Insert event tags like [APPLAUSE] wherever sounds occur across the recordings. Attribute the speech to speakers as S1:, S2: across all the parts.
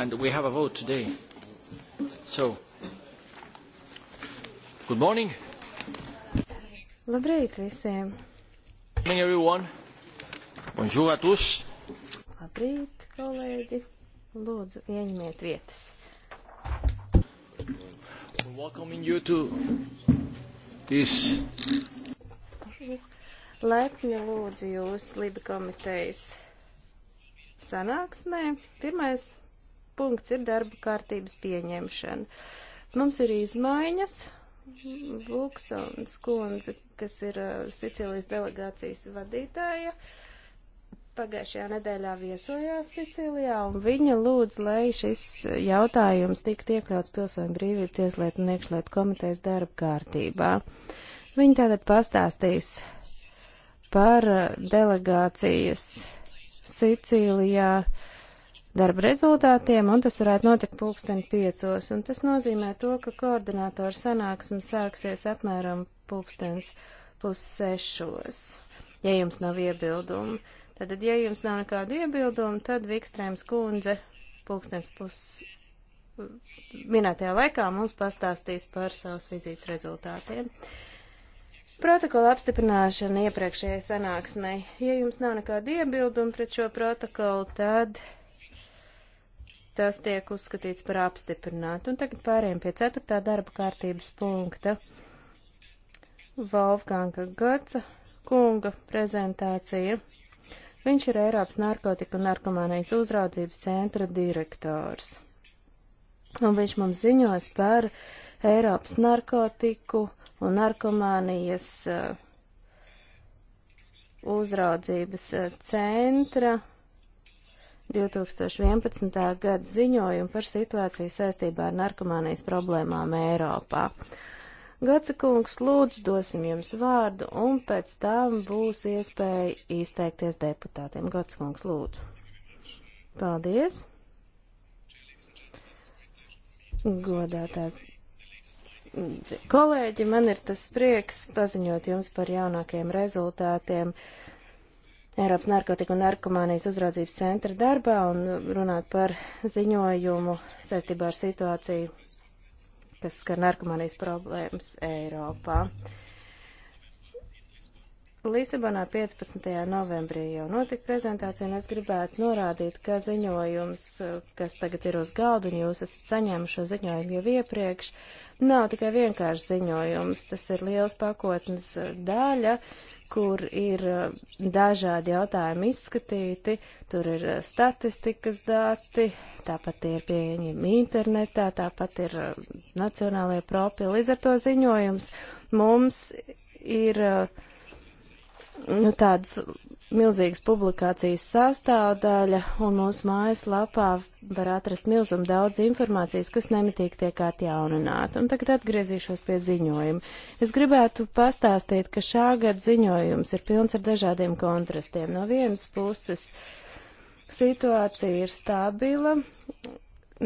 S1: and we have a vote today. So, good morning.
S2: Labrīt visiem.
S1: Good morning everyone. Bonjour à tous.
S2: Labrīt, kolēģi. Lūdzu, ieņemiet vietas.
S1: We're welcoming you to
S2: this. Lepni lūdzu jūs Liba komitejas sanāksmē. Pirmais punkts ir darba kārtības pieņemšana. Mums ir izmaiņas. Vuksons kundze, kas ir uh, Sicilijas delegācijas vadītāja, pagājušajā nedēļā viesojās Sicilijā, un viņa lūdz, lai šis jautājums tiktu iekļauts pilsoņu brīvību tieslietu un iekšlietu komitejas darba kārtībā. Viņa tātad pastāstīs par uh, delegācijas Sicīlijā uh, darba rezultātiem, un tas varētu notikt pulksten piecos, un tas nozīmē to, ka koordinātora sanāksme sāksies apmēram pulkstens pussešos, ja jums nav iebildumu. Tad, ja jums nav nekādu iebildumu, tad Vikstrēms kundze pulkstens pus minētajā laikā mums pastāstīs par savas vizītes rezultātiem. Protokola apstiprināšana iepriekšējai sanāksmei. Ja jums nav nekāda iebilduma pret šo protokolu, tad tas tiek uzskatīts par apstiprinātu. Un tagad pārējiem pie ceturtā darba kārtības punkta. Volfganga Gaca kunga prezentācija. Viņš ir Eiropas narkotika un narkomānijas uzraudzības centra direktors. Un viņš mums ziņos par Eiropas narkotiku un narkomānijas uh, uzraudzības uh, centra 2011. gada ziņojumu par situāciju saistībā ar narkomānijas problēmām Eiropā. Gaca kungs, lūdzu, dosim jums vārdu, un pēc tam būs iespēja izteikties deputātiem. Gaca kungs, lūdzu. Paldies. Godātās kolēģi, man ir tas prieks paziņot jums par jaunākajiem rezultātiem. Uh, Eiropas narkotiku un narkomānijas uzraudzības centra darbā un runāt par ziņojumu saistībā ar situāciju, kas skar narkomānijas problēmas Eiropā. Lisabonā 15. novembrī jau notika prezentācija, un es gribētu norādīt, ka ziņojums, kas tagad ir uz galda, un jūs esat saņēmuši šo ziņojumu jau iepriekš, nav tikai vienkārši ziņojums, tas ir liels pakotnes daļa, uh, kur ir eh, dažādi jautājumi izskatīti, tur ir eh, statistikas dati, tāpat ir pieejami internetā, tāpat ir eh, nacionālajie propi. Līdz ar to ziņojums mums ir nu, tāds milzīgas publikācijas sastāvdaļa, un mūsu mājaslapā var atrast milzumu daudz informācijas, kas nemitīgi tiek atjaunināta. Un tagad atgriezīšos pie ziņojuma. Es gribētu pastāstīt, ka šā gada ziņojums ir pilns ar dažādiem kontrastiem. No vienas puses situācija ir stabila,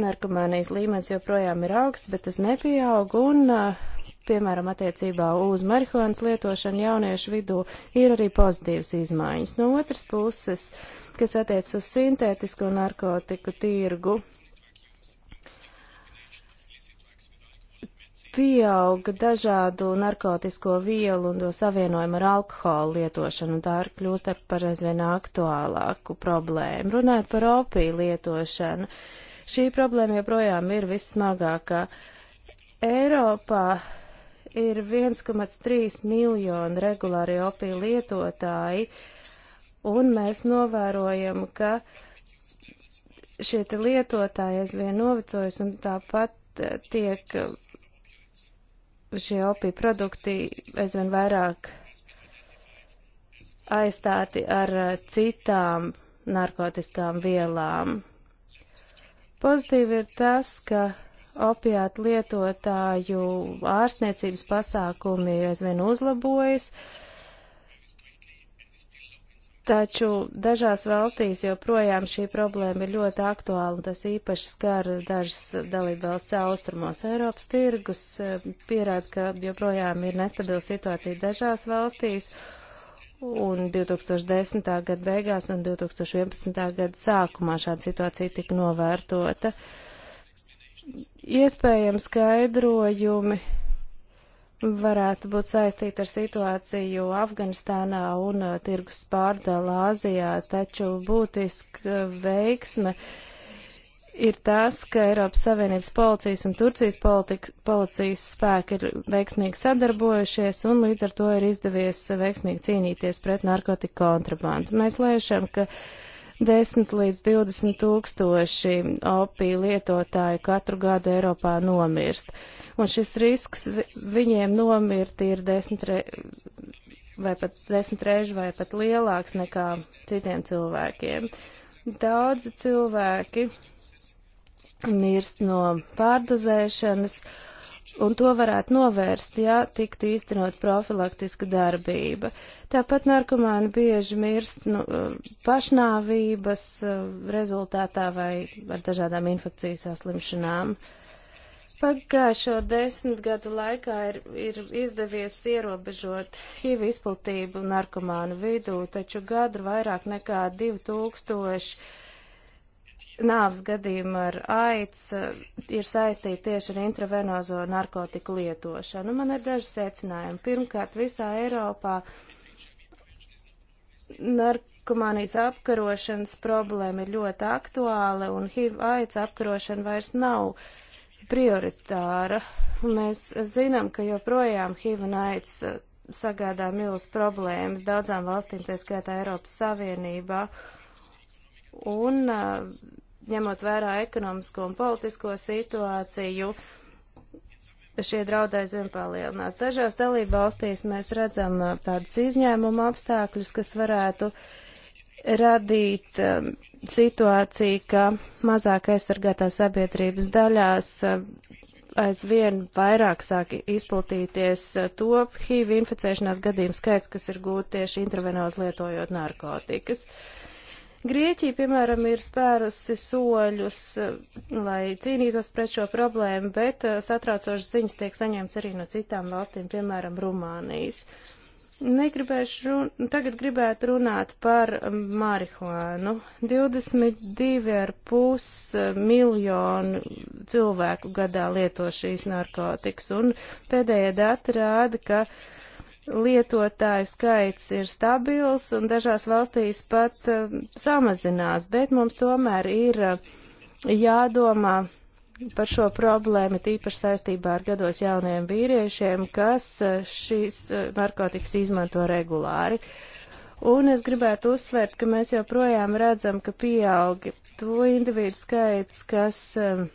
S2: narkomānijas līmenis joprojām ir augsts, bet tas nepieaug, un uh, piemēram, attiecībā uz marihuānas lietošanu jauniešu vidū, ir arī pozitīvas izmaiņas. No otras puses, kas attiec uz sintētisko narkotiku tirgu, pieauga dažādu narkotisko vielu un to savienojumu ar alkoholu lietošanu, un tā ir kļūst ar pareizvien aktuālāku problēmu. Runājot par opiju lietošanu, šī problēma joprojām ir vissmagākā. Eiropā ir 1,3 miljoni regulāri opiju lietotāji, un mēs novērojam, ka šie lietotāji aizvien novecojas un tāpat eh, tiek šie opiju produkti aizvien vairāk aizstāti ar eh, citām narkotiskām vielām. Pozitīvi ir tas, ka opiātu lietotāju ārstniecības pasākumi aizvien uzlabojas, taču dažās valstīs joprojām šī problēma ir ļoti aktuāla, un tas īpaši skar dažas dalībvalsts austrumos. Eiropas tirgus eh, pierāda, ka joprojām ir nestabila situācija dažās valstīs, un 2010. gada beigās un 2011. gada sākumā šāda situācija tika novērtota. Uh, iespējami skaidrojumi varētu būt saistīti ar situāciju Afganistānā un uh, tirgus pārdala Āzijā, taču būtiska veiksme ir tas, ka Eiropas Savienības policijas un Turcijas politika, policijas spēki ir veiksmīgi sadarbojušies un līdz ar to ir izdevies veiksmīgi cīnīties pret narkotiku kontrabandu. Mēs lēšam, ka uh, 10 līdz 20 tūkstoši opiju lietotāju katru gadu Eiropā nomirst. Un šis risks viņiem nomirt ir desmit re, vai pat desmit reižu vai pat lielāks nekā citiem cilvēkiem. Daudzi cilvēki mirst no pārdozēšanas un to varētu novērst, ja tiktu īstenot profilaktiska darbība. Tāpat narkomāni bieži mirst nu, eh, pašnāvības eh, rezultātā vai ar dažādām infekcijas saslimšanām. Pagājušo desmit gadu laikā ir, ir izdevies ierobežot HIV izplatību narkomānu vidū, taču gadu vairāk nekā 2000 nāvs gadījumi ar aids uh, ir saistīti tieši ar intravenozo narkotiku lietošanu. Man ir daži secinājumi. Pirmkārt, visā Eiropā narkomānijas apkarošanas problēma ir ļoti aktuāla un HIV aids apkarošana vairs nav prioritāra. Mēs zinām, ka joprojām HIV un aids uh, sagādā milz problēmas daudzām valstīm, tā skaitā Eiropas Savienībā. Un uh, ņemot vērā ekonomisko un politisko situāciju, šie draudi aizvien palielinās. Dažās dalība valstīs mēs redzam uh, tādus izņēmumu apstākļus, kas varētu radīt um, situāciju, ka mazāk aizsargātā sabiedrības daļās um, aizvien vairāk sāk izplatīties uh, to HIV inficēšanās gadījumu skaits, kas ir gūti tieši intravenāls lietojot narkotikas. Uh, Grieķija, piemēram, ir spērusi soļus, eh, lai cīnītos pret šo problēmu, bet eh, satraucošas ziņas tiek saņemts arī no citām valstīm, piemēram, Rumānijas. Negribēšu, run... tagad gribētu runāt par mm, marihuānu. 22,5 eh, miljonu cilvēku gadā lieto šīs narkotikas, un pēdējie dati rāda, ka uh, lietotāju skaits ir stabils un dažās valstīs pat uh, samazinās, bet mums tomēr ir uh, jādomā par šo problēmu, tīpaši saistībā ar gados jauniem vīriešiem, kas uh, šīs uh, narkotikas izmanto regulāri. Un es gribētu uzsvērt, ka mēs joprojām redzam, ka pieaug to individu skaits, kas um,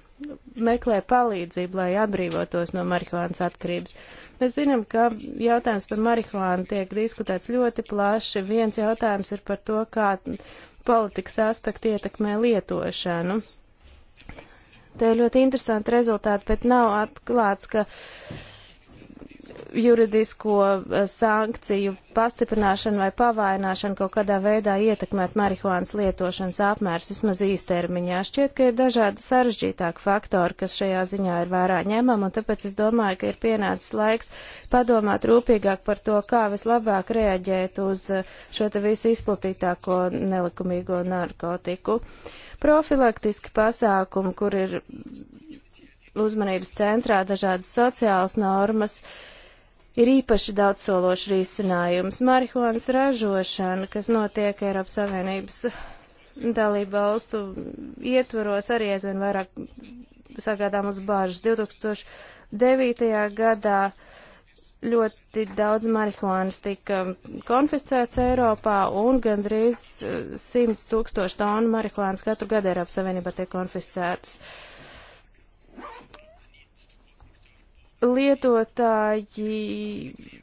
S2: meklē palīdzību, lai atbrīvotos no marihuānas atkarības. Uh, Mēs zinām, ka jautājums par marihuānu tiek diskutēts ļoti plaši. Viens jautājums ir par to, kā politikas aspekti ietekmē lietošanu. Te ir ļoti interesanti rezultāti, bet nav atklāts, ka. Uh, juridisko eh, sankciju pastiprināšanu vai pavaināšanu kaut kādā veidā ietekmēt marihuānas lietošanas apmērs vismaz īstermiņā. Šķiet, ka ir dažādi sarežģītāki faktori, kas šajā ziņā ir vērā ņemam, un tāpēc es domāju, ka ir pienācis laiks padomāt rūpīgāk par to, kā vislabāk reaģēt uz eh, šo te visu izplatītāko nelikumīgo narkotiku. Profilaktiski pasākumi, kur ir uzmanības centrā dažādas sociālas normas, uh, ir īpaši daudzsološs risinājums. Marihuānas ražošana, kas notiek Eiropas Savienības dalību valstu ietvaros, arī aizvien vairāk sagādā mums bāžas. 2009. gadā ļoti daudz marihuānas tika konfiscēts Eiropā un gandrīz 100 eh, tūkstoši tonu marihuānas katru gadu Eiropas Savienībā tiek konfiscētas. Uh, lietotāji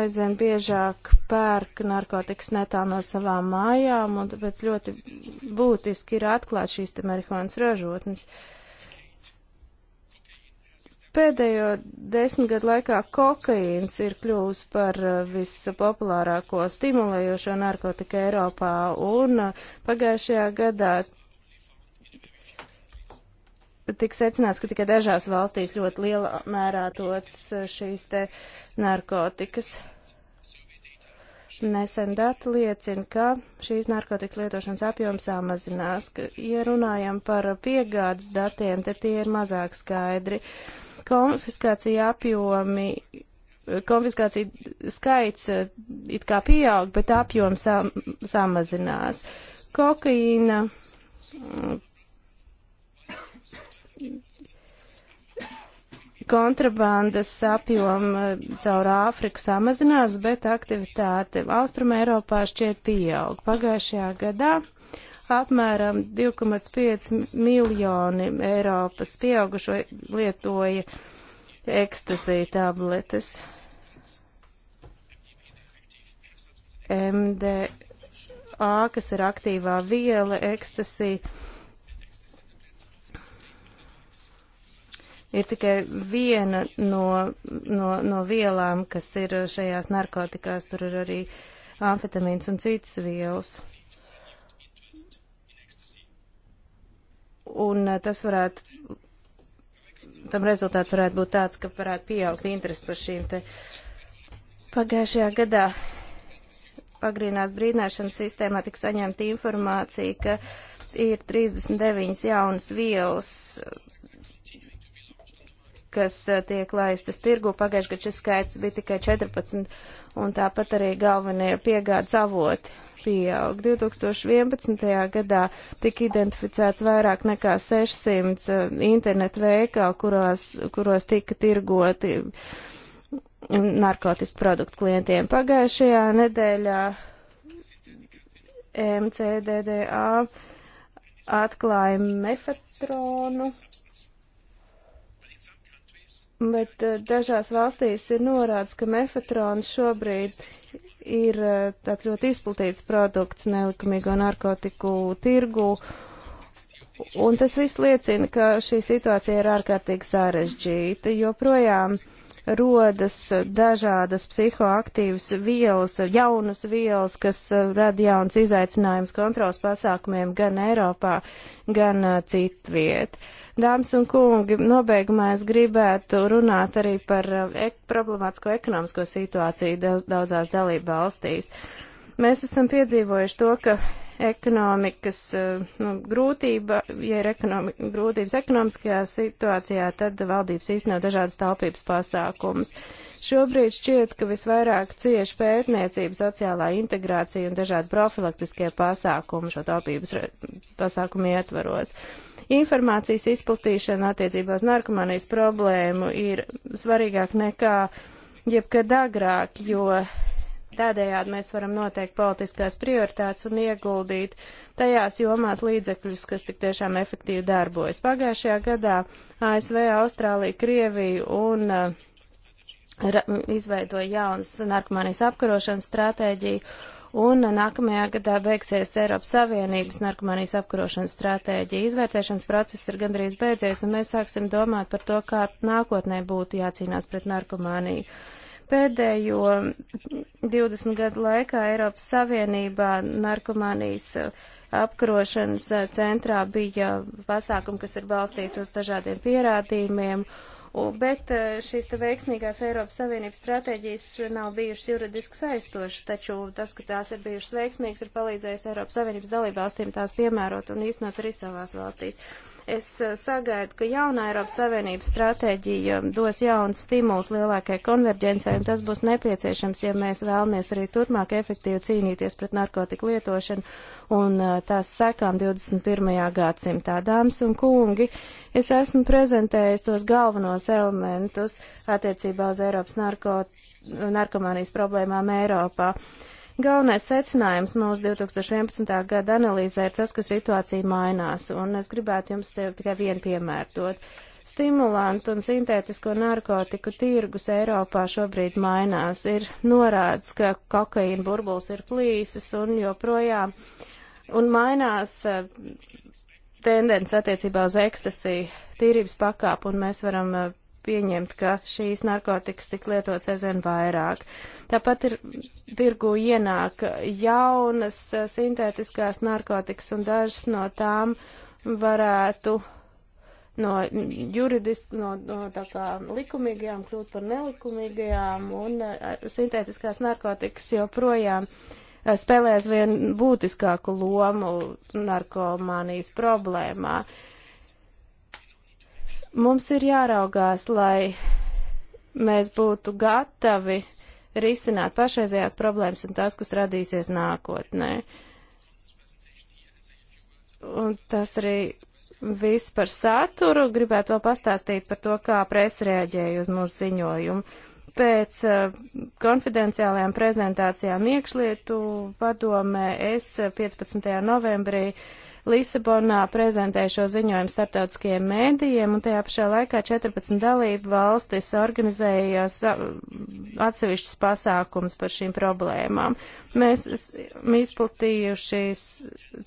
S2: aizvien biežāk pērk narkotikas netā no savām mājām, un tāpēc ļoti būtiski ir atklāt šīs te marihuānas ražotnes. Pēdējo desmit gadu laikā kokaīns ir kļuvis par eh, vispopulārāko stimulējošo narkotiku Eiropā, un eh, pagājušajā gadā tik secināts, ka tikai dažās valstīs ļoti lielā mērā tots eh, šīs te narkotikas. Nesen dati liecina, ka šīs narkotikas lietošanas apjoms samazinās. Ka, ja runājam par piegādes datiem, tad tie ir mazāk skaidri. Konfiskācija apjomi, konfiskācija skaits eh, it kā pieaug, bet apjoms sam, samazinās. Kokaīna kontrabandas apjoma eh, caur Āfriku samazinās, bet aktivitāte Austrum Eiropā šķiet pieaug. Pagājušajā gadā apmēram 2,5 miljoni Eiropas pieaugušo lietoja ekstazija tabletes. MDA, kas ir aktīvā viela, ekstasija ir tikai viena no, no, no vielām, kas ir šajās narkotikās, tur ir arī amfetamīns un citas vielas. Un eh, tas varētu, tam rezultāts varētu būt tāds, ka varētu pieaugt interesi par šīm te pagājušajā gadā agrīnās brīdināšanas sistēmā tika saņemta informācija, ka ir 39 jaunas vielas kas eh, tiek laistas tirgu. Pagājušajā gadā šis skaits bija tikai 14, un tāpat arī galvenie piegādes avoti pieaug. 2011. gadā tika identificēts vairāk nekā 600 eh, internetu veikalu, kuros, kuros tika tirgoti mm, narkotiku produktu klientiem. Pagājušajā nedēļā MCDDA atklāja mefetronu bet eh, dažās valstīs ir norāds, ka mefetrons šobrīd ir eh, tāds ļoti izplatīts produkts nelikumīgo narkotiku tirgu. Un tas viss liecina, ka šī situācija ir ārkārtīgi sarežģīta, jo projām uh, rodas dažādas psihoaktīvas vielas, jaunas vielas, kas rada jauns izaicinājums kontrols pasākumiem gan Eiropā, gan citviet. Dāmas un kungi, nobeigumā es gribētu runāt arī par ek problemātisko ekonomisko situāciju daudzās dalību valstīs. Mēs esam piedzīvojuši to, ka ekonomikas eh, nu, grūtība, ja ir ekonomi, grūtības ekonomiskajā situācijā, tad valdības īstenot dažādas taupības pasākumus. Šobrīd šķiet, ka visvairāk cieši pētniecība, sociālā integrācija un dažādi profilaktiskie pasākumi šo taupības pasākumu ietvaros. Informācijas izplatīšana attiecībā uz narkomānijas problēmu ir svarīgāk nekā jebkad agrāk, jo Tādējādi mēs varam noteikt politiskās prioritātes un ieguldīt tajās jomās līdzekļus, kas tik tiešām efektīvi darbojas. Pagājušajā gadā ASV, Austrālija, Krievija un uh, izveidoja jaunas narkomānijas apkarošanas stratēģiju, un nākamajā gadā beigsies Eiropas Savienības narkomānijas apkarošanas stratēģija. Izvērtēšanas process ir gandrīz beidzies, un mēs sāksim domāt par to, kā nākotnē būtu jācīnās pret narkomāniju. Uh, Pēdējo 20 gadu laikā Eiropas Savienībā narkomānijas uh, apkarošanas uh, centrā bija pasākumi, kas ir balstīti uz dažādiem pierādījumiem. Bet uh, šīs te veiksmīgās Eiropas Savienības stratēģijas nav bijušas juridiski saistošas, taču tas, ka tās ir bijušas veiksmīgas, ir palīdzējis Eiropas Savienības dalībvalstīm tās piemērot un īstenot arī savās valstīs. Uh, Es eh, sagaidu, ka jaunā Eiropas Savienības stratēģija eh, dos jaunu stimulus lielākai konverģencei, un tas būs nepieciešams, ja mēs vēlamies arī turpmāk efektīvi cīnīties pret narkotiku lietošanu un eh, tās sekām 21. gadsimtā. Dāmas un kungi, es esmu prezentējis tos galvenos elementus attiecībā uz Eiropas narko, narkomānijas problēmām Eiropā. Uh, Galvenais secinājums mūsu 2011. gada analīzē ir tas, ka situācija mainās, un es gribētu jums tikai vienu piemēru dot. Stimulantu un sintētisko narkotiku tirgus Eiropā šobrīd mainās. Ir norāds, ka kokaīna burbulis ir plīsis un joprojām, un mainās eh, tendence attiecībā uz ekstasiju, tīrības pakāpu, un mēs varam eh, pieņemt, ka šīs narkotikas tiks lietots aizvien vairāk. Tāpat ir tirgu ienāk jaunas eh, sintētiskās narkotikas un dažas no tām varētu no juridiski, no, no tā kā likumīgajām kļūt par nelikumīgajām un eh, sintētiskās narkotikas joprojām eh, spēlēs vien būtiskāku lomu narkomānijas problēmā. Uh, Mums ir jāraugās, lai mēs būtu gatavi risināt pašreizējās problēmas un tās, kas radīsies nākotnē. Un tas arī viss par saturu. Gribētu vēl pastāstīt par to, kā presa reaģēja uz mūsu ziņojumu. Pēc uh, konfidenciālajām prezentācijām iekšlietu padomē es eh, 15. novembrī uh, Lisabonā prezentēja šo ziņojumu starptautiskajiem mēdījiem, un tajā pašā laikā 14 dalību valstis organizējās atsevišķus pasākums par šīm problēmām. Mēs esam izplatījušies 1700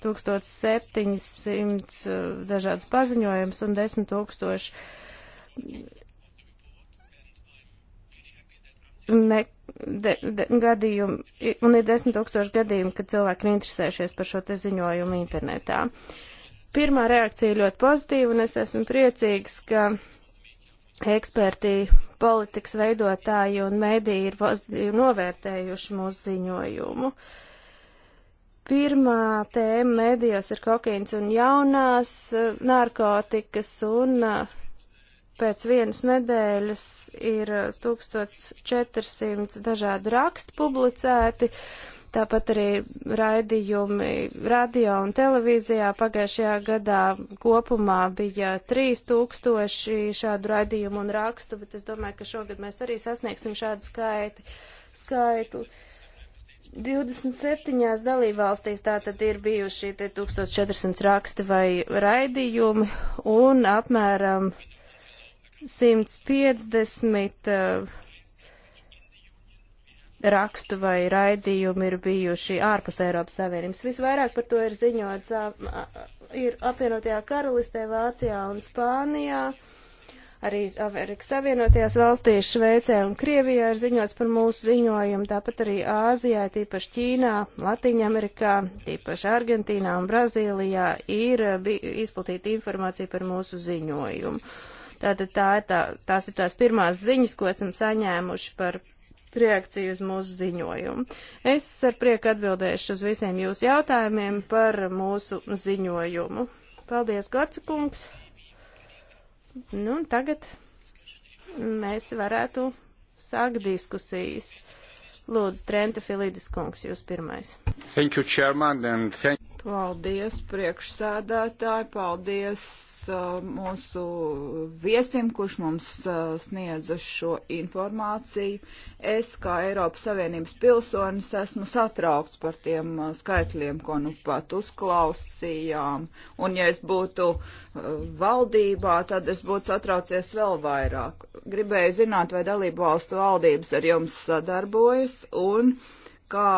S2: uh, dažādas paziņojumus un 10 tūkstoši. Ne, de, de, gadījumi, un ir desmit tūkstoši gadījumi, kad cilvēki ir interesējušies par šo te ziņojumu internetā. Pirmā reakcija ļoti pozitīva, un es esmu priecīgs, ka eksperti, politikas veidotāji un mēdī ir pozitīvi novērtējuši mūsu ziņojumu. Pirmā tēma mēdījos ir kokaīns un jaunās eh, narkotikas, un uh, pēc vienas nedēļas ir 1400 dažādi raksti publicēti, tāpat arī raidījumi radio un televīzijā pagājušajā gadā kopumā bija 3000 šādu raidījumu un rakstu, bet es domāju, ka šogad mēs arī sasniegsim šādu skaiti, skaitu. 27. dalībvalstīs tātad ir bijuši 1400 raksti vai raidījumi un apmēram um, 150 uh, eh, rakstu vai raidījumi ir bijuši ārpus Eiropas Savienības. Visvairāk par to ir ziņots ir apvienotajā karalistē, Vācijā un Spānijā. Arī Amerikas Savienotajās valstīs, Šveicē un Krievijā ir ziņots par mūsu ziņojumu, tāpat arī Āzijā, tīpaši Ķīnā, Latīņamerikā, tīpaši Argentīnā un Brazīlijā ir eh, izplatīta informācija par mūsu ziņojumu. Uh, Tātad tā ir tā, tās ir tās pirmās ziņas, ko esam saņēmuši par reakciju uz mūsu ziņojumu. Es ar prieku atbildēšu uz visiem jūsu jautājumiem par mūsu ziņojumu. Paldies, Gacakungs! Nu, tagad mēs varētu sākt diskusijas. Lūdzu, Trenta Filidis kungs, jūs pirmais.
S1: Thank you, chairman, and thank you.
S3: Paldies priekšsēdētāji, paldies uh, mūsu viesim, kurš mums uh, sniedza šo informāciju. Es kā Eiropas Savienības pilsonis esmu satraukts par tiem uh, skaitļiem, ko nu pat uzklausījām. Un ja es būtu uh, valdībā, tad es būtu satraucies vēl vairāk. Gribēju zināt, vai dalību valstu valdības ar jums sadarbojas un kā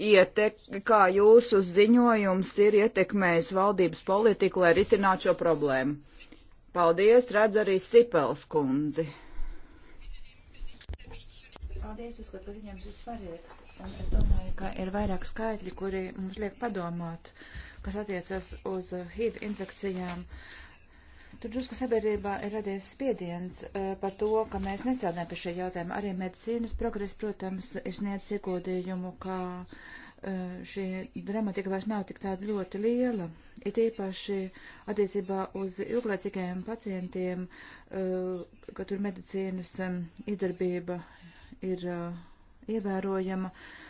S3: ietek, kā jūsu ziņojums ir ietekmējis valdības politiku, lai risinātu šo problēmu. Paldies, redz arī Sipels kundzi.
S4: Paldies, uzskatu, ka ziņojums ir svarīgs. Un es domāju, ka
S3: ir vairāk skaitļi, kuri mums liek padomāt,
S4: kas attiecas uz HIV infekcijām. Uh, Tur drusku sabiedrībā ir radies spiediens uh, par to, ka mēs nestrādājam pie šī jautājuma. Arī medicīnas progress, protams, sniedz iekodījumu, ka uh, šī dramatika vairs nav tik tāda ļoti liela. It īpaši attiecībā uz ilglaicīgajiem pacientiem, uh, ka tur medicīnas um, iedarbība ir ievērojama. Uh,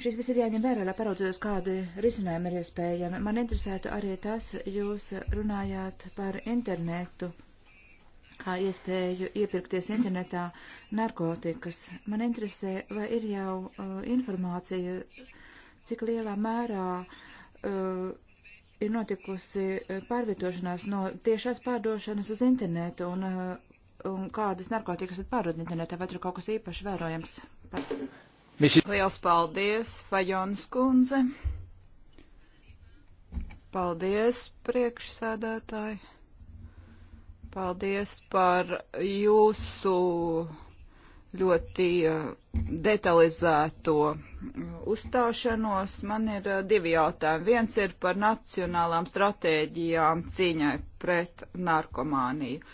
S4: Šis viss ir jāņem vērā, lai paraudzītos, kādi risinājumi ir iespējami. Man interesētu arī tas, jūs runājāt par internetu, kā iespēju iepirkties internetā narkotikas. Man interesē, vai ir jau uh, informācija, cik lielā mērā uh, ir notikusi pārvietošanās no tiešās pārdošanas uz internetu un, uh, un kādas narkotikas ir pārdod internetā, vai tur kaut kas
S3: īpaši vērojams. Par... Misi... Liels paldies, Fajons kundze. Paldies, priekšsēdētāji. Paldies par jūsu ļoti eh, detalizēto mm, uzstāšanos. Man ir eh, divi jautājumi. Viens ir par nacionālām stratēģijām cīņai pret narkomāniju.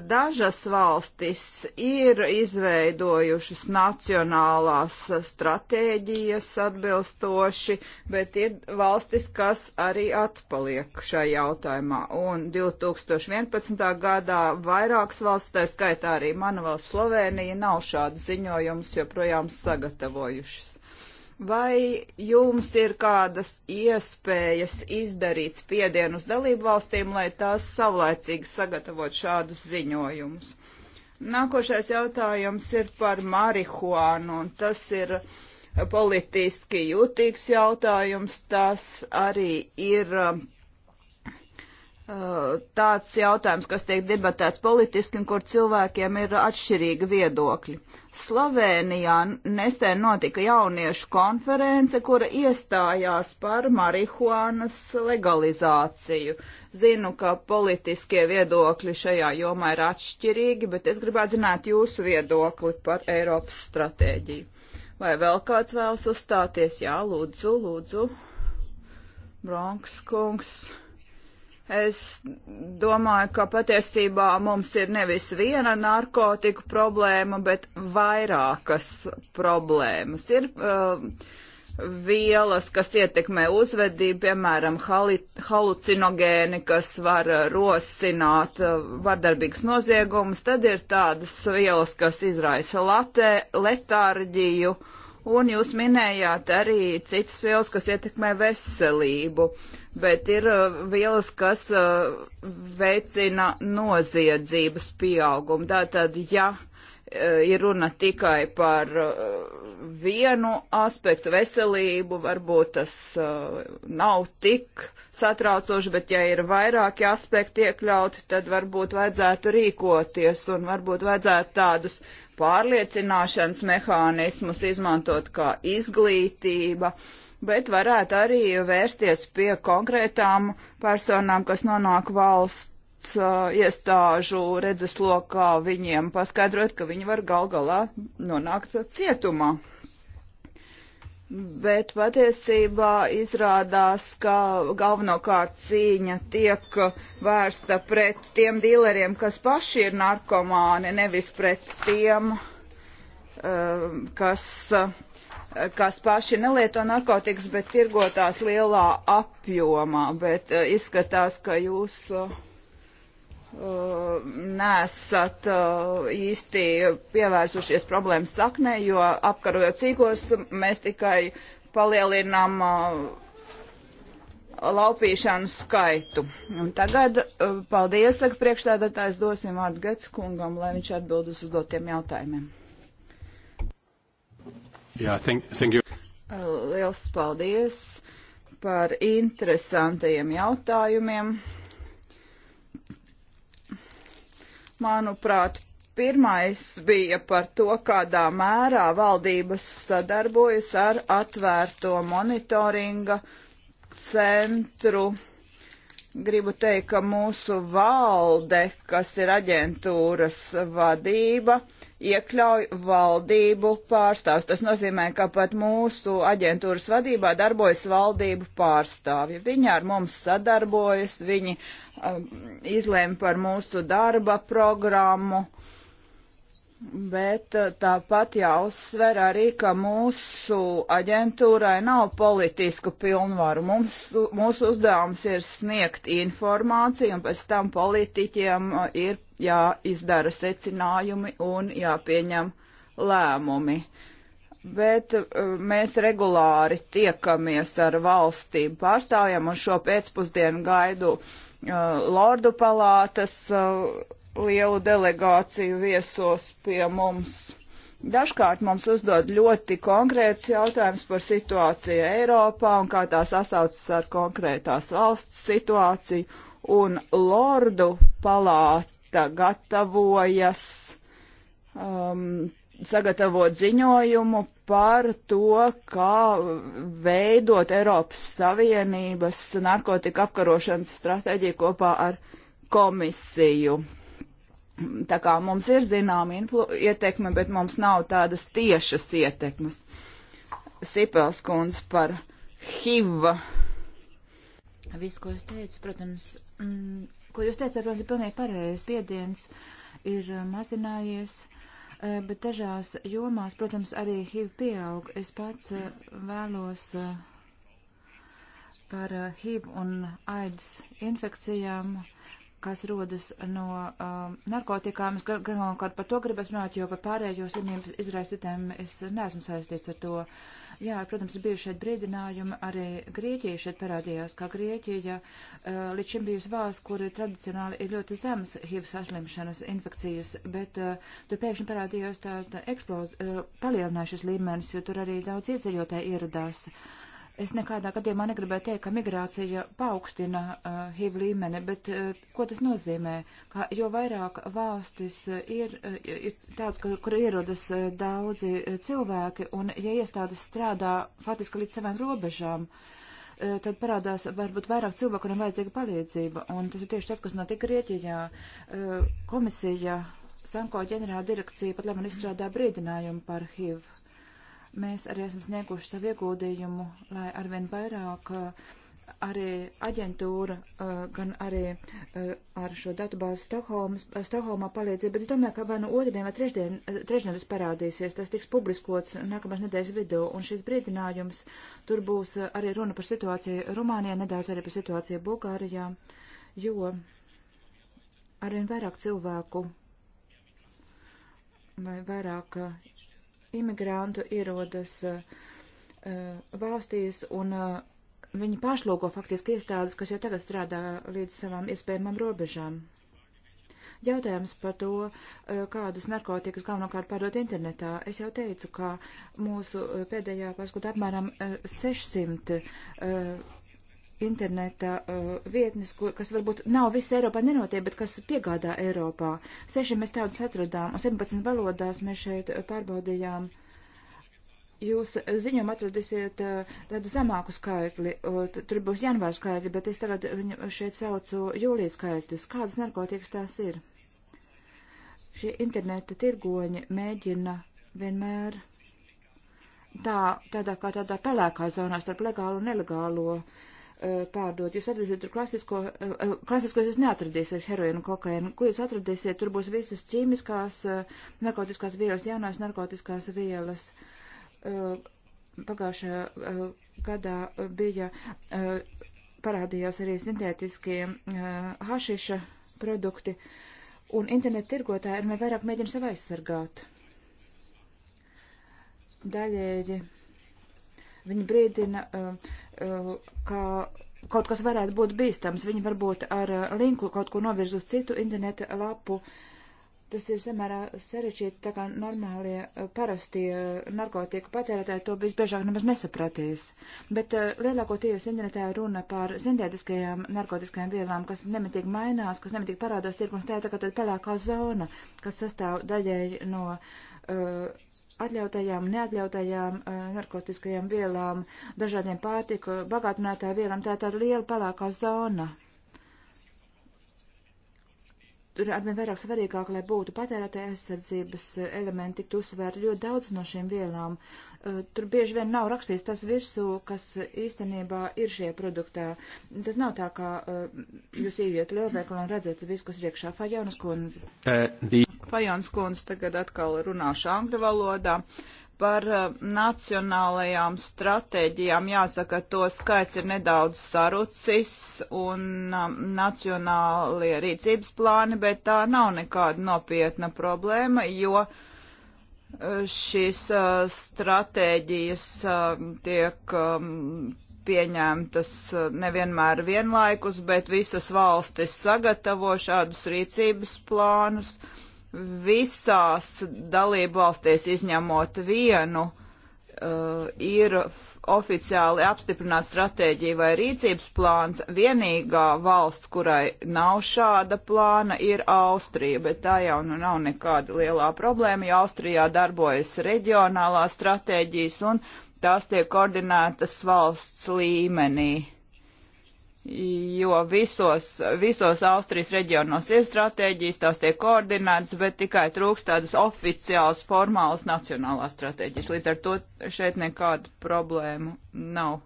S3: Dažas valstis ir izveidojušas nacionālās stratēģijas atbilstoši, bet ir valstis, kas arī atpaliek šajā jautājumā. Un 2011. gadā vairākas valsts, tā skaitā arī mana valsts Slovenija, nav šādas ziņojumus joprojām sagatavojušas. Vai jums ir kādas iespējas izdarīt spiedienus dalību valstīm, lai tās savlaicīgi sagatavot šādus ziņojumus? Nākošais jautājums ir par marihuānu, un tas ir politiski jūtīgs jautājums. Tas arī ir um, Eh, tāds jautājums, kas tiek debatēts politiski un kur cilvēkiem ir atšķirīgi viedokļi. Slovenijā nesen notika jauniešu konference, kura iestājās par marihuānas legalizāciju. Zinu, ka politiskie viedokļi šajā jomā ir atšķirīgi, bet es gribētu zināt jūsu viedokli par Eiropas stratēģiju. Vai vēl kāds vēlas uzstāties? Jā, lūdzu, lūdzu. Bronks kungs. Es domāju, ka patiesībā mums ir nevis viena narkotiku problēma, bet vairākas problēmas. Ir uh, vielas, kas ietekmē uzvedību, piemēram, halucinogēni, kas var uh, rosināt uh, vardarbīgas noziegumus, tad ir tādas vielas, kas izraisa latē, letārģiju. Uh, Un jūs minējāt arī citas vielas, kas ietekmē veselību, bet ir uh, vielas, kas uh, veicina noziedzības pieaugumu. Tātad, ja Eh, ir runa tikai par eh, vienu aspektu veselību, varbūt tas eh, nav tik satraucoši, bet ja ir vairāki aspekti iekļauti, tad varbūt vajadzētu rīkoties un varbūt vajadzētu tādus pārliecināšanas mehānismus izmantot kā izglītība, bet varētu arī vērsties pie konkrētām personām, kas nonāk valsts Uh, iestāžu redzeslokā viņiem paskaidrot, ka viņi var gal galā nonākt cietumā. Bet patiesībā izrādās, ka galvenokārt cīņa tiek vērsta pret tiem dīleriem, kas paši ir narkomāni, nevis pret tiem, um, kas kas paši nelieto narkotikas, bet tirgotās lielā apjomā, bet uh, izskatās, ka jūs uh, nesat uh, īsti pievērsušies problēmas saknē, jo apkarojot cīkos, mēs tikai palielinām uh, laupīšanu skaitu. Un tagad, uh, paldies, saka priekšstādātājs, dosim vārdu Gets kungam, lai viņš atbild uz uzdotiem jautājumiem.
S1: Yeah, thank, thank you.
S3: Liels paldies par interesantajiem jautājumiem. Manuprāt, pirmais bija par to, kādā mērā valdības sadarbojas ar atvērto monitoringa centru gribu teikt, ka mūsu valde, kas ir aģentūras vadība, iekļauj valdību pārstāvs. Tas nozīmē, ka pat mūsu aģentūras vadībā darbojas valdību pārstāvji. Viņi ar mums sadarbojas, viņi um, izlēma par mūsu darba programmu. Uh, Bet eh, tāpat jāuzsver arī, ka mūsu aģentūrai nav politisku pilnvaru. Mums, mūsu uzdevums ir sniegt informāciju, un pēc tam politiķiem eh, ir jāizdara secinājumi un jāpieņem lēmumi. Bet eh, mēs regulāri tiekamies ar valstīm pārstāvjiem, un šo pēcpusdienu gaidu uh, Lordu palātas. Uh, lielu delegāciju viesos pie mums. Dažkārt mums uzdod ļoti konkrēts jautājums par situāciju Eiropā un kā tā sasaucas ar konkrētās valsts situāciju, un Lordu palāta gatavojas um, sagatavot ziņojumu par to, kā veidot Eiropas Savienības narkotika apkarošanas stratēģiju kopā ar komisiju. Tā kā mums ir zināma ietekme, bet mums nav tādas tiešas ietekmes. Sipels kundze par HIV.
S4: Viss, ko jūs teicu,
S3: protams, mm, ko jūs teicat,
S4: protams, ir pilnīgi pareizs. Spiediens ir eh, mazinājies, eh, bet dažās jomās, protams, arī HIV pieaug. Es pats eh, vēlos par HIV un AIDS infekcijām kas rodas no um, narkotikām. Es galvenokārt par to gribētu runāt, jo par pārējo slimības izraisītēm es neesmu saistīts ar to. Jā, protams, ir bijuši šeit brīdinājumi, arī Grieķija šeit parādījās, kā Grieķija uh, līdz šim bijusi valsts, kur tradicionāli ir ļoti zemas HIV saslimšanas infekcijas, bet uh, tur pēkšņi parādījās tāda eksploz, uh, palielinājušas līmenis, jo tur arī daudz iedzīvotāji ieradās. Uh, Es nekādā gadījumā negribēju teikt, ka migrācija paaugstina uh, HIV līmeni, bet uh, ko tas nozīmē? Ka jo vairāk valstis uh, ir, uh, ir tāds, kur, kur ierodas uh, daudzi uh, cilvēki, un ja iestādes strādā faktiski līdz savām robežām, uh, tad parādās varbūt vairāk cilvēku, kuriem vajadzīga palīdzība. Un tas ir tieši tas, kas notika Rieķijā. Uh, komisija, Sanko ģenerāla direkcija pat labi izstrādā brīdinājumu par HIV. Uh, Mēs arī esam snieguši savu ieguldījumu, lai arvien vairāk uh, arī aģentūra, uh, gan arī uh, ar šo datubāzi Stokholmā palīdzību, bet es domāju, ka vai nu no otrdien vai trešdien, trešdien tas parādīsies, tas tiks publiskots nākamās nedēļas vidū, un šis brīdinājums tur būs arī runa par situāciju Rumānijā, nedaudz arī par situāciju Bulgārijā, jo arvien vairāk cilvēku vai vairāk imigrantu ierodas uh, valstīs un uh, viņi pašlūko faktiski iestādes, kas jau tagad strādā līdz savām iespējamām robežām. Jautājums par to, uh, kādas narkotikas galvenokārt pārdot internetā. Es jau teicu, ka mūsu pēdējā pārskata apmēram 600 interneta uh, vietnes, ko, kas varbūt nav visā Eiropā nenotiek, bet kas piegādā Eiropā. Seši mēs tādus atradām, un 17 valodās mēs šeit pārbaudījām. Jūs uh, ziņām atradīsiet uh, tādu zemāku skaitli, uh, tur būs janvāra skaitli, bet es tagad viņu šeit saucu jūlijas skaitļus. Kādas narkotikas tās ir? Šie interneta tirgoņi mēģina vienmēr tā, tādā kā tādā pelēkā zonā starp legālo un nelegālo uh, Eh, pārdot. Jūs atradīsiet tur klasisko, eh, eh, klasisko jūs neatradīsiet heroīnu, kokainu. Ko jūs atradīsiet? Tur būs visas ķīmiskās, narkotiskās vielas, jaunās narkotiskās vielas. Pagājušajā gadā bija, parādījās arī sintētiskie hašiša produkti, un internetu tirgotāji ar vien vairāk mēģina sev aizsargāt. Daļēji viņi brīdina uh, Eh, ka kaut kas varētu būt bīstams. Viņi varbūt ar eh, linku kaut ko novirz uz citu interneta lapu. Tas ir samērā sarežģīti, tā kā normālie eh, parastie narkotiku patērētāji to visbiežāk nemaz nesapratīs. Bet lielākoties internetā runa par sintētiskajām narkotiskajām vielām, kas nemitīgi mainās, kas nemitīgi parādās tirgus, tā ir tā kā tāda pelēkā zona, kas sastāv daļēji no uh, atļautajām, neatļautajām eh, narkotiskajām vielām, dažādiem pārtiku bagātinātāju vielām. Tā ir tāda liela pelēkā zona. Tur arvien vairāk svarīgāk, lai būtu patērētāja aizsardzības elementi, tiktu uzsvērti ļoti daudz no šīm vielām. Eh, tur bieži vien nav rakstīts tas virsū, kas īstenībā ir šie produktā. Tas nav tā, kā eh, jūs ieiet lielveikalā un redzat visu, kas
S3: ir iekšā. Fajānas kundze. Eh, Fajānas kundze tagad atkal runāšu angļu valodā par nacionālajām stratēģijām. Jāsaka, to skaits ir nedaudz sarucis un nacionālie rīcības plāni, bet tā nav nekāda nopietna problēma, jo uh, šīs stratēģijas tiek pieņemtas nevienmēr vienlaikus, bet visas valstis sagatavo šādus rīcības plānus. Visās dalību valstīs izņemot vienu ir oficiāli apstiprināts stratēģija vai rīcības plāns. Vienīgā valsts, kurai nav šāda plāna, ir Austrija, bet tā jau nu nav nekāda lielā problēma, jo Austrijā darbojas reģionālās stratēģijas un tās tiek koordinētas valsts līmenī jo visos, visos Austrijas reģionos ir stratēģijas, tās tiek koordinētas, bet tikai trūkst tādas oficiālas, formālas nacionālās stratēģijas. Līdz ar to šeit nekādu problēmu nav.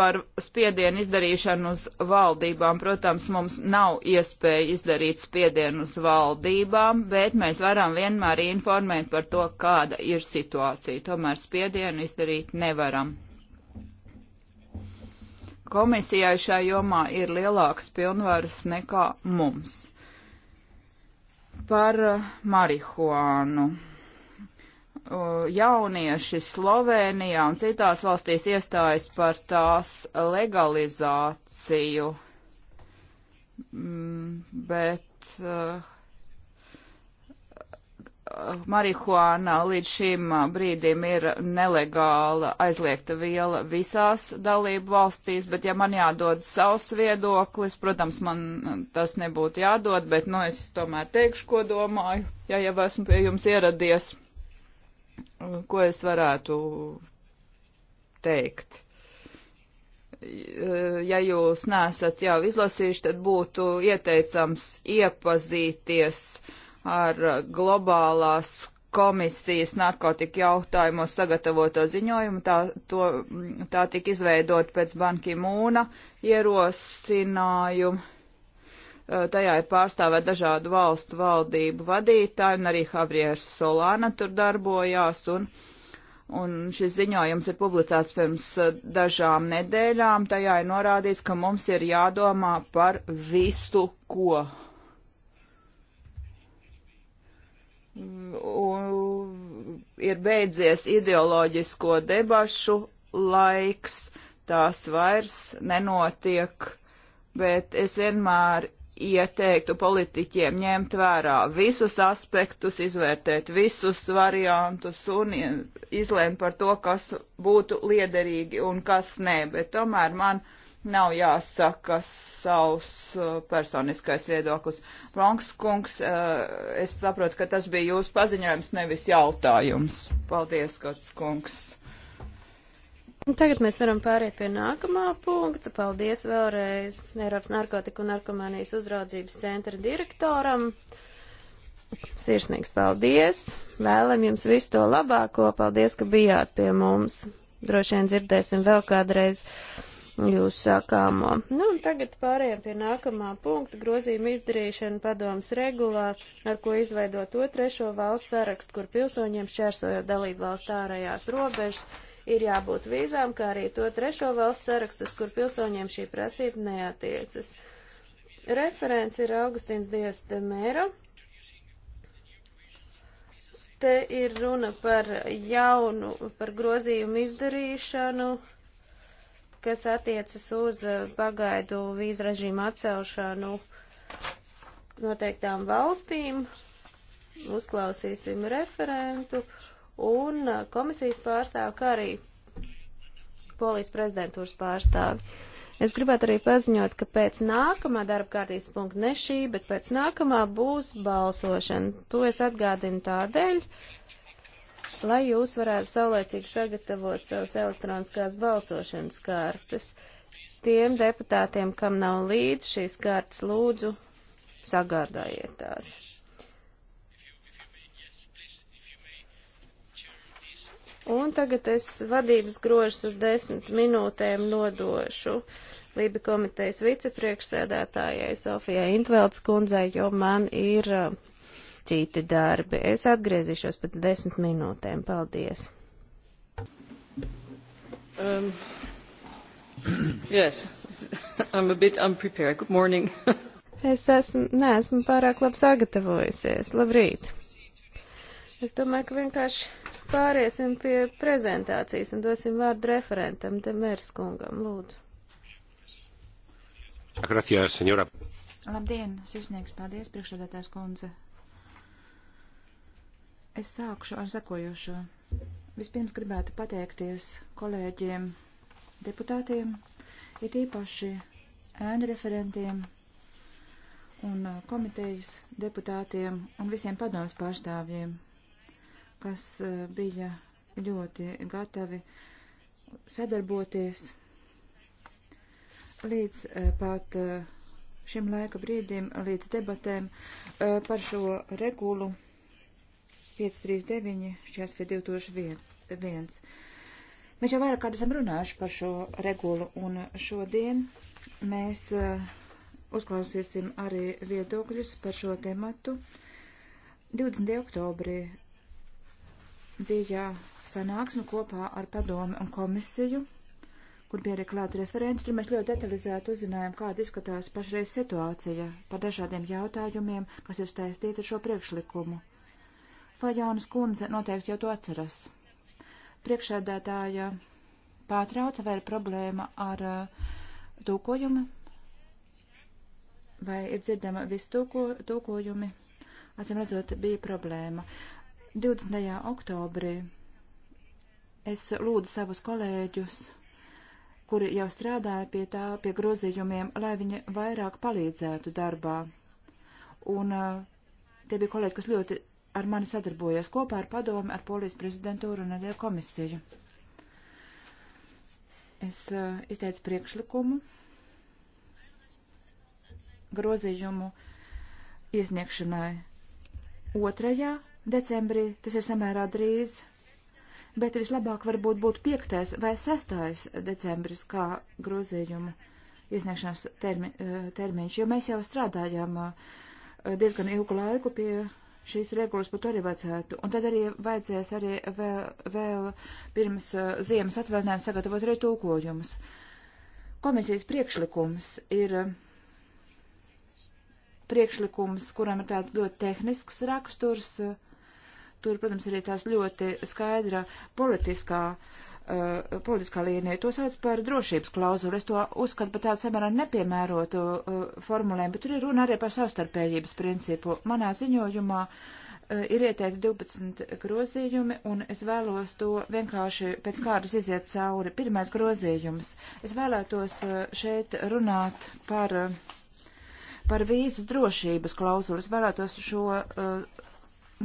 S3: Par spiedienu izdarīšanu uz valdībām, protams, mums nav iespēja izdarīt spiedienu uz valdībām, bet mēs varam vienmēr informēt par to, kāda ir situācija. Tomēr spiedienu izdarīt nevaram Komisijai šajā jomā ir lielāks pilnvaras nekā mums. Par eh, marihuānu jaunieši Slovenijā un citās valstīs iestājas par tās legalizāciju, mm, bet eh, marihuāna līdz šim brīdim ir nelegāla aizliegta viela visās dalību valstīs, bet ja man jādod savs viedoklis, protams, man tas nebūtu jādod, bet nu es tomēr teikšu, ko domāju, ja jau esmu pie jums ieradies, ko es varētu teikt. Ja jūs nesat jau izlasījuši, tad būtu ieteicams iepazīties uh, ar uh, globālās komisijas narkotika jautājumos sagatavoto ziņojumu. Tā, to, mm, tā tika izveidot pēc Banki Mūna ierosinājumu. Uh, tajā ir pārstāvēt dažādu valstu valdību vadītāji, un arī Havriers Solāna tur darbojās, un, un šis ziņojums ir publicēts pirms uh, dažām nedēļām. Tajā ir norādīts, ka mums ir jādomā par visu, ko ir beidzies ideoloģisko debašu laiks, tās vairs nenotiek, bet es vienmēr ieteiktu politiķiem ņemt vērā visus aspektus, izvērtēt visus variantus un izlēmt par to, kas būtu liederīgi un kas nē, bet tomēr man uh, Nav jāsaka savs uh, personiskais viedoklis. Bronks kungs, uh, es saprotu, ka tas bija jūsu paziņojums, nevis jautājums. Paldies, Gods kungs.
S2: Tagad mēs varam pāriet pie nākamā punkta. Paldies vēlreiz Eiropas narkotiku un narkomānijas uzraudzības centra direktoram. Sirsnīgs paldies! Vēlam jums visu to labāko! Paldies, ka bijāt pie mums! Droši vien dzirdēsim vēl kādreiz jūs sākāmo. Nu, un tagad pārējām pie nākamā punkta - grozījuma izdarīšana padomas regulā, ar ko izveidot to trešo valstu sarakstu, kur pilsoņiem šķērsojot dalību valstu ārējās robežas ir jābūt vīzām, kā arī to trešo valstu sarakstus, kur pilsoņiem šī prasība neatiecas. Referents ir Augustīns Dievs de Mēro. Te ir runa par jaunu, par grozījumu izdarīšanu kas attiecas uz eh, pagaidu vīzu režīmu atcelšanu noteiktām valstīm. Uzklausīsim referentu un eh, komisijas pārstāvu, kā arī polijas prezidentūras pārstāvi. Es gribētu arī paziņot, ka pēc nākamā darba kārtības punkta, ne šī, bet pēc nākamā būs balsošana. To es atgādinu tādēļ, lai jūs varētu saulēcīgi sagatavot savus elektroniskās balsošanas kartes. Tiem deputātiem, kam nav līdz šīs kartes, lūdzu, sagādājiet tās. Un tagad es vadības grožus uz desmit minūtēm nodošu Lība komitejas vicepriekšsēdētājai Sofijai Intvelds kundzei, jo man ir uh, citi darbi. Es atgriezīšos pēc desmit minūtēm. Paldies!
S1: Um, yes, I'm a bit unprepared. Good morning. [LAUGHS]
S2: es esmu, neesmu pārāk labi sagatavojusies. Labrīt! Es domāju, ka vienkārši pāriesim pie prezentācijas un dosim vārdu referentam Demers kungam, lūdzu.
S1: Gracias, senora.
S4: Labdien, sisnieks, paldies, priekšsēdētājs kundze. Es sākšu ar sekojošo. Vispirms gribētu pateikties kolēģiem, deputātiem, it īpaši ēnu referentiem un uh, komitejas deputātiem un visiem padomus pārstāvjiem, kas uh, bija ļoti gatavi sadarboties līdz uh, pat šim laika brīdim, līdz debatēm par šo regulu 539 šķiet pie 2001. Mēs jau vairāk kādā esam runājuši par šo regulu, un šodien mēs eh, uzklausīsim arī viedokļus par šo tematu. 20. oktobrī bija sanāksme kopā ar padomi un komisiju, kur bija arī klāt referenti. Tur mēs ļoti detalizēti uzzinājām, kāda izskatās pašreiz situācija par dažādiem jautājumiem, kas ir saistīti ar šo priekšlikumu. Fajonas kundze noteikti jau to atceras. Priekšēdētāja pārtrauca, vai ir problēma ar uh, tūkojumu, vai ir dzirdama visi tūko, tūkojumi. Acīm redzot, bija problēma. 20. oktobrī es lūdzu savus kolēģus, kuri jau strādāja pie tā, pie grozījumiem, lai viņi vairāk palīdzētu darbā. Un uh, tie bija kolēģi, kas ļoti ar mani sadarbojies kopā ar padomu, ar polijas prezidentūru un arī ar komisiju. Es uh, izteicu priekšlikumu, grozījumu iesniegšanai 2. decembrī, tas ir samērā drīz, bet vislabāk varbūt būtu 5. vai 6. decembris kā grozījumu iesniegšanas termi, eh, termiņš, jo mēs jau strādājām eh, diezgan ilgu laiku pie šīs regulas par to arī vajadzētu. Un tad arī vajadzēs arī vēl, vēl pirms uh, ziemas atvaļinājuma sagatavot arī tūkojumus. Komisijas priekšlikums ir uh, priekšlikums, kuram ir tāds ļoti tehnisks raksturs. Uh, tur, protams, arī tās ļoti skaidra politiskā uh, uh, politiskā līnija. To sauc par drošības klauzulu. Es to uzskatu par tādu samērā nepiemērotu uh, formulēm, bet tur ir runa arī par savstarpējības principu. Manā ziņojumā uh, ir ieteikti 12 grozījumi, un es vēlos to vienkārši pēc kārtas iziet cauri. Pirmais grozījums. Es vēlētos uh, šeit runāt par. Uh, par vīzas drošības klauzulas varētu šo uh,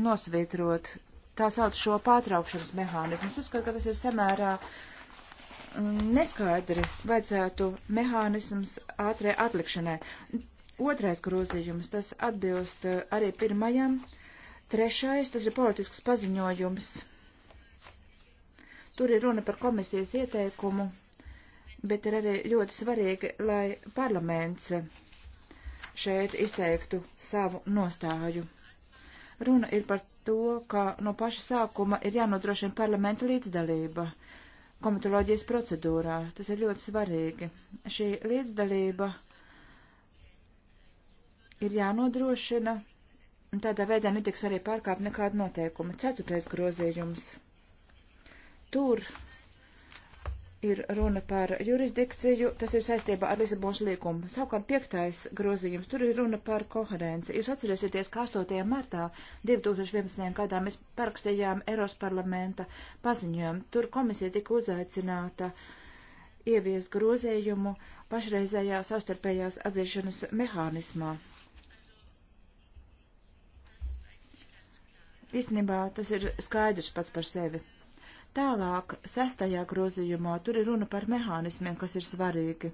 S4: nosvietrot tā sauc šo pārtraukšanas mehānismu. Es uzskatu, ka tas ir samērā mm, neskaidri vajadzētu mehānisms ātrai atlikšanai. Otrais grozījums, tas atbilst eh, arī pirmajam. Trešais, tas ir politisks paziņojums. Tur ir runa par komisijas ieteikumu, bet ir arī ļoti svarīgi, lai parlaments šeit izteiktu savu nostāju. Runa ir par to, ka no paša sākuma ir jānodrošina parlamenta līdzdalība komitoloģijas procedūrā. Tas ir ļoti svarīgi. Šī līdzdalība ir jānodrošina, un tādā veidā netiks arī pārkāpt nekāda noteikuma. Ceturtais grozījums. Tur ir runa par jurisdikciju, tas ir saistībā ar Lisabonas līkumu. Savukārt piektais grozījums, tur ir runa par koherenci. Jūs atcerēsieties, ka 8. martā 2011. gadā mēs parakstījām Eiros parlamenta paziņojumu. Tur komisija tika uzaicināta ieviest grozījumu pašreizējā savstarpējās atzīšanas mehānismā. Īstenībā tas ir skaidrs pats par sevi. Tālāk, sestajā grozījumā, tur ir runa par mehānismiem, kas ir svarīgi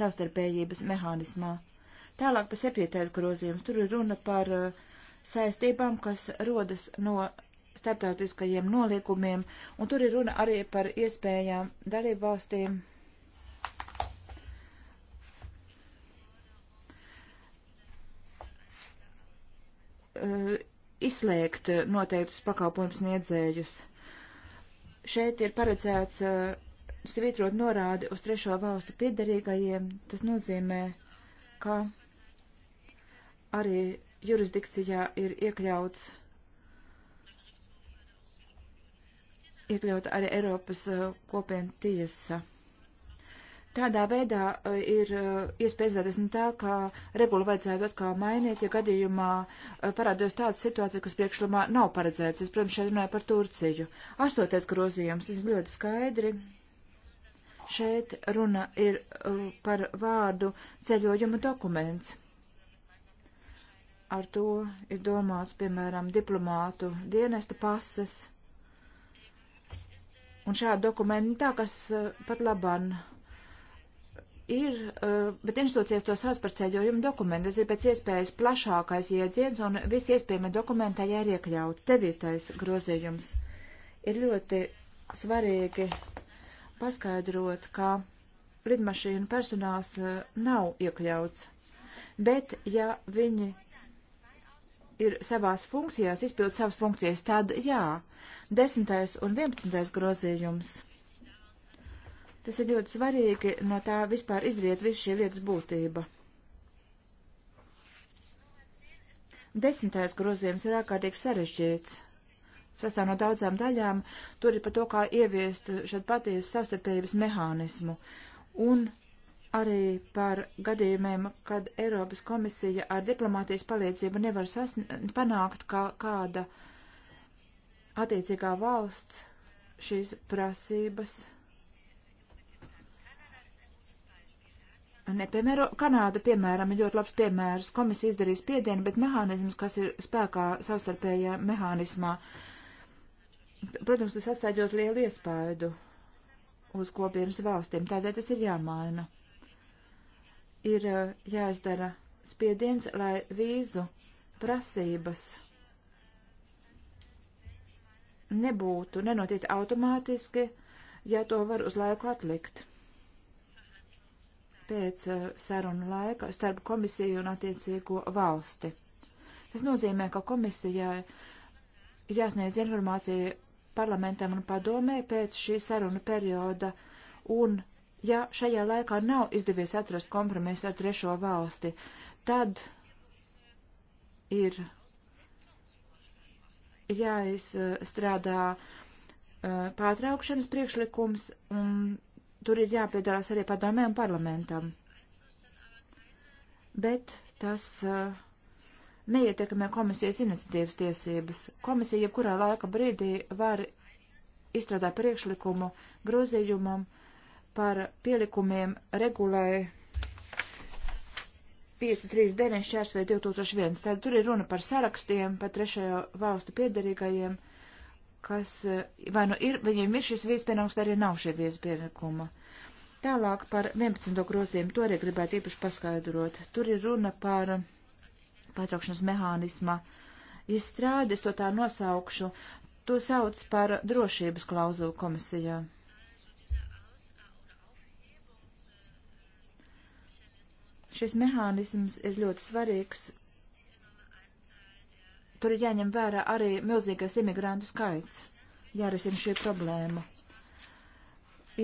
S4: savstarpējības mehānismā. Tālāk pa septītais grozījums, tur ir runa par uh, saistībām, kas rodas no starptautiskajiem noliekumiem, un tur ir runa arī par iespējām dalību valstīm izslēgt eh, noteiktus pakalpojumu sniedzējus. Šeit ir paredzēts uh, svītrot norādi uz trešo valstu piedarīgajiem. Tas nozīmē, ka arī jurisdikcijā ir iekļauts iekļauta arī Eiropas uh, kopiena tiesa. Tādā veidā eh, ir eh, iespēja izvēlēties no tā, ka regulu vajadzētu atkal mainīt, ja gadījumā eh, parādās tāda situācija, kas priekšlumā nav paredzēts. Es, protams, šeit runāju par Turciju. Astoties grozījums, tas ļoti skaidri. Šeit runa ir par vārdu ceļojuma dokuments. Ar to ir domāts, piemēram, diplomātu dienesta pases. Un šādi dokumenti tā, kas pat labāk ir, eh, bet institūcijas to sauc par ceļojumu dokumentu. Tas ir pēc iespējas plašākais iedziens un visi iespējami dokumenti tajā ir iekļauti. Devītais grozījums ir ļoti svarīgi paskaidrot, ka lidmašīnu personāls eh, nav iekļauts, bet ja viņi ir savās funkcijās, izpild savas funkcijas, tad jā. Desmitais un vienpadsmitais grozījums – Tas ir ļoti svarīgi, no tā vispār izriet viss šī lietas būtība. Desmitais grozījums ir ārkārtīgi sarežģīts. Sastāv no daudzām daļām, tur ir par to, kā ieviest šādu patiesu savstarpības mehānismu. Un arī par gadījumiem, kad Eiropas komisija ar diplomātijas palīdzību nevar sasn... panākt, kā kāda attiecīgā valsts šīs prasības nepiemēro. Kanāda, piemēram, ir ļoti labs piemērs. Komisija izdarīs piedienu, bet mehānisms, kas ir spēkā savstarpējā mehānismā, protams, tas atstāja ļoti lielu iespaidu uz kopienas valstīm. Tādēļ tas ir jāmaina. Ir eh, jāizdara spiediens, lai vīzu prasības nebūtu, nenotiek automātiski, ja to var uz laiku atlikt pēc eh, sarunu laika starp komisiju un attiecīgo valsti. Tas nozīmē, ka komisijai ir jāsniedz informācija parlamentam un padomē pēc šī saruna perioda, un ja šajā laikā nav izdevies atrast kompromisu ar trešo valsti, tad ir jāizstrādā uh, pārtraukšanas priekšlikums, un tur ir jāpiedalās arī padomē un parlamentam. Bet tas uh, neietekmē komisijas iniciatīvas tiesības. Komisija jebkurā laika brīdī var izstrādāt priekšlikumu grozījumam par pielikumiem regulē 539 šķērsvē 2001. Tad tur ir runa par sarakstiem, par trešajo valstu piederīgajiem kas eh, vai nu ir, viņiem ir šis viespienākums, vai arī nav šie viespienākuma. Tālāk par 11. grozījumu to arī gribētu īpaši paskaidrot. Tur ir runa par pārtraukšanas mehānisma izstrādi, es to tā nosaukšu. To sauc par drošības klauzulu komisijā. Šis mehānisms ir ļoti svarīgs, tur ir jāņem vērā arī milzīgais imigrantu skaits. Jārisina šī problēma.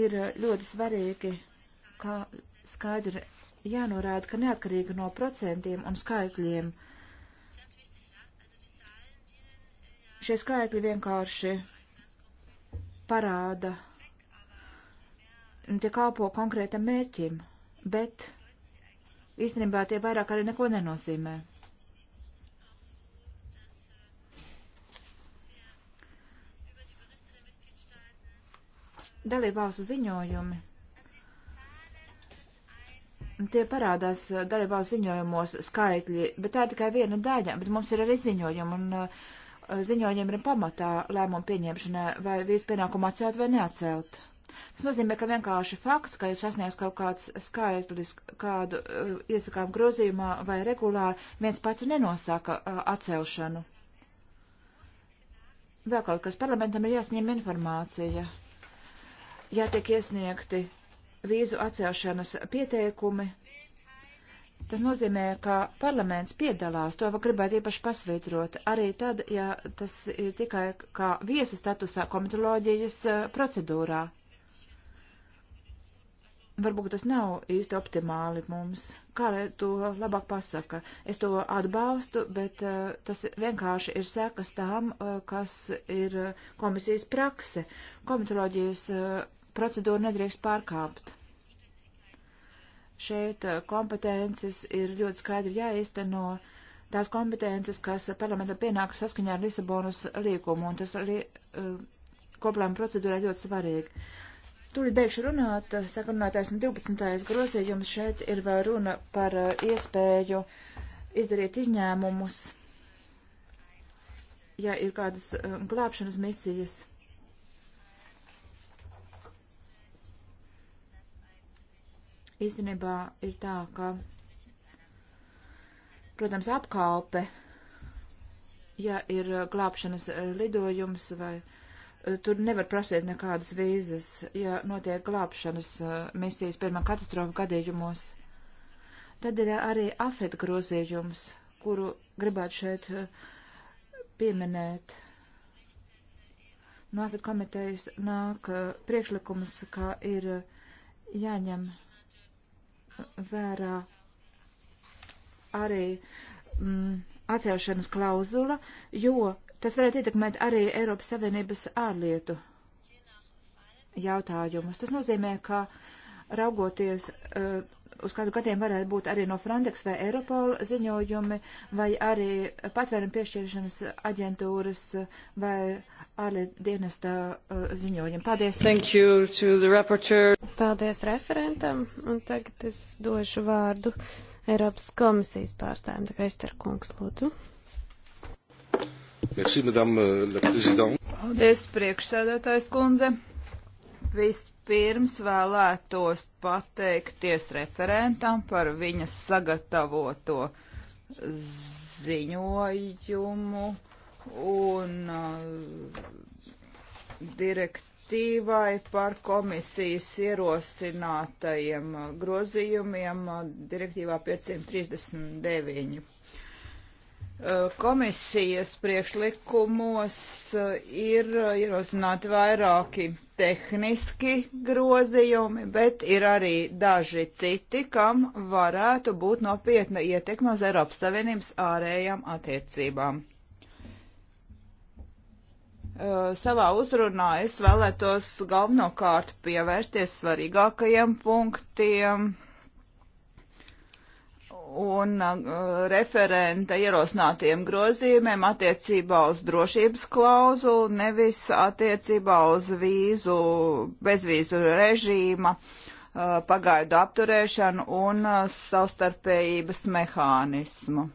S4: Ir eh, ļoti svarīgi, kā skaidri jānorāda, ka neatkarīgi no procentiem un skaitļiem šie skaitļi vienkārši parāda, tie kalpo konkrētam mērķim, bet īstenībā tie vairāk arī neko nenozīmē. dalībvalstu ziņojumi. Tie parādās uh, dalībvalstu ziņojumos skaitļi, bet tā ir tikai viena daļa, bet mums ir arī ziņojumi, un uh, ziņojumi ir pamatā lēmumu pieņemšanai, vai visu pienākumu atcelt vai neatcelt. Tas nozīmē, ka vienkārši fakts, ka ir sasniegts kaut kāds skaitlis, kādu uh, iesakām grozījumā vai regulāri, viens pats nenosaka uh, atcelšanu. Vēl kaut kas parlamentam ir jāsņem informācija ja tiek iesniegti vīzu atcelšanas pieteikumi, tas nozīmē, ka parlaments piedalās, to vēl gribētu īpaši pasvītrot, arī tad, ja tas ir tikai kā viesa statusā komitoloģijas eh, procedūrā. Varbūt tas nav īsti optimāli mums. Kā lai to labāk pasaka? Es to atbalstu, bet uh, tas vienkārši ir sekas tām, uh, eh, kas ir komisijas prakse. Komitoloģijas uh, procedūru nedrīkst pārkāpt. Šeit uh, kompetences ir ļoti skaidri jāizteno tās kompetences, kas parlamentam pienākas saskaņā ar Lisabonas līkumu, un tas li, uh, koplēma procedūrā ļoti svarīgi. Tūlīt beigšu runāt, uh, sakarunātais un 12. grozījums šeit ir vēl runa par iespēju izdarīt izņēmumus, ja ir kādas glābšanas misijas. Īstenībā ir tā, ka, protams, apkalpe, ja ir glābšanas lidojums vai eh, tur nevar prasīt nekādas vīzes, ja notiek glābšanas eh, misijas pirmā katastrofa gadījumos. Tad ir arī afet grozījums, kuru gribētu šeit eh, pieminēt. No afet komitejas nāk priekšlikums, kā ir jāņem vērā arī mm, atcelšanas klauzula, jo tas varētu ietekmēt arī Eiropas Savienības ārlietu jautājumus. Tas nozīmē, ka raugoties uh, uz kādu gadiem varētu būt arī no Frontex vai Eiropola ziņojumi, vai arī patvērumu piešķiršanas aģentūras vai ārlietu dienesta uh, ziņojumi. Paldies! Thank
S2: you to the rapporteur. Paldies referentam, un tagad es došu vārdu Eiropas komisijas pārstāvjiem, tā kā Esterkungs, lūdzu.
S1: Merci, madame euh, la présidente.
S2: Paldies,
S3: priekšsēdētājs kundze. Vispirms vēlētos pateikties referentam par viņas sagatavoto ziņojumu un uh, direktīvai par komisijas ierosinātajiem grozījumiem uh, direktīvā 539 Eh, komisijas priekšlikumos eh, ir eh, ierosināti vairāki tehniski grozījumi, bet ir arī daži citi, kam varētu būt nopietna ietekme uz Eiropas Savienības ārējām attiecībām savā uzrunā es vēlētos galvenokārt pievērsties svarīgākajiem punktiem, un uh, referenta ierosinātiem grozījumiem attiecībā uz drošības klauzulu, nevis attiecībā uz vīzu, bezvīzu režīma, uh, pagaidu apturēšanu un uh, savstarpējības mehānismu.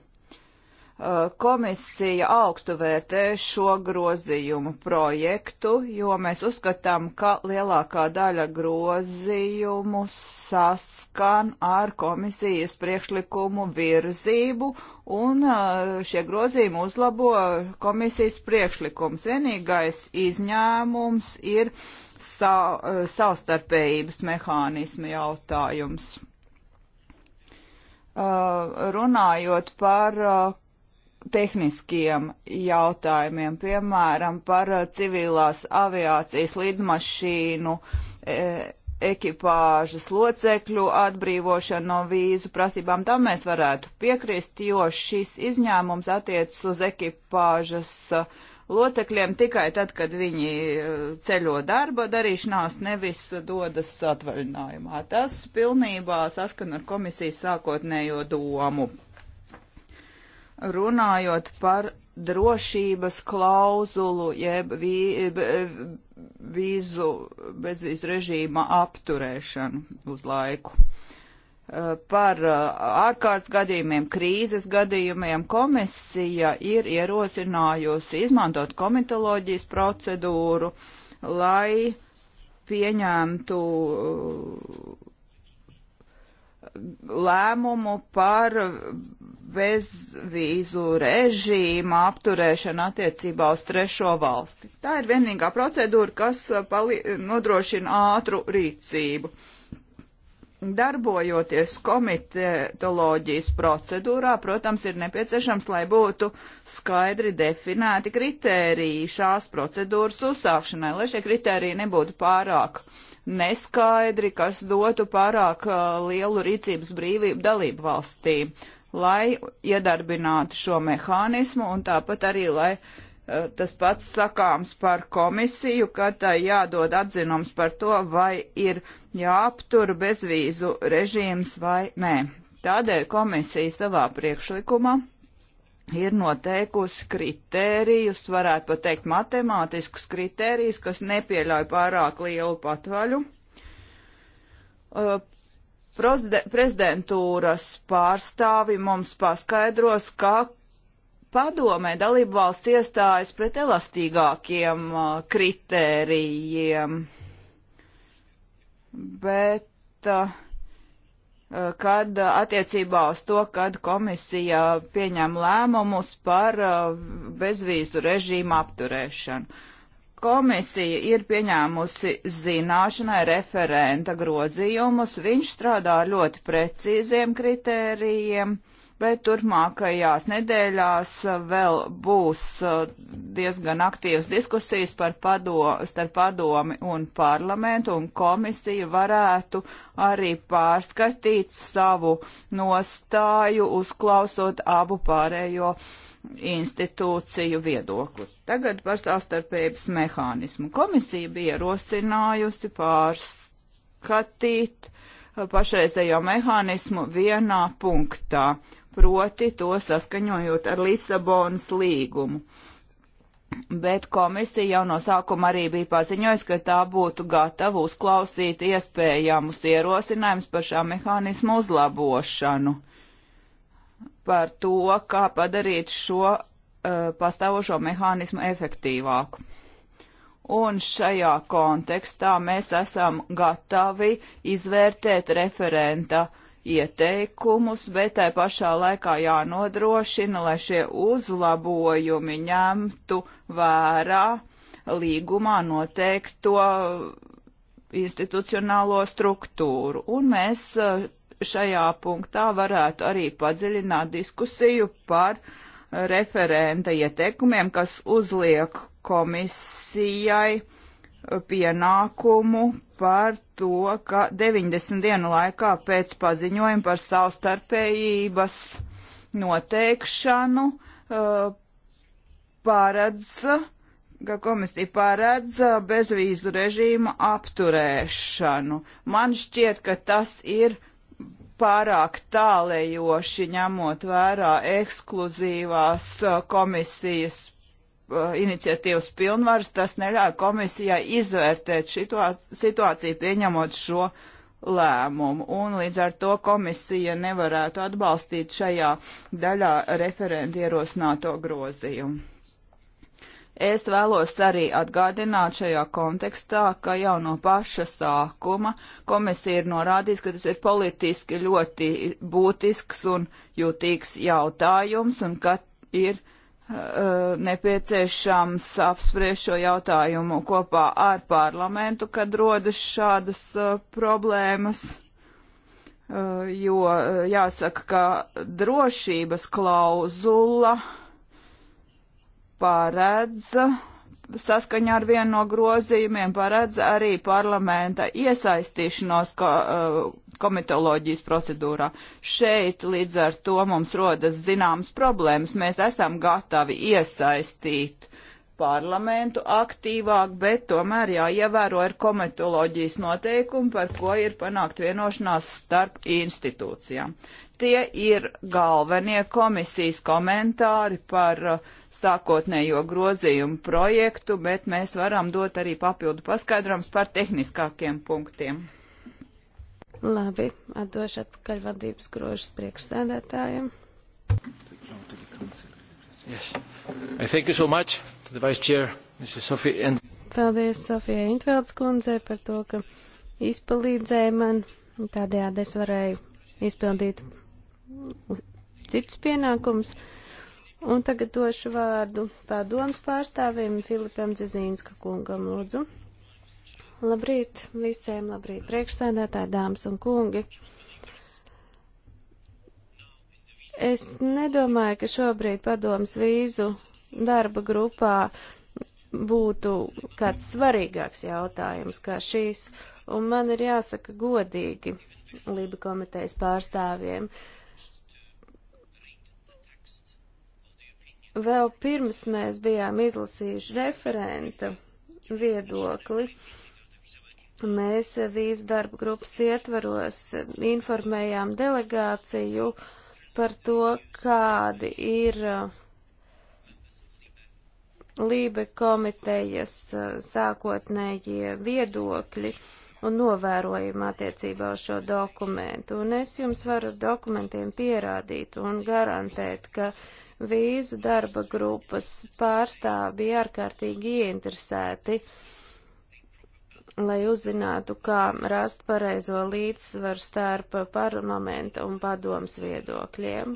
S3: Komisija augstu vērtē šo grozījumu projektu, jo mēs uzskatām, ka lielākā daļa grozījumu saskan ar komisijas priekšlikumu virzību, un šie grozījumi uzlabo komisijas priekšlikums. Vienīgais izņēmums ir sa savstarpējības mehānismu jautājums. Uh, runājot par uh, tehniskiem jautājumiem, piemēram, par eh, civilās aviācijas lidmašīnu e, ekipāžas locekļu atbrīvošanu no vīzu prasībām. Tam mēs varētu piekrist, jo šis izņēmums attiecas uz ekipāžas eh, locekļiem tikai tad, kad viņi eh, ceļo darba darīšanās, nevis dodas atvaļinājumā. Tas pilnībā saskan ar komisijas sākotnējo domu runājot par drošības klauzulu jeb vī, vīzu bezvīzu režīma apturēšanu uz laiku. E, par e, ārkārtas gadījumiem, krīzes gadījumiem komisija ir ierosinājusi izmantot komitoloģijas procedūru, lai pieņemtu lēmumu par bezvīzu režīmu apturēšanu attiecībā uz trešo valsti. Tā ir vienīgā procedūra, kas nodrošina ātru rīcību. Darbojoties komitoloģijas procedūrā, protams, ir nepieciešams, lai būtu skaidri definēti kritēriji šās procedūras uzsākšanai, lai šie kritēriji nebūtu pārāk uh, neskaidri, kas dotu pārāk uh, lielu rīcības brīvību dalību valstīm, lai iedarbinātu šo mehānismu un tāpat arī, lai uh, tas pats sakāms par komisiju, ka tai jādod atzinums par to, vai ir jāaptur bezvīzu režīms vai nē. Tādēļ komisija savā priekšlikumā ir noteikusi kritērijus, varētu pat teikt matemātiskus kritērijus, kas nepieļauj pārāk lielu patvaļu. Uh, prezidentūras pārstāvi mums paskaidros, ka padomē dalību valsts iestājas pret elastīgākiem uh, kritērijiem. Bet uh, Eh, kad eh, attiecībā uz to, kad komisija pieņem lēmumus par eh, bezvīzu režīmu apturēšanu. Komisija ir pieņēmusi zināšanai referenta grozījumus, viņš strādā ļoti precīziem kritērijiem bet turpmākajās nedēļās vēl būs uh, diezgan aktīvas diskusijas par pado, starp padomi un parlamentu, un komisija varētu arī pārskatīt savu nostāju, uzklausot abu pārējo institūciju viedokli. Tagad par savstarpējības mehānismu. Komisija bija rosinājusi pārskatīt pašreizējo mehānismu vienā punktā proti to saskaņojot ar Lisabonas līgumu. Bet komisija jau no sākuma arī bija paziņojusi, ka tā būtu gatava uzklausīt iespējamus ierosinājumus par šā mehānismu uzlabošanu, par to, kā padarīt šo uh, pastāvošo mehānismu efektīvāku. Un šajā kontekstā mēs esam gatavi izvērtēt referenta uh, ieteikumus, bet tai pašā laikā jānodrošina, lai šie uzlabojumi ņemtu vērā līgumā noteikto institucionālo struktūru. Un mēs eh, šajā punktā varētu arī padziļināt diskusiju par referenta ieteikumiem, kas uzliek komisijai pienākumu par to, ka 90 dienu laikā pēc paziņojuma par savstarpējības noteikšanu uh, paredz, ka komisija paredz uh, bezvīzu režīma apturēšanu. Man šķiet, ka tas ir pārāk tālējoši ņemot vērā ekskluzīvās uh, komisijas Uh, iniciatīvas pilnvaras, tas neļauj komisijai izvērtēt situāciju, pieņemot šo lēmumu. Un līdz ar to komisija nevarētu atbalstīt šajā daļā referenti ierosināto grozījumu. Es vēlos arī atgādināt šajā kontekstā, ka jau no paša sākuma komisija ir norādījusi, ka tas ir politiski ļoti būtisks un jūtīgs jautājums un ka ir uh, Eh, nepieciešams apspriest šo jautājumu kopā ar parlamentu, kad rodas šādas uh, problēmas, uh, jo uh, jāsaka, ka drošības klauzula paredz uh, saskaņā ar vienu no grozījumiem paredz arī parlamenta iesaistīšanos ko, uh, komitoloģijas procedūrā. Šeit līdz ar to mums rodas zināmas problēmas. Mēs esam gatavi iesaistīt parlamentu aktīvāk, bet tomēr jāievēro ir komitoloģijas noteikumi, par ko ir panākt vienošanās starp institūcijām. Tie ir galvenie komisijas komentāri par uh, sākotnējo grozījumu projektu, bet mēs varam dot arī papildu paskaidrojums par tehniskākiem punktiem.
S2: Labi, atdošu atpakaļ vadības grožus priekšsēdētājiem.
S4: Yes. I thank you so much to the Vice Chair, Mrs. Sophie. And...
S2: Paldies Sofijai Intveldes kundzei par to, ka izpalīdzēja man. Tādējādi es varēju izpildīt citus pienākumus. Un tagad došu vārdu padoms pārstāvim Filipam Dzezīnska kungam, lūdzu. Labrīt visiem, labrīt priekšsēdētāji, dāmas un kungi. Es nedomāju, ka šobrīd padoms vīzu darba grupā būtu kāds svarīgāks jautājums kā šīs, un man ir jāsaka godīgi Lība komitejas pārstāvjiem. Uh, vēl pirms mēs bijām izlasījuši referenta viedokli, mēs vīzu darba grupas ietvaros informējām delegāciju par to, kādi ir uh, Lībe komitejas uh, sākotnējie viedokļi un novērojuma attiecībā uz šo dokumentu. Un es jums varu dokumentiem pierādīt un garantēt, ka vīzu darba grupas pārstāvi bija ārkārtīgi ieinteresēti, lai uzzinātu, kā rast pareizo līdzsvaru starp parlamenta un padoms viedokļiem.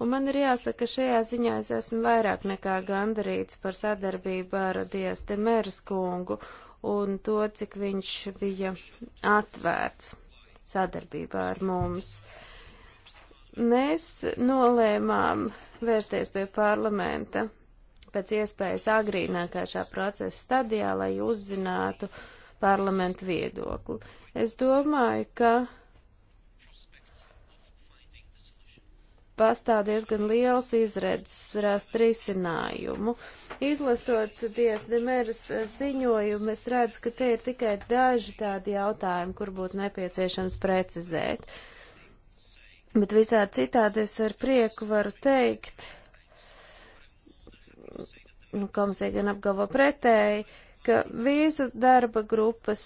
S2: Un man ir jāsaka, ka šajā ziņā es esmu vairāk nekā gandarīts par sadarbību ar Dievs Temeras kungu un to, cik viņš bija atvērts sadarbībā ar mums. Mēs nolēmām vērsties pie parlamenta pēc iespējas agrīnākā šā procesa stadijā, lai uzzinātu parlamentu viedokli. Es domāju, ka pastāv diezgan liels izredzes rast risinājumu. Izlasot tiesdemeras ziņojumu, es redzu, ka tie ir tikai daži tādi jautājumi, kur būtu nepieciešams precizēt. Bet visā citādi es ar prieku varu teikt, nu, komisija gan apgalvo pretēji, ka vīzu darba grupas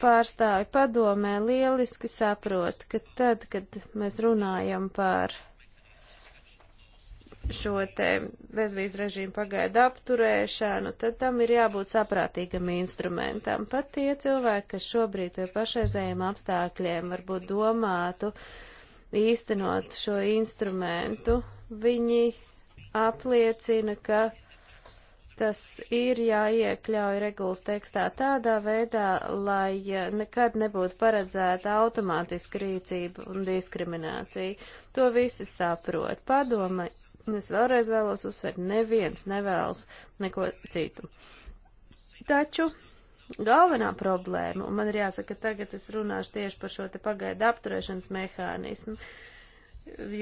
S2: pārstāvi padomē lieliski saprot, ka tad, kad mēs runājam par šo te bezvīzu režīmu pagaidu apturēšanu, tad tam ir jābūt saprātīgam instrumentam. Pat tie cilvēki, kas šobrīd pie pašreizējiem apstākļiem varbūt domātu īstenot šo instrumentu, viņi apliecina, ka tas ir jāiekļauj regulas tekstā tādā veidā, lai nekad nebūtu paredzēta automātiska rīcība un diskriminācija. To visi saprot. Padome Es vēlreiz vēlos uzsvērt, neviens nevēlas neko citu. Taču galvenā problēma, un man ir jāsaka, tagad es runāšu tieši par šo te pagaidu apturēšanas mehānismu,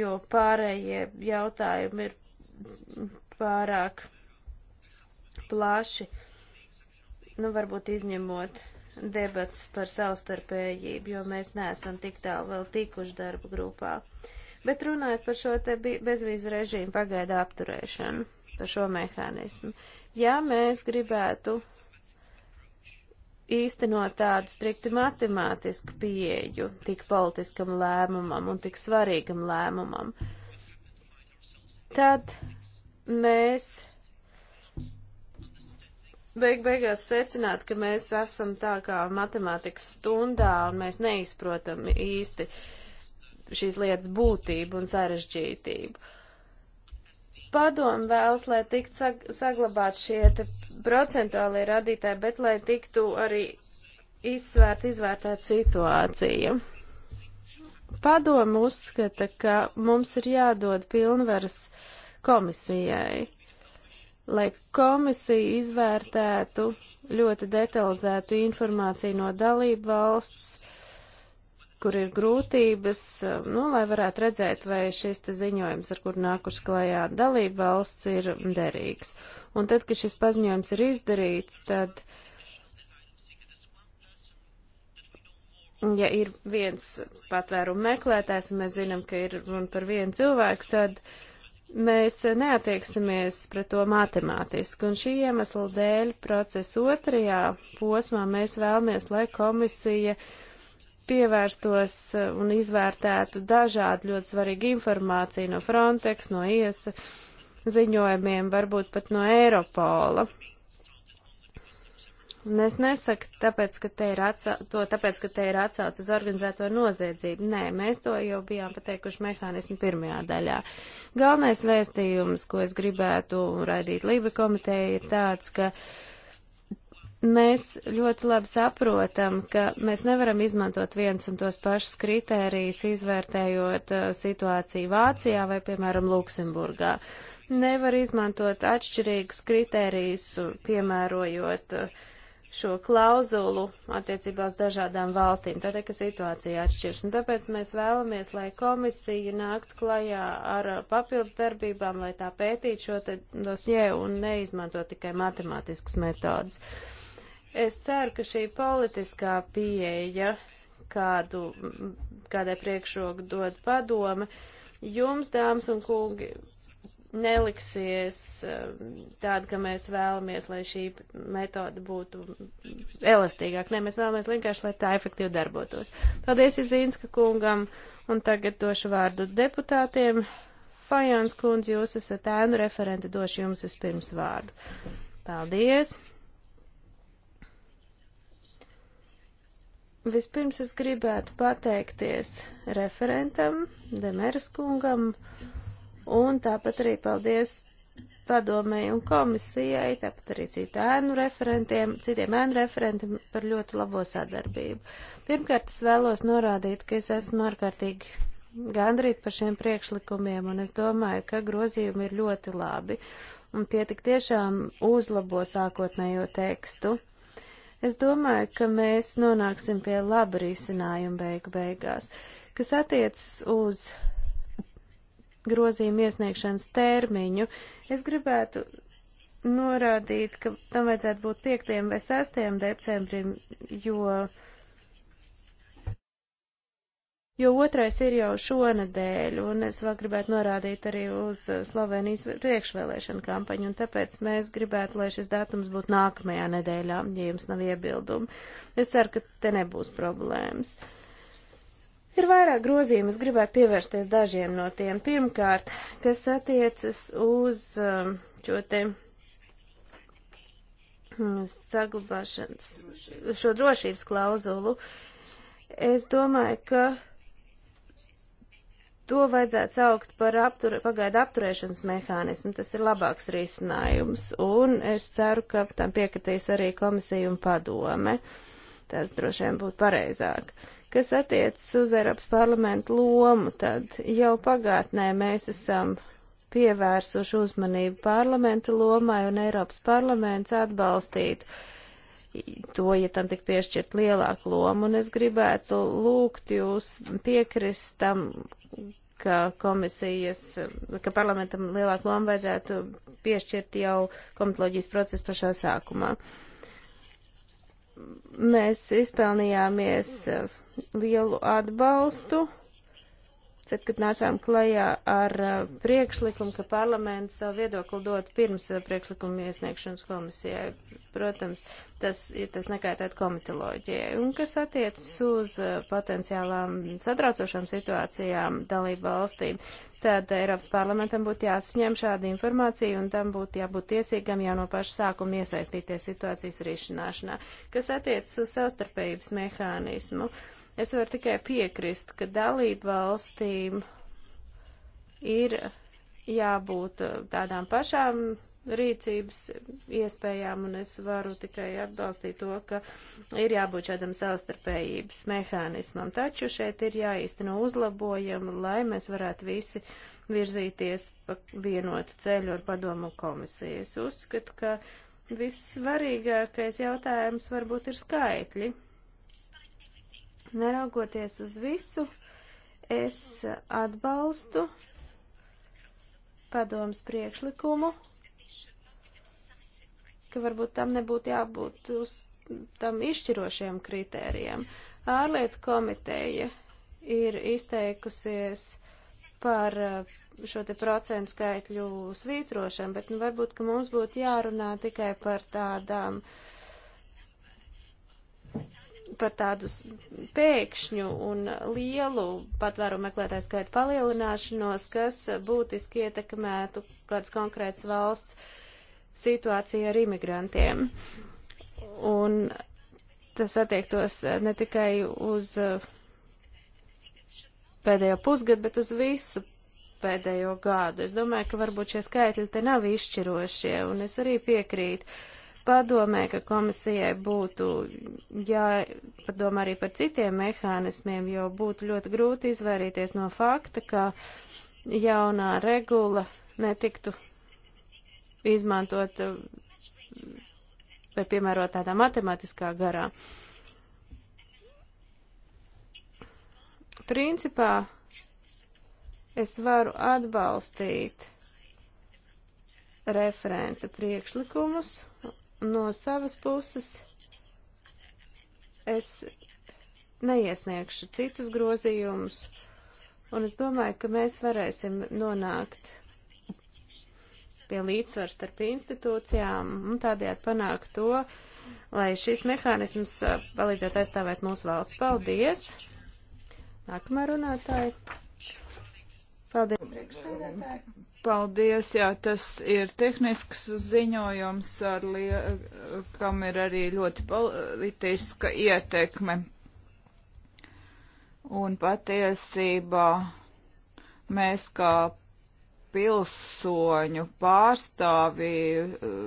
S2: jo pārējie jautājumi ir pārāk plaši, nu varbūt izņemot debats par savstarpējību, jo mēs neesam tik tālu vēl tikuši darba grupā. Uh, Bet runājot par šo te bezvīzu režīmu pagaida apturēšanu, par šo mehānismu, ja mēs gribētu īstenot tādu strikti matemātisku pieeju tik politiskam lēmumam un tik svarīgam lēmumam, tad mēs beig beigās secināt, ka mēs esam tā kā matemātikas stundā un mēs neizprotam īsti uh, šīs lietas būtību un sarežģītību. Padomu vēlas, lai tiktu sag saglabāt šie procentuālie radītāji, bet lai tiktu arī izsvērt, izvērtēt situāciju. Padomu uzskata, ka mums ir jādod pilnvaras komisijai, lai komisija izvērtētu ļoti detalizētu informāciju no dalību valsts kur ir grūtības, um, nu, lai varētu redzēt, vai šis te ziņojums, ar kur nākuši klajā dalība valsts, ir derīgs. Un tad, kad šis paziņojums ir izdarīts, tad, ja ir viens patvērumu meklētājs, un mēs zinām, ka ir runa par vienu cilvēku, tad mēs neatieksimies pret to matemātiski. Un šī iemesla dēļ procesa otrajā posmā mēs vēlamies, lai komisija uh, pievērstos eh, un izvērtētu dažādu ļoti svarīgu informāciju no Frontex, no IESA ziņojumiem, varbūt pat no Eiropola. Un es nesaku, tāpēc, ka te ir, atsau, to, tāpēc, ka te ir atsauc uz organizēto noziedzību. Nē, mēs to jau bijām pateikuši mehānismu pirmajā daļā. Galvenais vēstījums, ko es gribētu raidīt Lība komiteja, ir tāds, ka uh, mēs ļoti labi saprotam, ka mēs nevaram izmantot viens un tos pašus kritērijus, izvērtējot uh, situāciju Vācijā vai, piemēram, Luksemburgā. Nevar izmantot atšķirīgus kritērijus, piemērojot uh, šo klauzulu attiecībā uz dažādām valstīm, tātad, ka situācija atšķirs. Un tāpēc mēs vēlamies, lai komisija nākt klajā ar uh, papildus darbībām, lai tā pētītu šo dosjē un neizmanto tikai matemātiskas metodas. Uh, Es ceru, ka šī politiskā pieeja, kādu, kādai priekšroku dod padome, jums, dāmas un kungi, neliksies um, tāda, ka mēs vēlamies, lai šī metode būtu elastīgāka. Nē, mēs vēlamies vienkārši, lai tā efektīvi darbotos. Paldies Izīnska kungam, un tagad došu vārdu deputātiem. Fajons kundze, jūs esat ēnu referenti, došu jums vispirms vārdu. Paldies! Vispirms es gribētu pateikties referentam, Demeras kungam, un tāpat arī paldies padomēji un komisijai, tāpat arī citu ēnu referentiem, citiem ēnu referentiem par ļoti labo sadarbību. Pirmkārt, es vēlos norādīt, ka es esmu ārkārtīgi gandrīt par šiem priekšlikumiem, un es domāju, ka grozījumi ir ļoti labi, un tie tik tiešām uzlabo sākotnējo tekstu. Es domāju, ka mēs nonāksim pie laba risinājuma beigu beigās, kas attiecas uz grozījuma iesniegšanas termiņu. Es gribētu norādīt, ka tam vajadzētu būt 5. vai 6. decembrim, jo jo otrais ir jau šonadēļ, un es vēl gribētu norādīt arī uz Slovenijas priekšvēlēšanu kampaņu, un tāpēc mēs gribētu, lai šis datums būtu nākamajā nedēļā, ja jums nav iebildumi. Es ceru, ka te nebūs problēmas. Ir vairāk grozījumu, es gribētu pievērsties dažiem no tiem. Pirmkārt, kas attiecas uz um, šo te mm, saglabāšanas, šo drošības klauzulu. Es domāju, ka To vajadzētu saukt par aptur, pagaidu apturēšanas mehānismu. Tas ir labāks risinājums, un es ceru, ka tam piekritīs arī komisija un padome. Tas droši vien būtu pareizāk. Kas attiecas uz Eiropas parlamentu lomu, tad jau pagātnē mēs esam pievērsuši uzmanību parlamenta lomai, un Eiropas parlaments atbalstītu to, ja tam tik piešķirt lielāku lomu, un es gribētu lūgt jūs piekrist tam, ka komisijas, ka parlamentam lielāku lomu vajadzētu piešķirt jau komitoloģijas procesu pašā sākumā. Mēs izpelnījāmies lielu atbalstu Tad, kad nācām klajā ar uh, priekšlikumu, ka parlaments savu viedokli dod pirms uh, priekšlikuma iesniegšanas komisijai, protams, tas, tas nekaitētu komitoloģijai. Un kas attiecas uz uh, potenciālām satraucošām situācijām dalību valstīm, tad Eiropas parlamentam būtu jāsaņem šāda informācija un tam būtu jābūt tiesīgam jau no paša sākuma iesaistīties situācijas risināšanā. Kas attiecas uz savstarpējības mehānismu? Uh, Es varu tikai piekrist, ka dalību valstīm ir jābūt eh, tādām pašām rīcības iespējām, un es varu tikai atbalstīt to, ka ir jābūt šādam savstarpējības mehānismam. Taču šeit ir jāīsteno uzlabojumi, lai mēs varētu visi virzīties pa vienotu ceļu ar padomu komisiju. Es uzskatu, ka vissvarīgākais jautājums varbūt ir skaitļi. Neraugoties uz visu, es atbalstu padomas priekšlikumu, ka varbūt tam nebūtu jābūt uz tam izšķirošiem kritērijiem. Ārlietu komiteja ir izteikusies par eh, šo te procentu skaitļu svītrošanu, bet nu, varbūt, ka mums būtu jārunā tikai par tādām par tādu pēkšņu un lielu patvērumu meklētāju skaitu palielināšanos, kas būtiski ietekmētu kāds konkrēts valsts situāciju ar imigrantiem. Un tas attiektos ne tikai uz uh, pēdējo pusgadu, bet uz visu pēdējo gadu. Es domāju, ka varbūt šie skaitļi te nav izšķirošie, un es arī piekrītu padomē, ka komisijai būtu jāpadomā arī par citiem mehānismiem, jo būtu ļoti grūti izvairīties no fakta, ka jaunā regula netiktu izmantot vai piemērot tādā matemātiskā garā. Principā es varu atbalstīt referenta priekšlikumus No savas puses es neiesniegšu citus grozījumus, un es domāju, ka mēs varēsim nonākt pie līdzsvars starp institūcijām un tādējādi panākt to, lai šis mehānisms uh, palīdzētu aizstāvēt mūsu valsts. Paldies! Nākamā runātāja. Paldies,
S1: priekšsēdētāji!
S3: Paldies, jā, tas ir tehnisks ziņojums, ar lie, kam ir arī ļoti politiska ietekme. Un patiesībā mēs kā pilsoņu pārstāvī eh,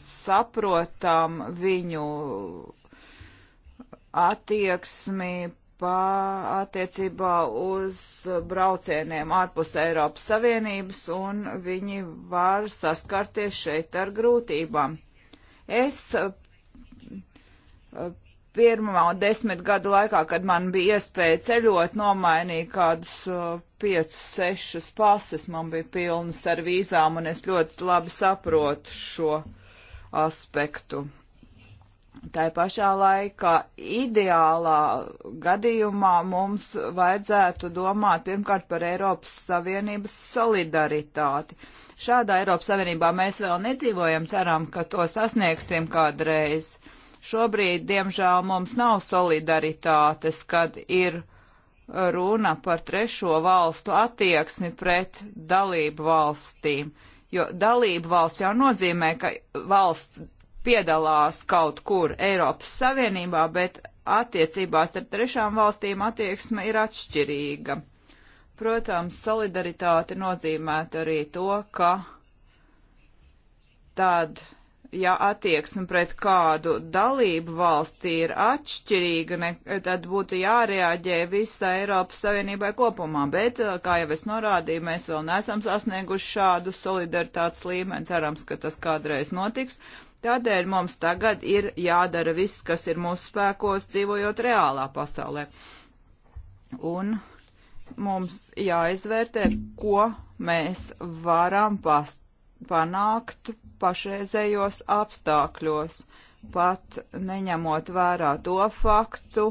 S3: saprotam viņu attieksmi pa attiecībā uz braucieniem ārpus Eiropas Savienības, un viņi var saskarties šeit ar grūtībām. Es eh, pirmā desmit gadu laikā, kad man bija iespēja ceļot, nomainīju kādus eh, piecus, sešus pases, man bija pilnas ar vīzām, un es ļoti labi saprotu šo aspektu. Tā pašā laikā ideālā gadījumā mums vajadzētu domāt pirmkārt par Eiropas Savienības solidaritāti. Šādā Eiropas Savienībā mēs vēl nedzīvojam, ceram, ka to sasniegsim kādreiz. Šobrīd, diemžēl, mums nav solidaritātes, kad ir runa par trešo valstu attieksmi pret dalību valstīm, jo dalību valsts jau nozīmē, ka valsts piedalās kaut kur Eiropas Savienībā, bet attiecībās ar trešām valstīm attieksme ir atšķirīga. Protams, solidaritāte nozīmētu arī to, ka tad, ja attieksme pret kādu dalību valstī ir atšķirīga, ne, tad būtu jārēģē visai Eiropas Savienībai kopumā. Bet, kā jau es norādīju, mēs vēl neesam sasnieguši šādu solidaritātes līmeni. Cerams, ka tas kādreiz notiks. Tādēļ mums tagad ir jādara viss, kas ir mūsu spēkos, dzīvojot reālā pasaulē. Un mums jāizvērtē, ko mēs varam past, panākt pašreizējos apstākļos, pat neņemot vērā to faktu,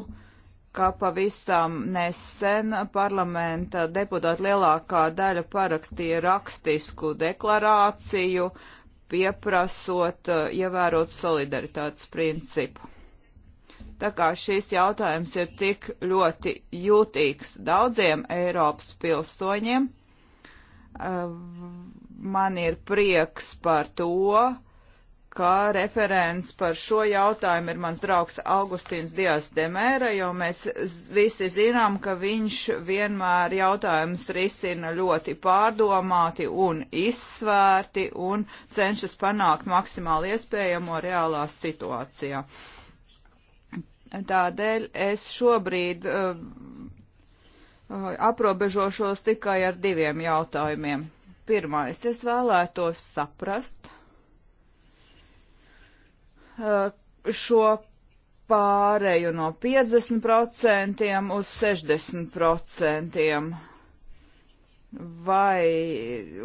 S3: ka pavisam nesen parlamenta deputāti lielākā daļa parakstīja rakstisku deklarāciju pieprasot uh, ievērot solidaritātes principu. Tā kā šis jautājums ir tik ļoti jūtīgs daudziem Eiropas pilsoņiem, uh, man ir prieks par to, kā referents par šo jautājumu ir mans draugs Augustīns Dijas Demēra, jo mēs visi zinām, ka viņš vienmēr jautājumus risina ļoti pārdomāti un izsvērti un cenšas panākt maksimāli iespējamo reālā situācijā. Tādēļ es šobrīd uh, aprobežošos tikai ar diviem jautājumiem. Pirmais, es vēlētos saprast, uh, Eh, šo pārēju no 50% uz 60%. Vai,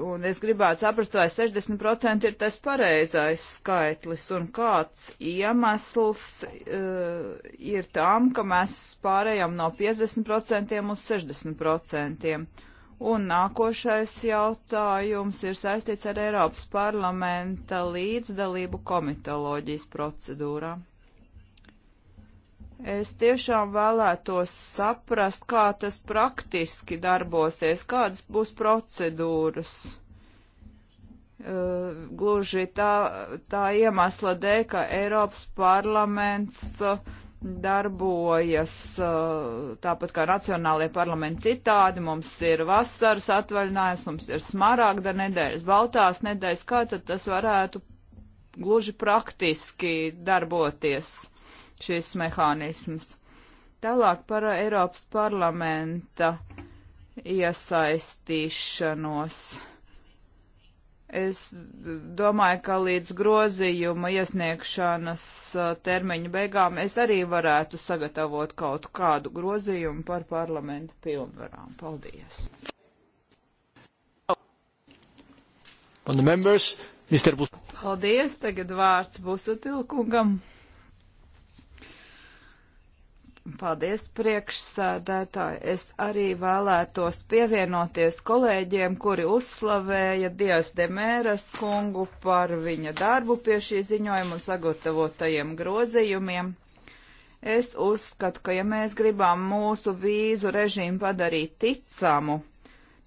S3: un es gribētu saprast, vai 60% ir tas pareizais skaitlis, un kāds iemesls uh, ir tam, ka mēs pārējām no 50% uz 60%. Un nākošais jautājums ir saistīts ar Eiropas parlamenta līdzdalību komitoloģijas procedūrā. Es tiešām vēlētos saprast, kā tas praktiski darbosies, kādas būs procedūras. Uh, gluži tā, tā iemesla dēļ, ka Eiropas parlaments uh, darbojas eh, tāpat kā nacionālajie parlamenti citādi. Mums ir vasaras atvaļinājums, mums ir smaragda nedēļas, baltās nedēļas. Kā tad tas varētu gluži praktiski darboties šis mehānisms? Tālāk par Eiropas parlamenta iesaistīšanos Es domāju, ka līdz grozījuma iesniegšanas uh, termiņa beigām es arī varētu sagatavot kaut kādu grozījumu par parlamentu pilnvarām. Paldies!
S4: Paldies!
S3: Tagad vārds Busatilkungam. Paldies, priekšsēdētāji. Es arī vēlētos pievienoties kolēģiem, kuri uzslavēja Dievs Demēras kungu par viņa darbu pie šī ziņojuma un sagatavotajiem grozījumiem. Es uzskatu, ka ja mēs gribam mūsu vīzu režīmu padarīt ticamu,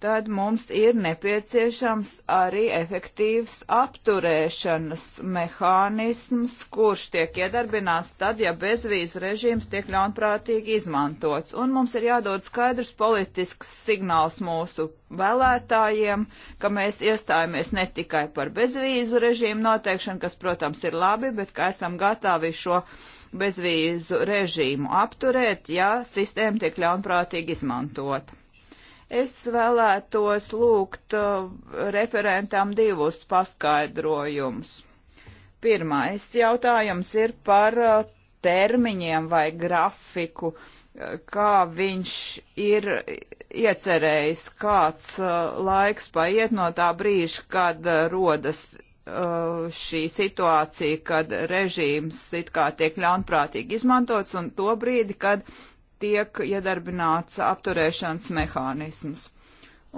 S3: tad mums ir nepieciešams arī efektīvs apturēšanas mehānisms, kurš tiek iedarbināts tad, ja bezvīzu režīms tiek ļaunprātīgi izmantots. Un mums ir jādod skaidrs politisks signāls mūsu vēlētājiem, ka mēs iestājamies ne tikai par bezvīzu režīmu noteikšanu, kas, protams, ir labi, bet ka esam gatavi šo bezvīzu režīmu apturēt, ja sistēma tiek ļaunprātīgi izmantota. Es vēlētos lūgt uh, referentam divus paskaidrojumus. Pirmais jautājums ir par uh, termiņiem vai grafiku, uh, kā viņš ir iecerējis, kāds uh, laiks paiet no tā brīža, kad uh, rodas uh, šī situācija, kad režīms it kā tiek ļaunprātīgi izmantots un to brīdi, kad tiek iedarbināts apturēšanas mehānisms.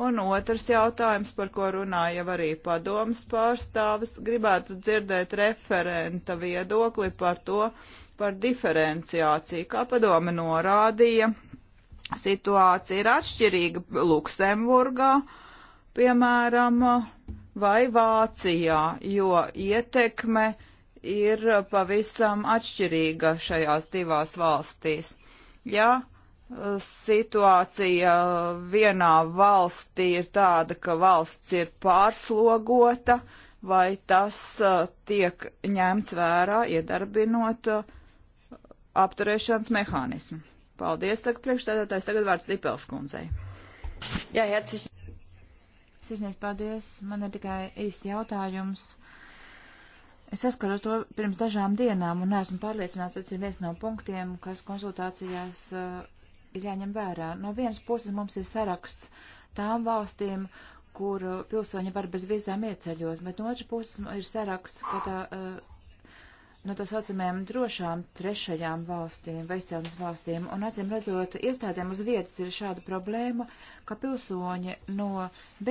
S3: Un otrs jautājums, par ko runāja jau arī padomas pārstāvis, gribētu dzirdēt referenta viedokli par to, par diferenciāciju. Kā padome norādīja, situācija ir atšķirīga Luksemburgā, piemēram, vai Vācijā, jo ietekme ir pavisam atšķirīga šajās divās valstīs. Ja e, situācija vienā valstī ir tāda, ka valsts ir pārslogota, vai tas e, tiek ņemts vērā, iedarbinot e, apturēšanas mehānismu. Paldies, saka priekšstādātājs. Tagad vārds Zipels kundzei. Jā, jā,
S4: cik. Sirsnīgs paldies. Man ir tikai īsts jautājums. Es saskaros to pirms dažām dienām un esmu pārliecināta, tas ir viens no punktiem, kas konsultācijās uh, ir jāņem vērā. No vienas puses mums ir saraksts tām valstīm, kur uh, pilsoņi var bez vīzām ieceļot, bet no otras puses ir saraksts, ka tā, uh, no tā saucamajām drošām trešajām valstīm, veicams valstīm, un acīm redzot, iestādēm uz vietas ir šāda problēma, ka pilsoņi no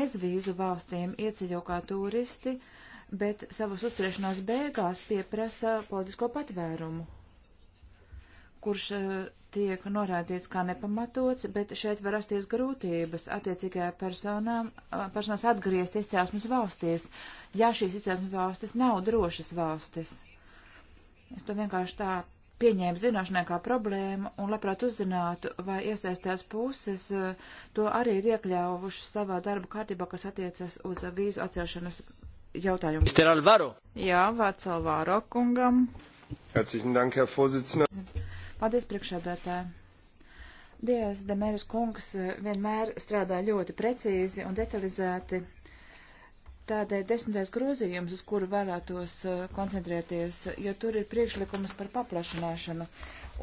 S4: bezvīzu valstīm ieceļo kā turisti, uh, bet savas uzturēšanās beigās pieprasa politisko patvērumu, kurš eh, tiek norādīts kā nepamatots, bet šeit var rasties grūtības attiecīgajā personām, personās atgriezt izcelsmes valstīs, ja šīs izcelsmes valstis nav drošas valstis. Es to vienkārši tā pieņēmu zināšanai kā problēmu un labprāt uzzinātu, vai iesaistās puses to arī ir iekļāvušas savā darba kārtībā, kas attiecas uz vīzu atcelšanas jautājumu. Mr. Alvaro. Jā, vārds Alvaro kungam.
S1: Herzlichen Dank, Herr Vorsitzender.
S4: Paldies, priekšsēdētāji. Dievs Demēras kungs eh, vienmēr strādā ļoti precīzi un detalizēti Tādēļ desmitais grozījums, uz kuru vēlētos uh, koncentrēties, jo tur ir priekšlikums par paplašināšanu,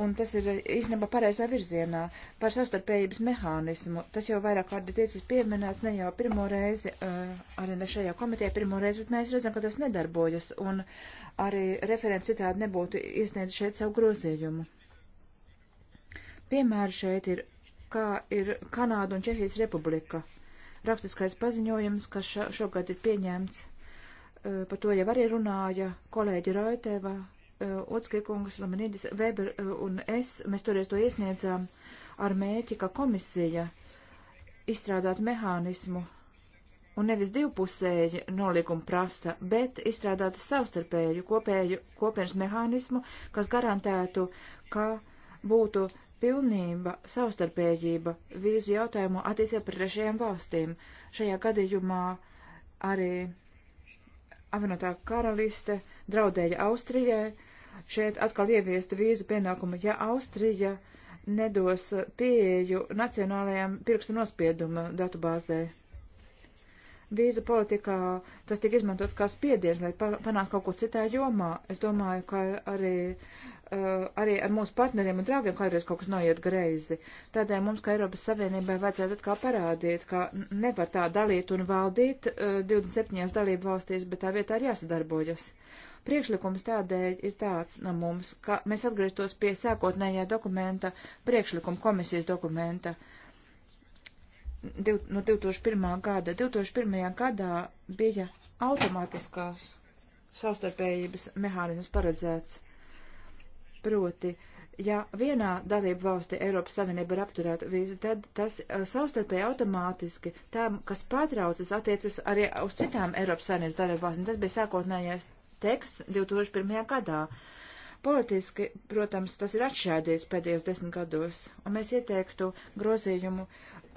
S4: un tas ir īstenībā pareizā virzienā, par savstarpējības mehānismu. Tas jau vairāk kādi tiecis pieminēts ne jau pirmo reizi, uh, arī ne šajā komitē pirmo reizi, bet mēs redzam, ka tas nedarbojas, un arī referents citādi nebūtu iesniedzis šeit savu grozījumu. Piemēri šeit ir, kā ir Kanāda un Čehijas republika. Uh, rakstiskais paziņojums, kas šogad ir pieņemts. Par to jau arī runāja kolēģi Roitēva, Otskikungs, Lamanīdis, Weber un es. Mēs toreiz to iesniedzām ar mēķi, ka komisija izstrādāt mehānismu un nevis divpusēji nolīguma prasa, bet izstrādātu savstarpēju kopēju kopienas mehānismu, kas garantētu, ka būtu pilnība, savstarpējība vīzu jautājumu attiecībā par trešajām valstīm. Šajā gadījumā arī apvienotā karaliste draudēja Austrijai. Šeit atkal ieviesta vīzu pienākuma, ja Austrija nedos pieeju nacionālajām pirkstu nospieduma datubāzē. Vīzu politikā tas tika izmantots kā spiediens, lai panāktu kaut ko citā jomā. Es domāju, ka arī uh, uh, arī ar mūsu partneriem un draugiem kādreiz kaut kas noiet greizi. Tādēļ mums, kā Eiropas Savienībai, vajadzētu atkal parādīt, ka nevar tā dalīt un valdīt uh, eh, 27 dalību valstīs, bet tā vietā ir jāsadarbojas. Priekšlikums tādēļ ir tāds no mums, ka mēs atgrieztos pie sākotnējā dokumenta, priekšlikuma komisijas dokumenta div, no 2001. gada. 2001. gadā bija automātiskās savstarpējības mehānisms paredzēts. Proti, ja vienā dalību valstī Eiropas Savienība ir apturēta vīza, tad tas eh, savstarpēji automātiski tām, kas pārtraucas, attiecas arī uz citām Eiropas Savienības dalību valstīm. Tas bija sākotnējais teksts 2001. gadā. Politiski, protams, tas ir atšķēdīts pēdējos desmit gados, un mēs ieteiktu grozījumu,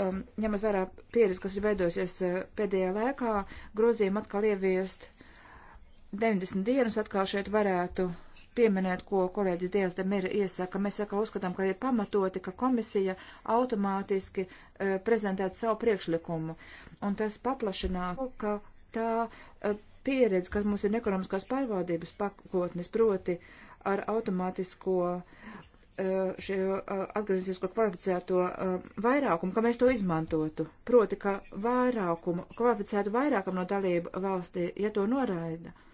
S4: um, ņemot vērā pieredzi, kas ir veidojusies uh, pēdējā laikā, grozījumu atkal ieviest 90 dienas, atkal šeit varētu uh, pieminēt, ko kolēģis Dievs Demira iesaka. Mēs saka, uzskatām, ka ir pamatoti, ka komisija automātiski uh, prezentētu savu priekšlikumu. Un tas paplašinātu, ka tā uh, pieredze, kas mums ir ekonomiskās pārvaldības pakotnes, proti ar automātisko uh, šie atgriezisko kvalificēto vairākumu, ka mēs to izmantotu. Proti, ka vairākumu, kvalificētu vairākumu no dalību valstī, ja to noraida, uh,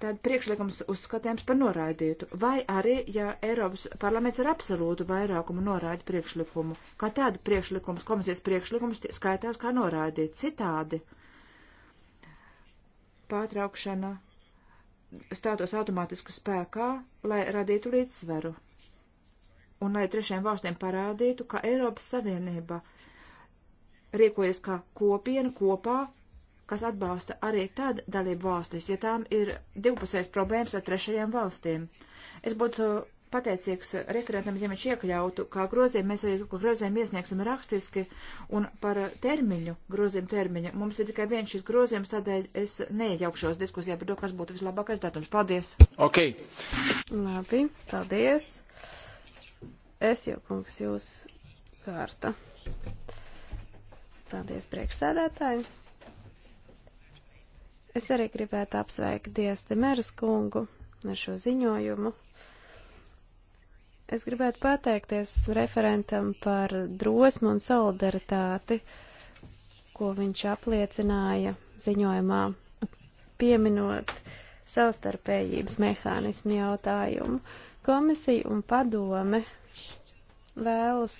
S4: tad priekšlikums uzskatāms par noraidītu, vai arī, ja Eiropas parlaments ar absolūtu vairākumu noraida priekšlikumu, kā tāda priekšlikums, komisijas priekšlikums skaitās kā noraidīt citādi. Pārtraukšana stātos automātiski spēkā, lai radītu līdzsveru un lai trešajām valstīm parādītu, ka Eiropas Savienība rīkojas kā kopiena kopā kas atbalsta arī tad dalību valstis, ja tām ir divpusējas problēmas ar trešajām valstīm. Es būtu pateicīgs referentam, ja viņš iekļautu, kā grozījumu mēs arī grozījumu iesniegsim rakstiski un par termiņu, grozījumu termiņu. Mums ir tikai viens šis grozījums, tādēļ es neiejaukšos diskusijā par to, kas būtu vislabākais datums. Paldies!
S1: Ok!
S2: Labi, paldies! Es jau, kungs, jūs kārta. Paldies, priekšsēdētāji! Es arī gribētu apsveikt Dievs Demeras kungu ar šo ziņojumu. Es gribētu pateikties referentam par drosmu un solidaritāti, ko viņš apliecināja ziņojumā, pieminot savstarpējības mehānismu jautājumu. Komisija un padome vēlas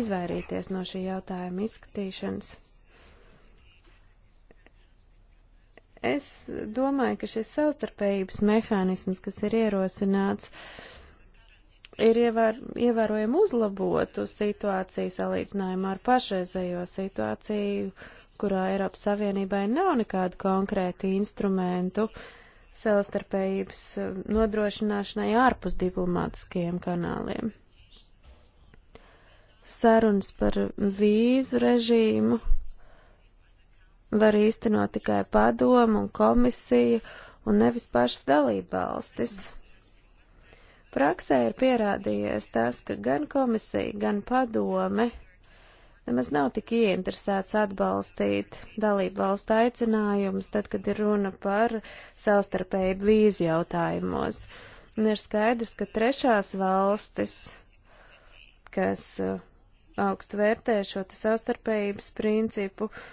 S2: izvairīties no šī jautājuma izskatīšanas. Es domāju, ka šis savstarpējības mehānisms, kas ir ierosināts, ir ievēr, ievērojami uzlabotu situāciju salīdzinājumā ar pašreizējo situāciju, kurā Eiropas Savienībai nav nekādu konkrētu instrumentu savstarpējības eh, nodrošināšanai ārpus diplomātiskajiem kanāliem. Sarunas par vīzu režīmu var īstenot tikai padomu un komisiju un nevis pašas dalībvalstis. Praksē ir pierādījies tas, ka gan komisija, gan padome nemaz nav tik ieinteresēts atbalstīt dalību valstu aicinājumus, tad, kad ir runa par savstarpēju vīzu jautājumos. Un ir skaidrs, ka trešās valstis, kas uh, augstu vērtē šo savstarpējības principu, uh,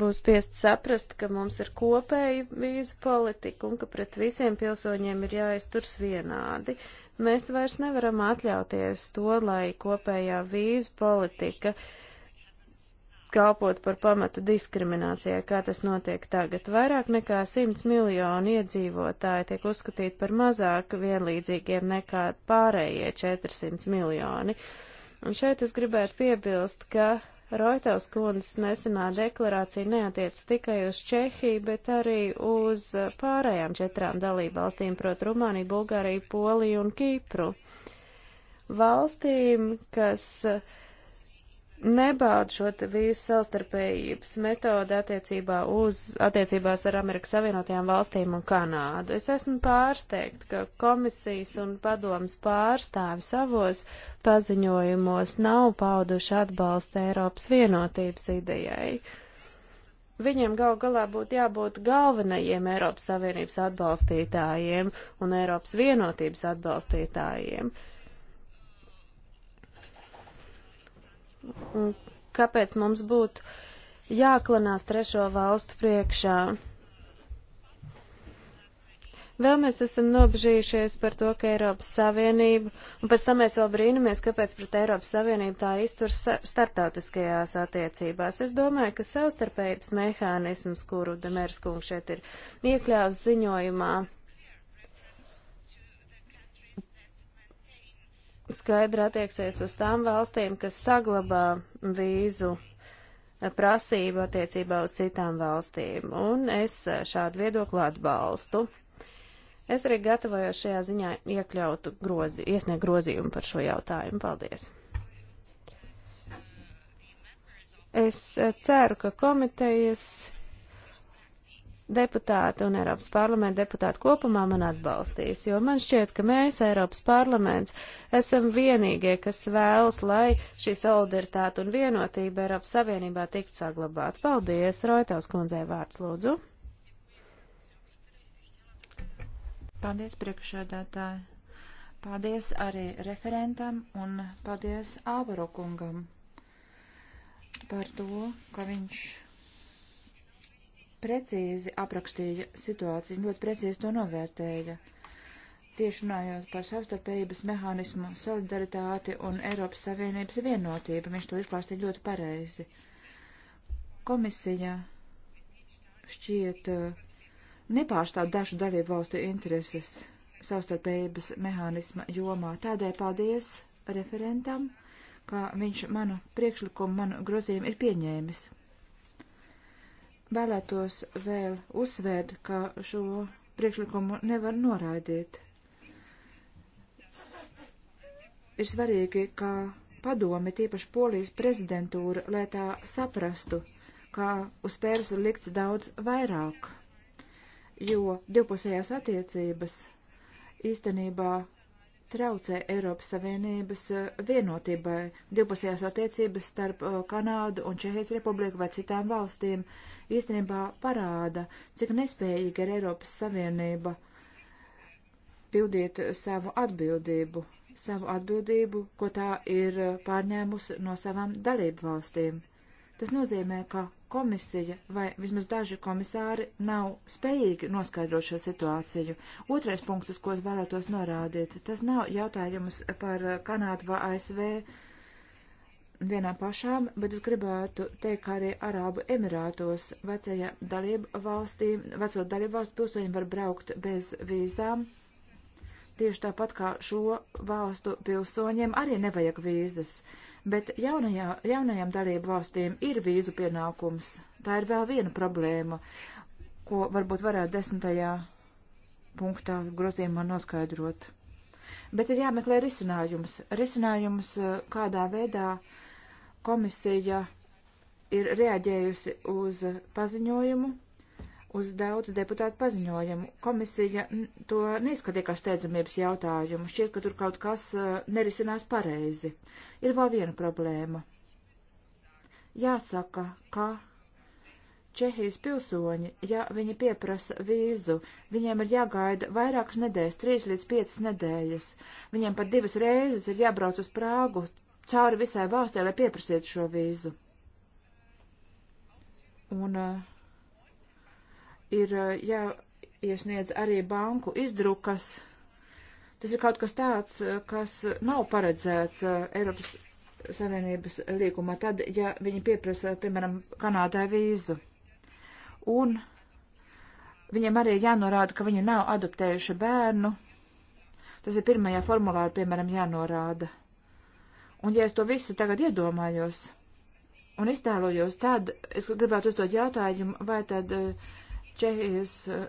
S2: būs spiest saprast, ka mums ir kopēja vīzu politika un ka pret visiem pilsoņiem ir jāizturs vienādi. Mēs vairs nevaram atļauties to, lai kopējā vīzu politika kalpot par pamatu diskriminācijai, kā tas notiek tagad. Vairāk nekā 100 miljonu iedzīvotāji tiek uzskatīti par mazāk vienlīdzīgiem nekā pārējie 400 miljoni. Un šeit es gribētu piebilst, ka Roitovs kundzes nesenā deklarācija neatiec tikai uz Čehiju, bet arī uz pārējām četrām dalībvalstīm, proti Rumāniju, Bulgāriju, Poliju un Kipru. Valstīm, kas uh, nebauda šo vīzu savstarpējības metodi attiecībā uz, attiecībās ar Amerikas Savienotajām valstīm un Kanādu. Es esmu pārsteigta, ka komisijas un padomas pārstāvi savos paziņojumos nav pauduši atbalstu Eiropas vienotības idejai. Viņiem gal galā būtu jābūt galvenajiem Eiropas Savienības atbalstītājiem un Eiropas vienotības atbalstītājiem. Uh, kāpēc mums būtu jāklanās trešo valstu priekšā. Vēl mēs esam nobežījušies par to, ka Eiropas Savienība, un pēc tam mēs vēl brīnamies, kāpēc pret Eiropas Savienību tā iztur startautiskajās attiecībās. Es domāju, ka savstarpējības mehānisms, kuru Demērs kungs šeit ir iekļāvis ziņojumā, skaidri attieksies uz tām valstīm, kas saglabā vīzu prasību attiecībā uz citām valstīm, un es šādu viedokli atbalstu. Es arī gatavojos šajā ziņā iekļautu grozi, iesniegt grozījumu par šo jautājumu. Paldies! Es ceru, ka komitejas deputāti un Eiropas parlamenta deputāti kopumā man atbalstīs, jo man šķiet, ka mēs, Eiropas parlaments, esam vienīgie, kas vēlas, lai šī solidaritāte un vienotība Eiropas Savienībā tiktu saglabāta. Paldies, Roitaus kundzei vārds lūdzu.
S4: Paldies, priekšsēdētāji. Paldies arī referentam un paldies Āvaro kungam par to, ka viņš precīzi aprakstīja situāciju, ļoti precīzi to novērtēja. Tieši runājot par savstarpējības mehānismu, solidaritāti un Eiropas Savienības vienotību, viņš to izklāstīja ļoti pareizi. Komisija šķiet uh, nepārstāv dažu dalību valstu intereses savstarpējības mehānisma jomā. Tādēļ paldies referentam, ka viņš manu priekšlikumu, manu grozījumu ir pieņēmis vēlētos vēl uzsvērt, ka šo priekšlikumu nevar noraidīt. Ir svarīgi, ka padome, tīpaši polijas prezidentūra, lai tā saprastu, ka uz spēles ir likts daudz vairāk, jo divpusējās attiecības īstenībā traucē Eiropas Savienības eh, vienotībai, divpusējās attiecības starp eh, Kanādu un Čehijas Republiku vai citām valstīm, īstenībā parāda, cik nespējīga ir Eiropas Savienība pildīt savu atbildību, savu atbildību, ko tā ir pārņēmusi no savām dalību valstīm. Tas nozīmē, ka komisija vai vismaz daži komisāri nav spējīgi noskaidrot šo situāciju. Otrais punkts, uz ko es vēlētos norādīt, tas nav jautājums par Kanādu vai ASV vienā pašām, bet es gribētu teikt, ka arī Arābu Emirātos vecajā dalību valstī, veco dalību valstu pilsoņi var braukt bez vīzām. Tieši tāpat kā šo valstu pilsoņiem arī nevajag vīzas, bet jaunajā, jaunajām dalību valstīm ir vīzu pienākums. Tā ir vēl viena problēma, ko varbūt varētu desmitajā punktā grozījumā noskaidrot. Bet ir jāmeklē risinājums. Risinājums, eh, kādā veidā uh, komisija ir reaģējusi uz paziņojumu, uz daudz deputātu paziņojumu. Komisija to neizskatīja kā steidzamības jautājumu. Šķiet, ka tur kaut kas uh, nerisinās pareizi. Ir vēl viena problēma. Jāsaka, ka Čehijas pilsoņi, ja viņi pieprasa vīzu, viņiem ir jāgaida vairākas nedēļas, trīs līdz piecas nedēļas. Viņiem pat divas reizes ir jābrauc uz Prāgu, cauri visai valstī, lai pieprasītu šo vīzu. Un uh, ir uh, jāiesniedz arī banku izdrukas. Tas ir kaut kas tāds, eh, kas nav paredzēts uh, Eiropas Savienības līgumā, tad, ja viņi pieprasa, piemēram, Kanādai vīzu. Un viņiem arī jānorāda, ka viņi nav adoptējuši bērnu. Tas ir pirmajā formulārā, piemēram, jānorāda. Un ja es to visu tagad iedomājos un iztēlojos, tad es gribētu uzdot jautājumu, vai tad eh, Čehijas eh,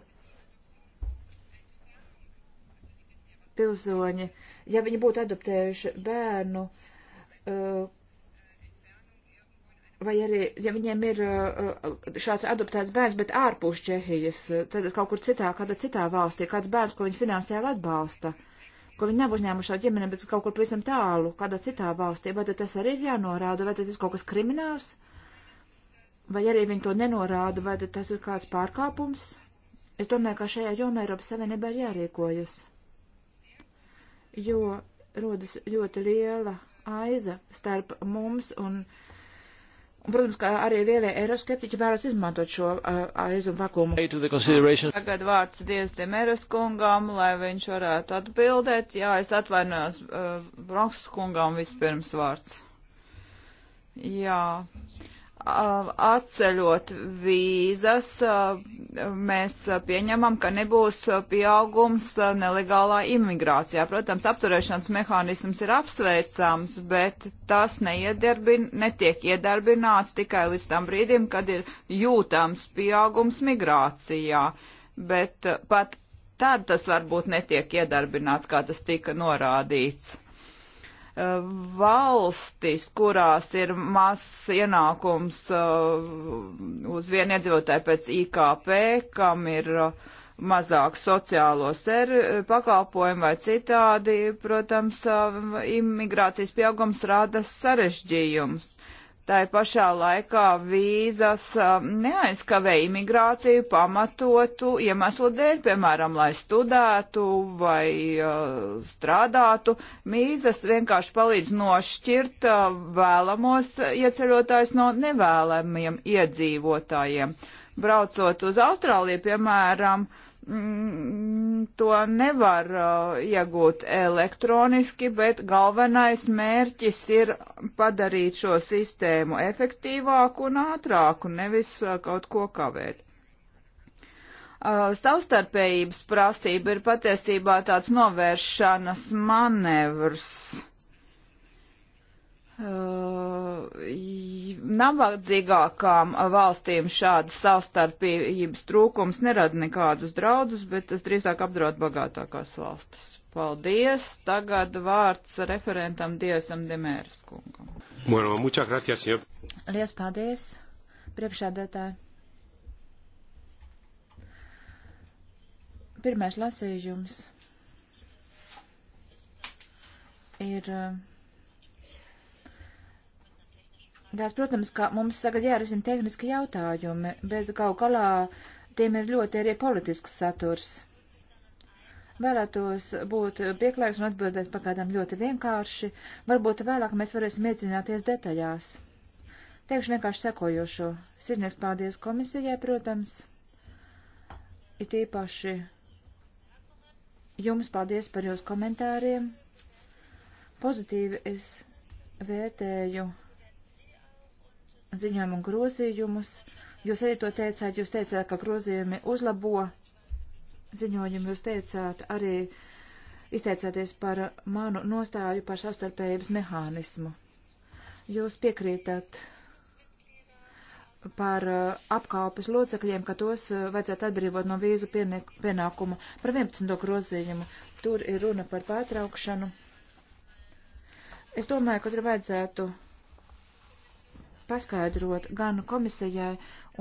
S4: pilsoņi, ja viņi būtu adoptējuši bērnu, eh, vai arī, ja viņiem ir šāds adoptēts bērns, bet ārpus Čehijas, tad kaut kur citā, kāda citā valstī, kāds bērns, ko viņi finansiāli atbalsta. Uh, ko viņi nav uzņēmuši savu ģimeni, bet kaut kur pavisam tālu, kādā citā valstī, vai tad tas arī ir jānorāda, vai tad tas kaut kas krimināls, vai arī viņi to nenorāda, vai tad tas ir kāds pārkāpums. Es domāju, ka šajā jomā Eiropas Savienībā ir jārīkojas, jo rodas ļoti liela aiza starp mums un uh, Un, protams, ka arī
S3: lielie eiroskeptiķi vēlas izmantot šo uh, aizu un vakumu. Tagad vārds Diezdem Eiroskungam, lai viņš varētu atbildēt. Jā, es atvainojos uh, Bronks kungam vispirms vārds. Jā. Uh, Um, atceļot vīzas, uh, mēs pieņemam, ka nebūs pieaugums uh, nelegālā imigrācijā. Protams, apturēšanas mehānisms ir apsveicams, bet tas netiek iedarbināts tikai līdz tam brīdim, kad ir jūtams pieaugums migrācijā. Bet uh, pat tad tas varbūt netiek iedarbināts, kā tas tika norādīts valstis, kurās ir mazs ienākums uh, uz vienu iedzīvotāju pēc IKP, kam ir uh, mazāk sociālo pakalpojumu vai citādi, protams, uh, imigrācijas pieaugums rada sarežģījums. Uh, Tā pašā laikā vīzas um, neaizskavē imigrāciju pamatotu iemeslu dēļ, piemēram, lai studētu vai uh, strādātu. Vīzas vienkārši palīdz nošķirt uh, vēlamos ieceļotājus no nevēlamiem iedzīvotājiem. Braucot uz Austrāliju, piemēram, uh, Mm, to nevar uh, iegūt elektroniski, bet galvenais mērķis ir padarīt šo sistēmu efektīvāku un ātrāku, nevis uh, kaut ko kavēt. Uh, savstarpējības prasība ir patiesībā tāds novēršanas manevrs Nabadzīgākām valstīm šādas savstarpības trūkums nerada nekādus draudus, bet tas drīzāk apdraud bagātākās valstis. Paldies. Tagad vārds referentam Dievsam Demēras kungam.
S1: Bueno, muchas gracias, señor.
S3: Lies paldies, priekšādētāji.
S4: Pirmais lasījums ir. Uh, Tās, protams, ka mums tagad jārisina tehniski jautājumi, bet kaut galā tiem ir ļoti arī politisks saturs. Vēlētos būt pieklājīgs un atbildēt pagaidām ļoti vienkārši. Varbūt vēlāk mēs varēsim iedzināties detaļās. Teikšu vienkārši sekojošo. Sirdnieks paldies komisijai, protams. It īpaši jums paldies par jūsu komentāriem. Pozitīvi es vērtēju ziņojumu un grozījumus. Jūs arī to teicāt, jūs teicāt, ka grozījumi uzlabo ziņojumu, jūs teicāt arī izteicāties par manu nostāju par sastarpējības mehānismu. Jūs piekrītat par uh, apkalpes locekļiem, ka tos uh, vajadzētu atbrīvot no vīzu pienākuma par 11. grozījumu. Tur ir runa par pārtraukšanu. Es domāju, ka tur vajadzētu paskaidrot gan komisijai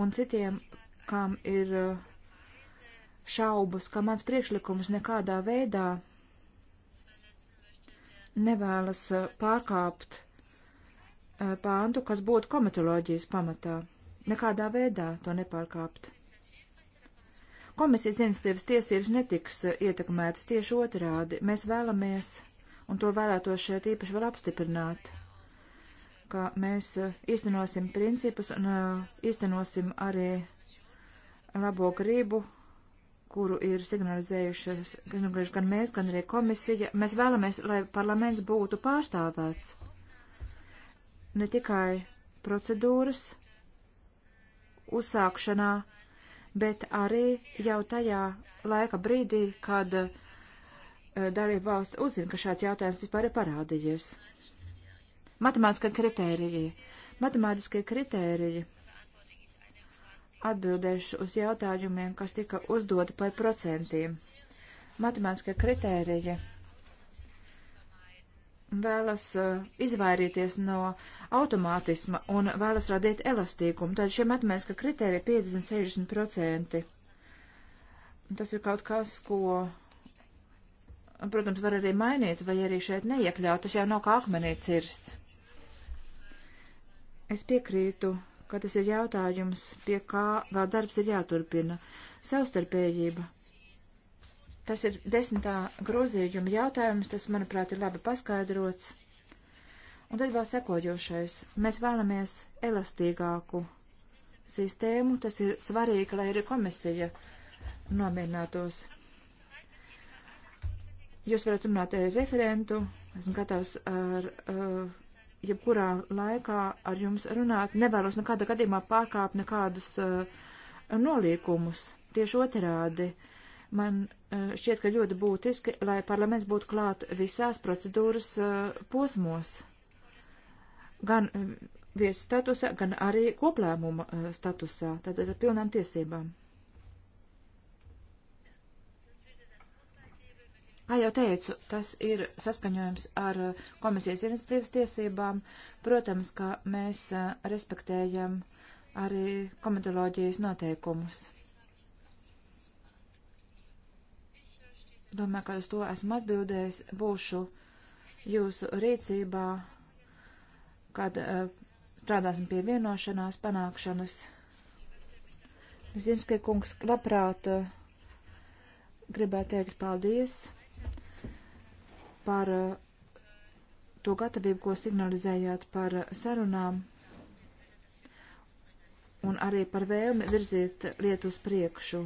S4: un citiem, kam ir uh, šaubas, ka mans priekšlikums nekādā veidā nevēlas uh, pārkāpt uh, pāntu, kas būtu komitoloģijas pamatā. Nekādā veidā to nepārkāpt. Komisijas iniciatīvas tiesības netiks ietekmētas tieši otrādi. Mēs vēlamies, un to vēlētos šeit īpaši var apstiprināt, ka mēs eh, īstenosim principus un eh, īstenosim arī labo gribu, kuru ir signalizējušas gan mēs, gan arī komisija. Mēs vēlamies, lai parlaments būtu pārstāvēts. Ne tikai procedūras uzsākšanā, bet arī jau tajā laika brīdī, kad uh, dalība valsts uzzina, ka šāds jautājums vispār ir parādījies. Matemātiskie kritēriji. Matemātiskie kritēriji. Atbildēšu uz jautājumiem, kas tika uzdoti par procentiem. Matemātiskie kritēriji vēlas uh, izvairīties no automātisma un vēlas radīt elastīgumu. Tad šie matemātiskā kritērija 50-60%. Tas ir kaut kas, ko, protams, var arī mainīt vai arī šeit neiekļaut. Tas jau nav kā akmenī cirsts. Es piekrītu, ka tas ir jautājums, pie kā vēl darbs ir jāturpina. Savstarpējība. Tas ir desmitā grozījuma jautājums, tas, manuprāt, ir labi paskaidrots. Un tad vēl sekojošais. Mēs vēlamies elastīgāku sistēmu. Tas ir svarīgi, lai arī komisija nomierinātos. Jūs varat runāt ar referentu. Esmu gatavs ar uh, jebkurā laikā ar jums runāt, nevēlos nekādā gadījumā pārkāpt nekādus uh, nolīkumus. Tieši otrādi, man uh, šķiet, ka ļoti būtiski, lai parlaments būtu klāt visās procedūras uh, posmos, gan uh, viesas statusā, gan arī koplēmuma uh, statusā, tātad ar pilnām tiesībām. Kā jau teicu, tas ir saskaņojums ar uh, komisijas iniciatīvas tiesībām. Protams, ka mēs uh, respektējam arī komitoloģijas noteikumus. Domāju, ka uz to esmu atbildējis. Būšu jūsu rīcībā, kad uh, strādāsim pie vienošanās panākšanas. Zinskai kungs labprāt uh, gribētu teikt paldies par eh, to gatavību, ko signalizējāt par eh, sarunām un arī par vēlmi virzīt lietu uz priekšu.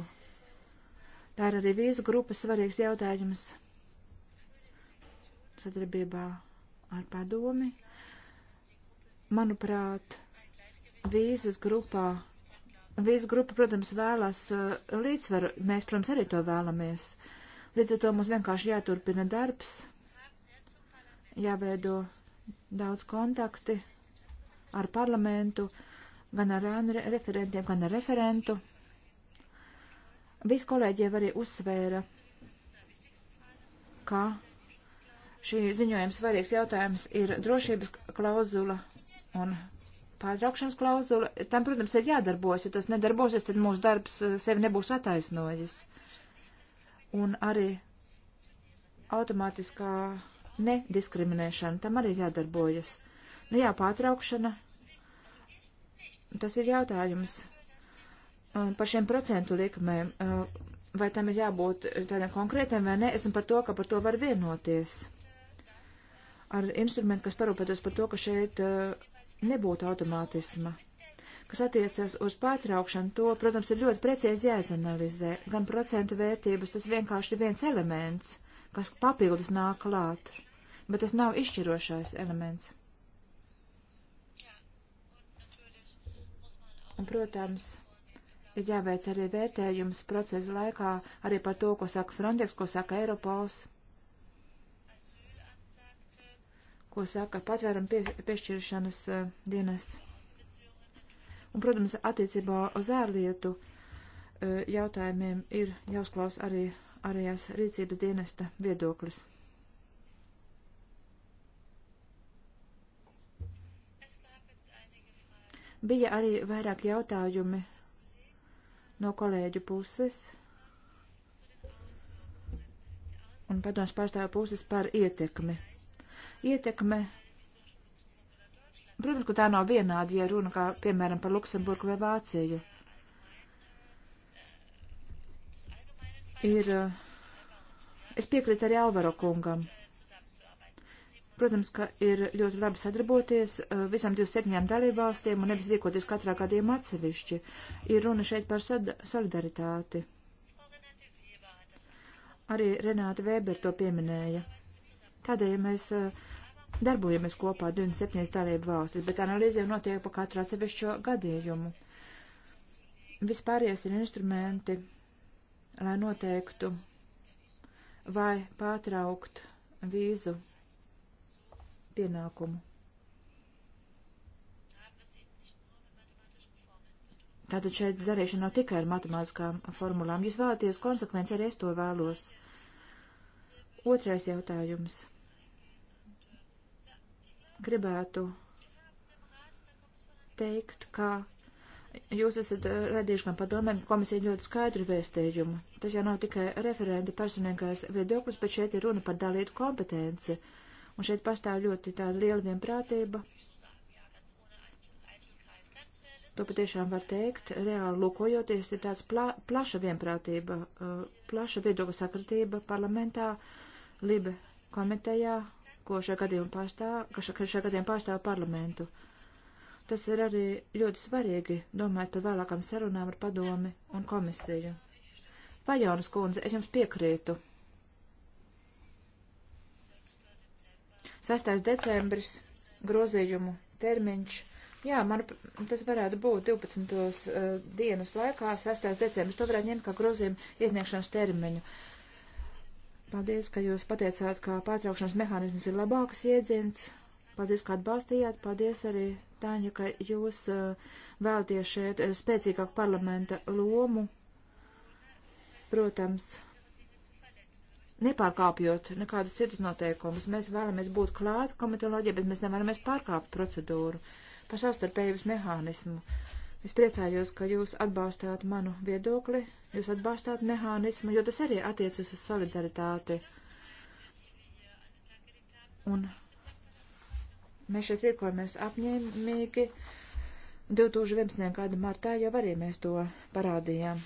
S4: Tā ir arī vīzu grupas svarīgs jautājums sadarbībā ar padomi. Manuprāt, vīzas grupā, vīzu grupa, protams, vēlas uh, līdzsvaru, mēs, protams, arī to vēlamies. Līdz ar to mums vienkārši jāturpina darbs jāveido daudz kontakti ar parlamentu, gan ar ēnu referentiem, gan ar referentu. Visi kolēģi jau arī uzsvēra, ka šī ziņojuma svarīgs jautājums ir drošības klauzula un pārtraukšanas klauzula. Tam, protams, ir jādarbojas. Ja tas nedarbosies, tad mūsu darbs eh, sevi nebūs attaisnojis. Un arī automātiskā nediskriminēšana, tam arī jādarbojas. Nu jā, pārtraukšana, tas ir jautājums par šiem procentu likmēm. Uh, vai tam ir jābūt tādiem konkrētiem vai nē, esam par to, ka par to var vienoties. Ar instrumentu, kas parūpētos par to, ka šeit uh, nebūtu automātisma kas attiecas uz pārtraukšanu, to, protams, ir ļoti precīzi jāizanalizē. Gan procentu vērtības, tas vienkārši ir viens elements, kas papildus nāk klāt bet tas nav izšķirošais elements. Un, protams, ir jāveic arī vērtējums procesa laikā, arī par to, ko saka Frontex, ko saka Eiropols, ko saka patvērumu pie, piešķiršanas uh, dienas. Un, protams, attiecībā uz ārlietu uh, jautājumiem ir jāuzklaus arī ārējās rīcības dienesta viedoklis. Bija arī vairāk jautājumi no kolēģu puses un padoms pārstāvja puses par ietekmi. Ietekme, protams, ka tā nav vienāda, ja runa kā, piemēram, par Luksemburgu vai Vāciju. Ir, eh, es piekrītu arī Alvaro kungam. Protams, ka ir ļoti labi sadarboties uh, visam 27 dalībvalstīm un nevis rīkoties katrā gadījumā atsevišķi. Ir runa šeit par solidaritāti. Arī Renāta Vēber to pieminēja. Tādēļ mēs uh, darbojamies kopā 27 dalību valstis, bet analīze jau notiek pa katru atsevišķo gadījumu. Vispārējais ir instrumenti, lai noteiktu vai pārtraukt vīzu pienākumu. Tātad šeit darīšana nav tikai ar matemātiskām formulām. Jūs vēlaties konsekvenci, arī es to vēlos. Otrais jautājums. Gribētu teikt, ka jūs esat radījuši gan padomēm komisiju ļoti skaidru vēstījumu. Tas jau nav tikai referenta personīgais viedoklis, bet šeit ir runa par dalītu kompetenci. Uh, Un šeit pastāv ļoti tāda liela vienprātība. To patiešām var teikt, reāli lūkojoties, ir tāds pla plaša vienprātība, uh, plaša viedokļa sakritība parlamentā, Libe komitejā, ko šajā gadījumā pārstāv, ka šajā gadījumā pārstāv parlamentu. Tas ir arī ļoti svarīgi, domājot par vēlākām sarunām ar padomi un komisiju. Vajonas kundze, es jums piekrītu. 6. decembris grozījumu termiņš. Jā, man tas varētu būt 12. Uh, eh, dienas laikā, 6. decembris. To varētu ņemt kā grozījumu iesniegšanas termiņu. Paldies, ka jūs pateicāt, ka pārtraukšanas mehānisms ir labāks iedziens. Paldies, ka atbalstījāt. Paldies arī, Tāņa, ka jūs uh, vēlties šeit eh, spēcīgāku parlamenta lomu. Protams nepārkāpjot nekādus citus noteikumus. Mēs vēlamies būt klāt komitoloģija, bet mēs nevēlamies pārkāpt procedūru par savstarpējības mehānismu. Es priecājos, ka jūs atbalstāt manu viedokli, jūs atbalstāt mehānismu, jo tas arī attiecas uz solidaritāti. Un mēs šeit rīkojamies apņēmīgi. 2011. gada martā jau arī mēs to parādījām.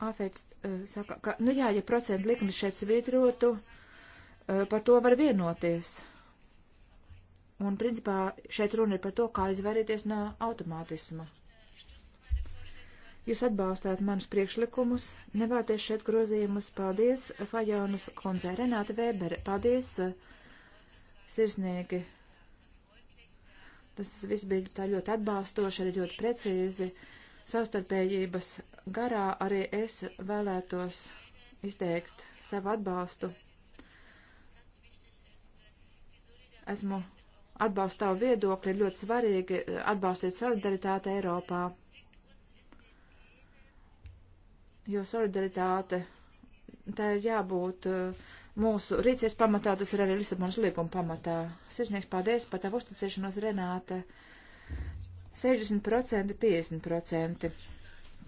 S4: Afets uh, saka, ka, nu jā, ja procentu likmes šeit svītrotu, uh, par to var vienoties. Un, principā, šeit runa ir par to, kā izvairīties no automātisma. Jūs atbalstāt manus priekšlikumus, nevēlaties šeit grozījumus. Paldies, Fajonas kundze, Renāta Vēbere. Paldies, uh, sirsnieki. Tas viss bija tā ļoti atbalstoši, arī ļoti precīzi savstarpējības garā arī es vēlētos izteikt savu atbalstu. Esmu atbalstu tavu viedokli, ir ļoti svarīgi eh, atbalstīt solidaritāti Eiropā. Jo solidaritāte, tā ir jābūt eh, mūsu rīcies pamatā, tas ir arī Lisabonas līguma pamatā. Sirsnieks paldies par tavu uzticēšanos, Renāte. 60%, 50%.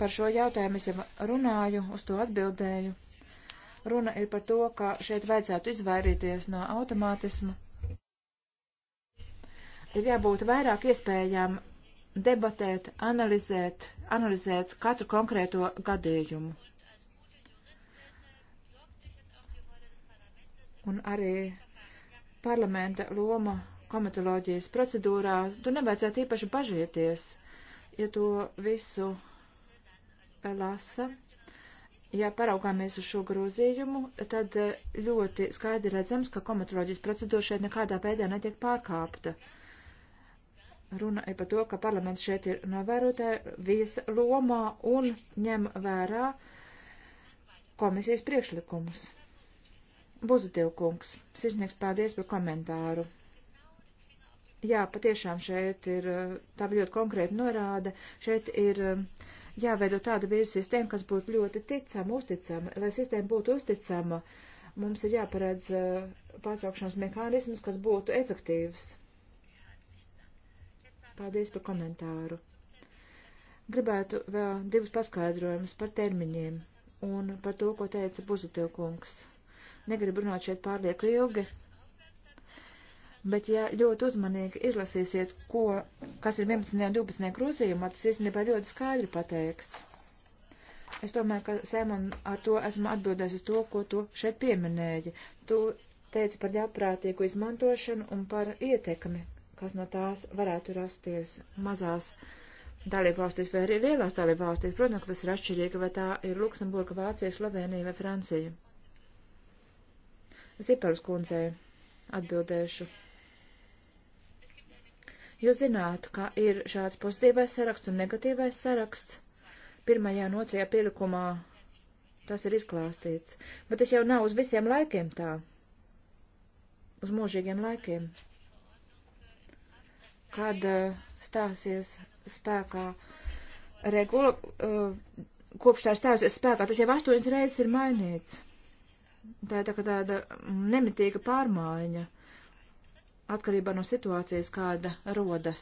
S4: Par šo jautājumu es jau runāju, uz to atbildēju. Runa ir par to, ka šeit vajadzētu izvairīties no automātisma. Ir jābūt vairāk iespējām debatēt, analizēt, analizēt katru konkrēto gadījumu. Un arī parlamenta loma komitoloģijas procedūrā, tur nevajadzētu īpaši bažieties, ja to visu lasa, ja paraugāmies uz šo grozījumu, tad eh, ļoti skaidri redzams, ka komatoloģijas procedūra šeit nekādā veidā netiek pārkāpta. Runa ir par to, ka parlaments šeit ir novērotē viesa lomā un ņem vērā komisijas priekšlikumus. Buzutilkungs, sirsnieks paldies par komentāru. Jā, patiešām šeit ir, eh, tā ļoti konkrēti norāda, šeit ir uh, jāveido tāda vīzu sistēma, kas būtu ļoti ticama, uzticama. Lai sistēma būtu uzticama, mums ir jāparedz uh, pārtraukšanas mehānismus, kas būtu efektīvs. Paldies par komentāru. Gribētu vēl divus paskaidrojumus par termiņiem un par to, ko teica Buzutilkungs. Negribu runāt šeit pārlieku ilgi, bet ja ļoti uzmanīgi izlasīsiet, ko, kas ir 11. un 12. grozījumā, tas īstenībā ļoti skaidri pateikts. Es domāju, ka Sēmon ar to esmu atbildējis uz to, ko tu šeit pieminēji. Tu teici par ļaprātīgu izmantošanu un par ietekmi, kas no tās varētu rasties mazās dalībvalstīs vai arī lielās dalībvalstīs. Protams, ka tas ir atšķirīgi, vai tā ir Luksemburga, Vācija, Slovenija vai Francija. Zipars kundzei atbildēšu. Jūs zināt, ka ir šāds pozitīvais saraksts un negatīvais saraksts. Pirmajā un otrajā pielikumā tas ir izklāstīts, bet tas jau nav uz visiem laikiem tā, uz mūžīgiem laikiem. Kad uh, stāsies spēkā regula, uh, kopš tā stāsies spēkā, tas jau astoņas reizes ir mainīts. Tā ir tā kā tāda nemitīga pārmaiņa. Uh, atkarībā no situācijas, kāda rodas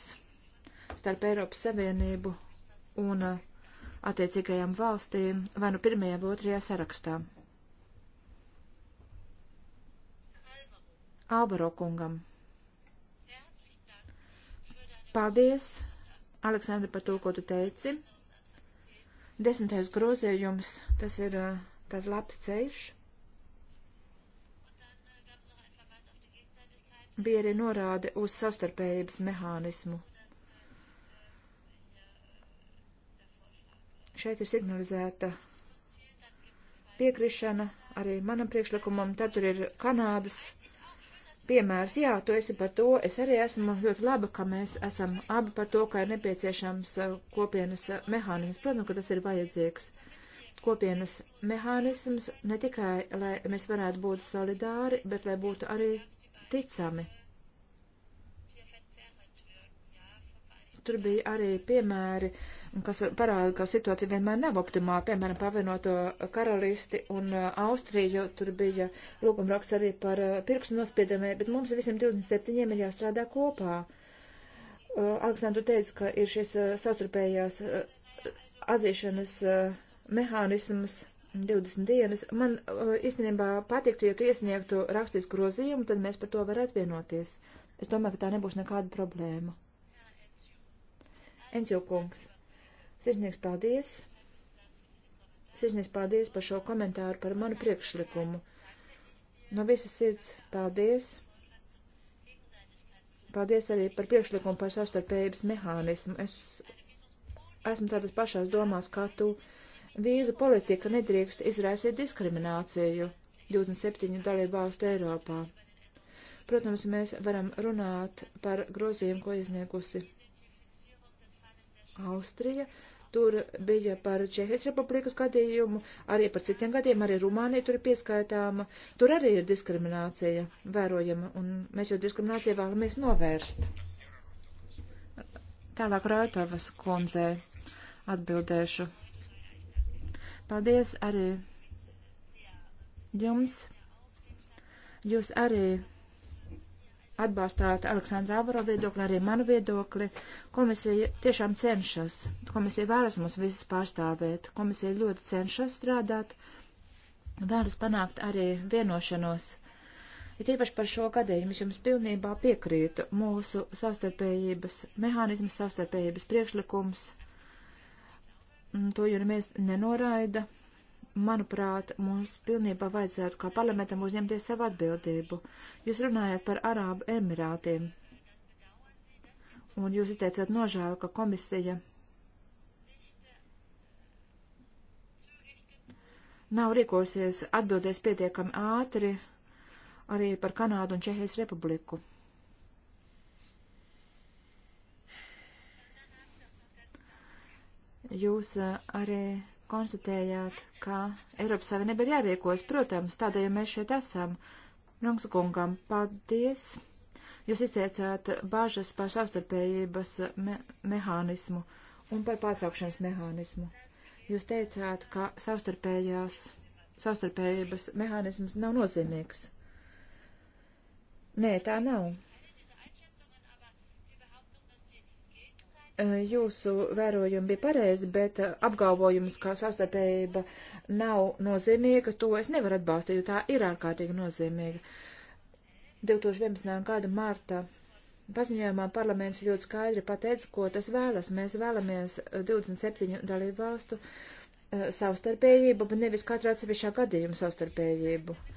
S4: starp Eiropas Savienību un uh, attiecīgajām valstīm vai nu pirmajā vai otrajā sarakstā. Alvaro kungam. Paldies, Aleksandri, par to, ko tu teici. Desmitais grozījums, tas ir uh, tās labs ceļš. bija arī norāde uz savstarpējības mehānismu. Šeit ir signalizēta piekrišana arī manam priekšlikumam, tad tur ir Kanādas piemērs, jā, tu esi par to, es arī esmu ļoti laba, ka mēs esam abi par to, ka ir nepieciešams uh, kopienas uh, mehānisms. Protams, ka tas ir vajadzīgs. Kopienas mehānisms ne tikai, lai mēs varētu būt solidāri, bet lai būtu arī ticami. Tur bija arī piemēri, kas parāda, ka situācija vienmēr nav optimāla. Piemēram, pavienoto karalisti un uh, Austriju, tur bija lūgumraks arī par uh, pirkstu nospiedamē, bet mums visiem 27 ir jāstrādā kopā. Uh, Aleksandru teica, ka ir šis savstarpējās atzīšanas mehānisms 20 dienas. Man uh, īstenībā patiktu, ja tu iesniegtu rakstisku grozījumu, tad mēs par to varētu vienoties. Es domāju, ka tā nebūs nekāda problēma. Enciju kungs, sirsnīgs paldies. Sirsnīgs paldies par šo komentāru, par manu priekšlikumu. No visas sirds paldies. Paldies arī par priekšlikumu par sastarpējības mehānismu. Es esmu tādas pašās domās kā tu. Uh, Vīzu politika nedrīkst izraisīt diskrimināciju 27 dalību valstu Eiropā. Protams, mēs varam runāt par grozījumu, ko izniegusi Austrija. Tur bija par Čehijas republikas gadījumu, arī par citiem gadiem, arī Rumānija tur ir pieskaitāma. Tur arī ir diskriminācija vērojama, un mēs jau diskrimināciju vēlamies novērst. Tālāk Rātavas kundzei atbildēšu. Paldies arī jums. Jūs arī atbalstāt Aleksandru Avaro viedokli, arī manu viedokli. Komisija tiešām cenšas. Komisija vēlas mums visus pārstāvēt. Komisija ļoti cenšas strādāt. Vēlas panākt arī vienošanos. Ir ja īpaši par šo gadījumu es jums pilnībā piekrītu. Mūsu savstarpējības mehānisms, savstarpējības priekšlikums Mm, to jau neviens nenoraida. Manuprāt, mums pilnībā vajadzētu kā parlamentam uzņemties savu atbildību. Jūs runājat par Arābu Emirātiem, un jūs izteicāt nožēlu, ka komisija nav rīkosies atbildēs pietiekami ātri arī par Kanādu un Čehijas republiku. Jūs arī konstatējāt, ka Eiropas Savienība ir jārīkos, protams, tādēļ ja mēs šeit esam. Rungs kungam, paldies! Jūs izteicāt bāžas par savstarpējības me mehānismu un par pārtraukšanas mehānismu. Jūs teicāt, ka savstarpējās, savstarpējības mehānisms nav nozīmīgs. Nē, tā nav. Eh, jūsu vērojumi bija pareizi, bet eh, apgalvojums, kā sastarpējība nav nozīmīga, to es nevaru atbalstīt, jo tā ir ārkārtīgi nozīmīga. 2011. gada martā paziņojumā parlaments ļoti skaidri pateica, ko tas vēlas. Mēs vēlamies 27 eh, dalību valstu savstarpējību, bet nevis katra atsevišķā gadījuma savstarpējību. Uh,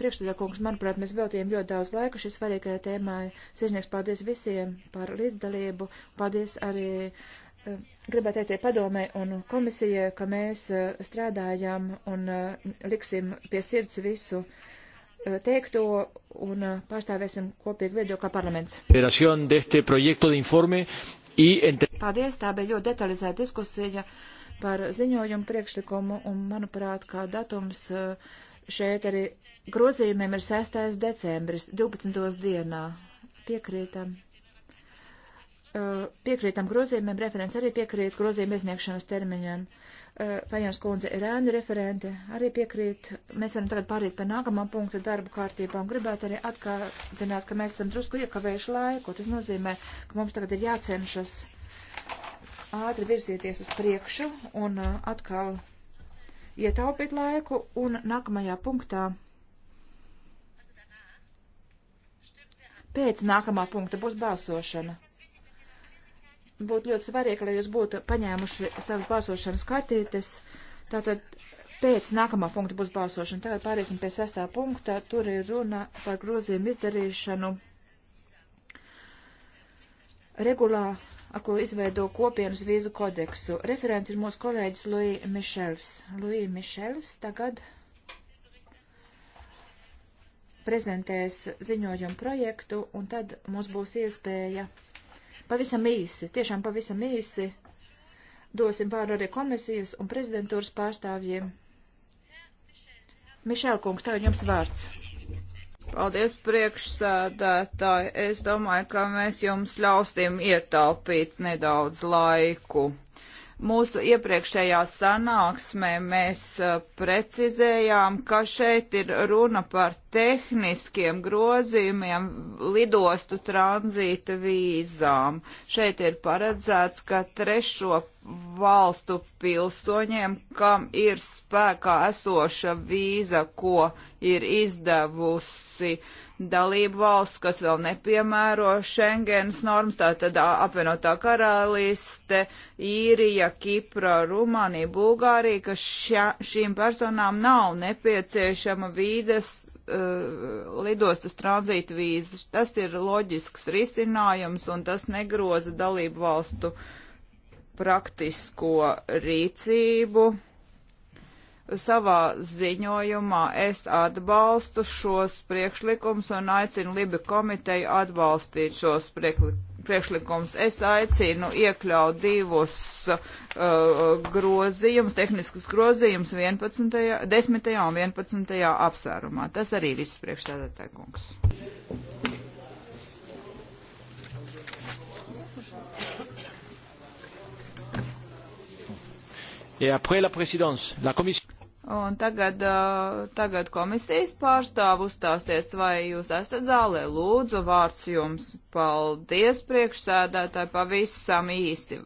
S4: priekšstādākungs, manuprāt, mēs veltījām ļoti daudz laika šis svarīgajai tēmai. Siežnieks, paldies visiem par līdzdalību. Paldies arī, eh, gribētu teikt, padomē un komisijai, ka mēs eh, strādājam un eh, liksim pie sirds visu teikto un pārstāvēsim kopīgi viedokli kā parlaments. Paldies, tā bija ļoti detalizēta diskusija par ziņojumu priekšlikumu un, manuprāt, kā datums uh, šeit arī grozījumiem ir 6. decembris, 12. dienā. Piekrītam. Uh, piekrītam grozījumiem, referents arī piekrīt grozījuma iesniegšanas termiņam. Uh, Fajons kundze ir ēnu referente, arī piekrīt. Mēs varam tagad pārīt pie nākamā punkta darba kārtībā un gribētu arī atkārtināt, ka mēs esam drusku iekavējuši laiku. Tas nozīmē, ka mums tagad ir jācenšas ātri virzieties uz priekšu un uh, atkal ietaupīt laiku, un nākamajā punktā, pēc nākamā punkta būs balsošana. Būtu ļoti svarīgi, lai jūs būtu paņēmuši savas balsošanas kartītes. Tātad pēc nākamā punkta būs balsošana. Tagad pāriesim pie sestā punkta. Tur ir runa par grozījumu izdarīšanu regulā ar ko izveido kopienas vīzu kodeksu. Referents ir mūsu kolēģis Louis Michels. Louis Michels tagad prezentēs ziņojumu projektu, un tad mums būs iespēja pavisam īsi, tiešām pavisam īsi, dosim vārdu arī komisijas un prezidentūras
S3: pārstāvjiem. Mišēl kungs, tev jums vārds. Paldies, priekšsēdētāji. Es domāju, ka mēs jums ļausim ietaupīt nedaudz laiku. Mūsu iepriekšējā sanāksmē mēs uh, precizējām, ka šeit ir runa par tehniskiem grozījumiem lidostu tranzīta vīzām. Šeit ir paredzēts, ka trešo valstu pilsoņiem, kam ir spēkā esoša vīza, ko ir izdevusi dalību valsts, kas vēl nepiemēro Schengenas normas, tātad apvienotā karaliste, Īrija, Kipra, Rumānija, Bulgārija, ka šā, šīm personām nav nepieciešama vīdes uh, lidostas tranzīta vīzas. Tas ir loģisks risinājums un tas negroza dalību valstu uh, praktisko rīcību. Savā ziņojumā es atbalstu šos priekšlikumus un aicinu Libi komiteju atbalstīt šos priekšlikumus. Es aicinu iekļaut divus uh, grozījumus, tehniskus grozījumus 11., 10. un 11. apsvērumā. Tas arī viss priekšstādātājs. Et après la présidence, la commission. Un tagad, uh, tagad komisijas pārstāv uzstāsies, vai jūs esat zālē? Lūdzu, vārds jums. Paldies, priekšsēdētāji, pavisam īsi.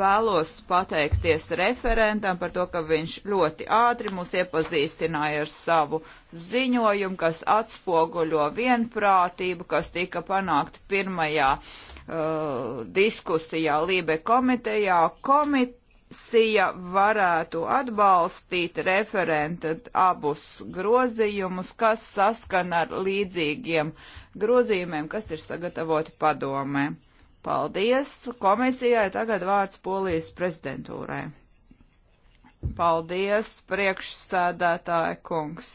S3: Vēlos pateikties referentam par to, ka viņš ļoti ātri mūs iepazīstināja ar savu ziņojumu, kas atspoguļo vienprātību, kas tika panākt pirmajā uh, diskusijā Lībe komitejā. Komite Sija varētu atbalstīt referenta abus grozījumus, kas saskan ar līdzīgiem grozījumiem, kas ir sagatavoti padomē. Paldies komisijai, tagad vārds Polijas prezidentūrai. Paldies, priekšsēdētāja kungs.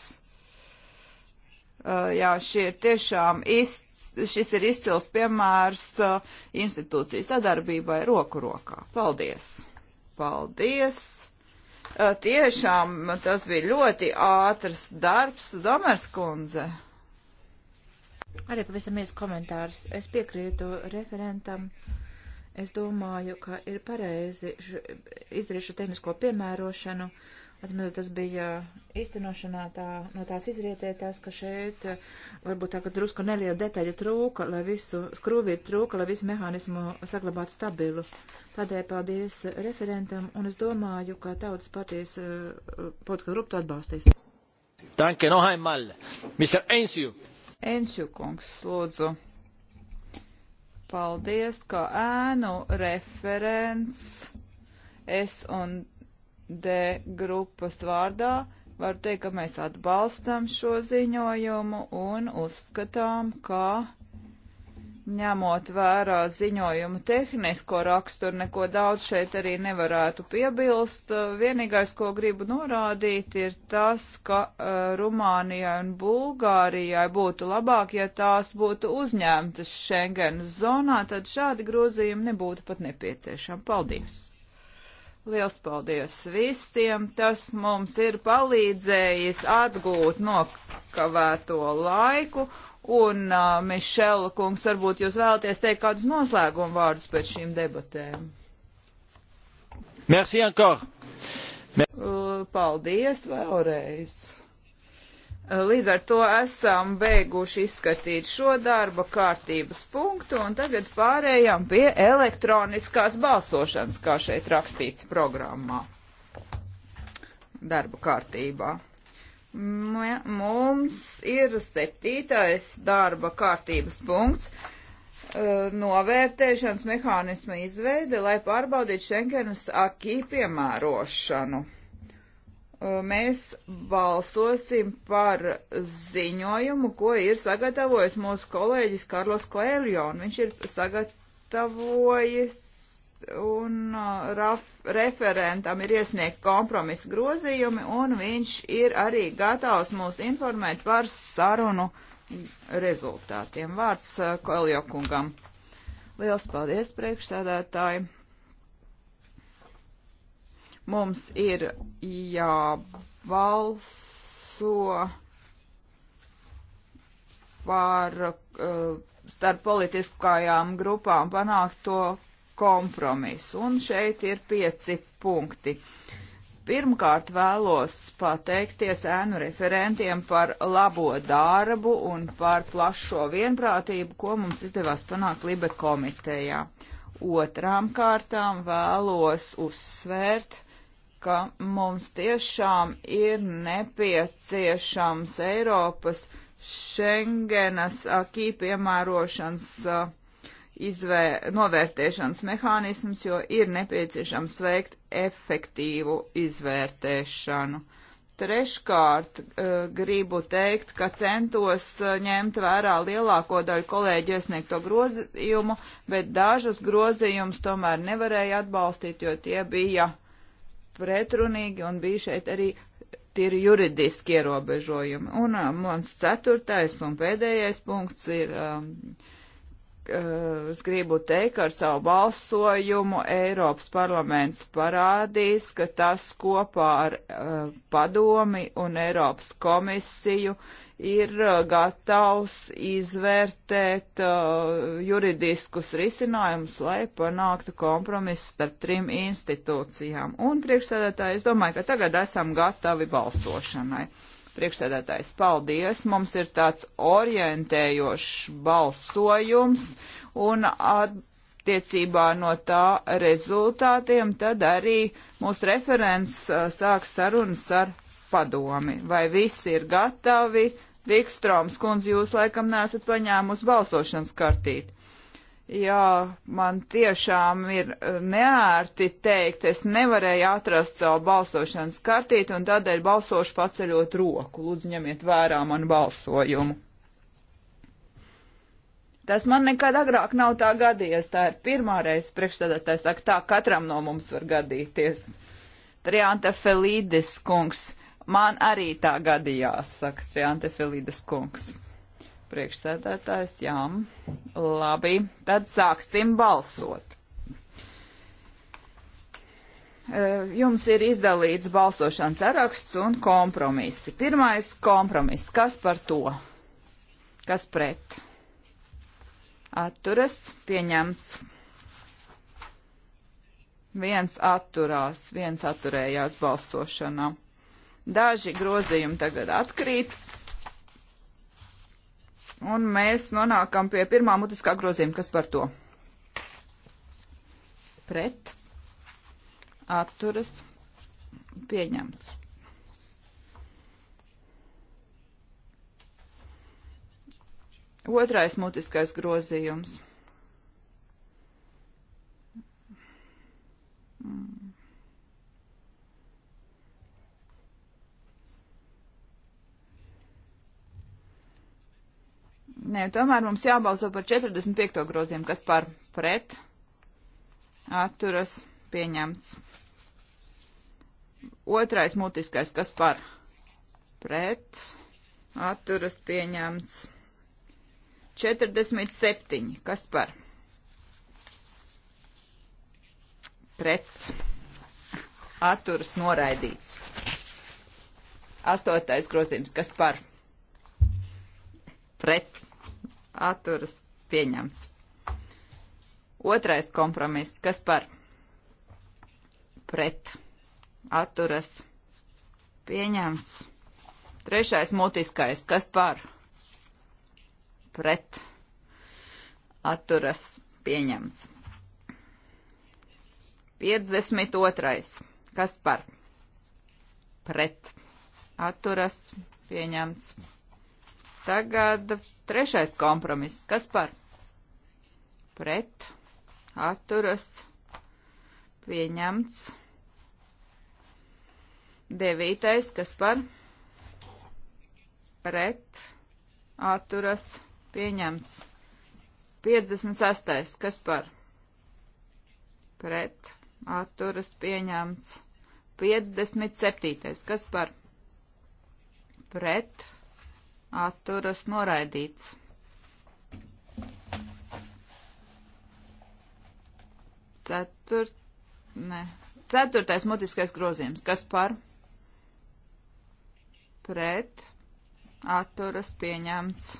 S3: Uh, jā, šī ir tiešām izcīnījuma šis ir izcils piemērs uh, institūciju sadarbībai roku rokā. Paldies! Paldies! Tiešām tas bija ļoti ātrs darbs, Zomers kundze.
S4: Arī pavisam ies komentārs. Es piekrītu referentam. Es domāju, ka ir pareizi izdarīt šo tehnisko piemērošanu. Uh, Atmiņā tas bija īstenošanā, tā, no tās izrietē tas, ka šeit eh, varbūt tā, ka drusku neliela detaļa trūka, lai visu skrūvītu trūka, lai visu mehānismu saglabātu stabilu. Tādēļ paldies referentam, un es domāju, ka tautas partijas
S3: eh, politiskā grupa to atbalstīs.
S1: Danke, no Haimal. Mr. Ensju.
S3: Ensju kungs, lūdzu. Paldies, ka ēnu referents. Es un D grupas vārdā varu teikt, ka mēs atbalstam šo ziņojumu un uzskatām, ka ņemot vērā ziņojumu tehnisko raksturu, neko daudz šeit arī nevarētu piebilst. Vienīgais, ko gribu norādīt, ir tas, ka uh, Rumānijai un Bulgārijai būtu labāk, ja tās būtu uzņemtas Schengen zonā, tad šādi grozījumi nebūtu pat nepieciešami. Paldies! Liels paldies visiem! Tas mums ir palīdzējis atgūt nokavēto laiku. Un, uh, Mišela kungs, varbūt jūs vēlaties teikt kādus noslēguma vārdus pēc šīm debatēm.
S4: Merci encore!
S3: Paldies vēlreiz! Līdz ar to esam beiguši izskatīt šo darba kārtības punktu un tagad pārējām pie elektroniskās balsošanas, kā šeit rakstīts programmā darba kārtībā. M mums ir septītais darba kārtības punkts e, - novērtēšanas mehānisma izveide, lai pārbaudītu Schengenas akī piemērošanu mēs balsosim par ziņojumu, ko ir sagatavojis mūsu kolēģis Karlos Koeljo. Viņš ir sagatavojis un uh, raf, referentam ir iesniegt kompromisu grozījumi, un viņš ir arī gatavs mūs informēt par sarunu rezultātiem. Vārds uh, Koeljo kungam. Liels paldies priekšsēdētāji! Mums ir jābalso par uh, starp politiskajām grupām panākt to kompromisu. Un šeit ir pieci punkti. Pirmkārt vēlos pateikties ēnu referentiem par labo darbu un par plašo vienprātību, ko mums izdevās panākt Libe komitejā. Otrām kārtām vēlos uzsvērt, ka mums tiešām ir nepieciešams Eiropas Schengenas akī piemērošanas uh, izvē, novērtēšanas mehānisms, jo ir nepieciešams veikt efektīvu izvērtēšanu. Treškārt, gribu teikt, ka centos ņemt vērā lielāko daļu kolēģi iesniegto grozījumu, bet dažus grozījumus tomēr nevarēja atbalstīt, jo tie bija uh, pretrunīgi un bija šeit arī tīri juridiski ierobežojumi. Un uh, mans ceturtais un pēdējais punkts ir, um, uh, es gribu teikt, ar savu balsojumu Eiropas parlaments parādīs, ka tas kopā ar uh, padomi un Eiropas komisiju uh, ir uh, gatavs izvērtēt uh, juridiskus risinājumus, lai panāktu kompromisu starp trim institūcijām. Un priekšsēdētāji, es domāju, ka tagad esam gatavi balsošanai. Priekšsēdētājs, paldies! Mums ir tāds orientējošs balsojums un attiecībā no tā rezultātiem tad arī mūsu referents uh, sāks sarunas ar padomi. Vai visi ir gatavi? Vikstroms kundze, jūs laikam nesat paņēmusi balsošanas kartīti. Jā, man tiešām ir eh, neērti teikt, es nevarēju atrast savu balsošanas kartīti un tādēļ balsošu paceļot roku. Lūdzu, ņemiet vērā manu balsojumu. Tas man nekad agrāk nav tā gadījies, tā ir pirmā reize priekšstādātājs saka, tā katram no mums var gadīties. Trianta Felīdis kungs Man arī tā gadījās, saka Triante Filides kungs. Priekšsēdētājs, jā, labi, tad sāksim balsot. E, jums ir izdalīts balsošanas saraksts un kompromisi. Pirmais kompromiss. Kas par to? Kas pret? Atturas pieņemts. Viens atturās, viens atturējās balsošanā. Daži grozījumi tagad atkrīt, un mēs nonākam pie pirmā mutiskā grozījuma, kas par to pret atturas pieņemts. Otrais mutiskais grozījums. Mm. Nē, tomēr mums jābalso par 45. grozījumu, kas par pret atturas pieņemts. Otrais mutiskais, kas par pret atturas pieņemts. 47. kas par pret atturas noraidīts. Astotais grozījums, kas par pret atturas pieņemts. Otrais kompromiss, kas par pret atturas pieņemts. Trešais mutiskais, kas par pret atturas pieņemts. 52. kas par pret atturas pieņemts. Tagad trešais kompromiss. Kas par? Pret. Atturas. Pieņemts. Devītais. Kas par? Pret. Atturas. Pieņemts. 56. Kas par? Pret. Atturas. Pieņemts. 57. Kas par? Pret atturas noraidīts. Ceturt, ne, ceturtais mutiskais grozījums. Kas par? Pret. Atturas pieņemts.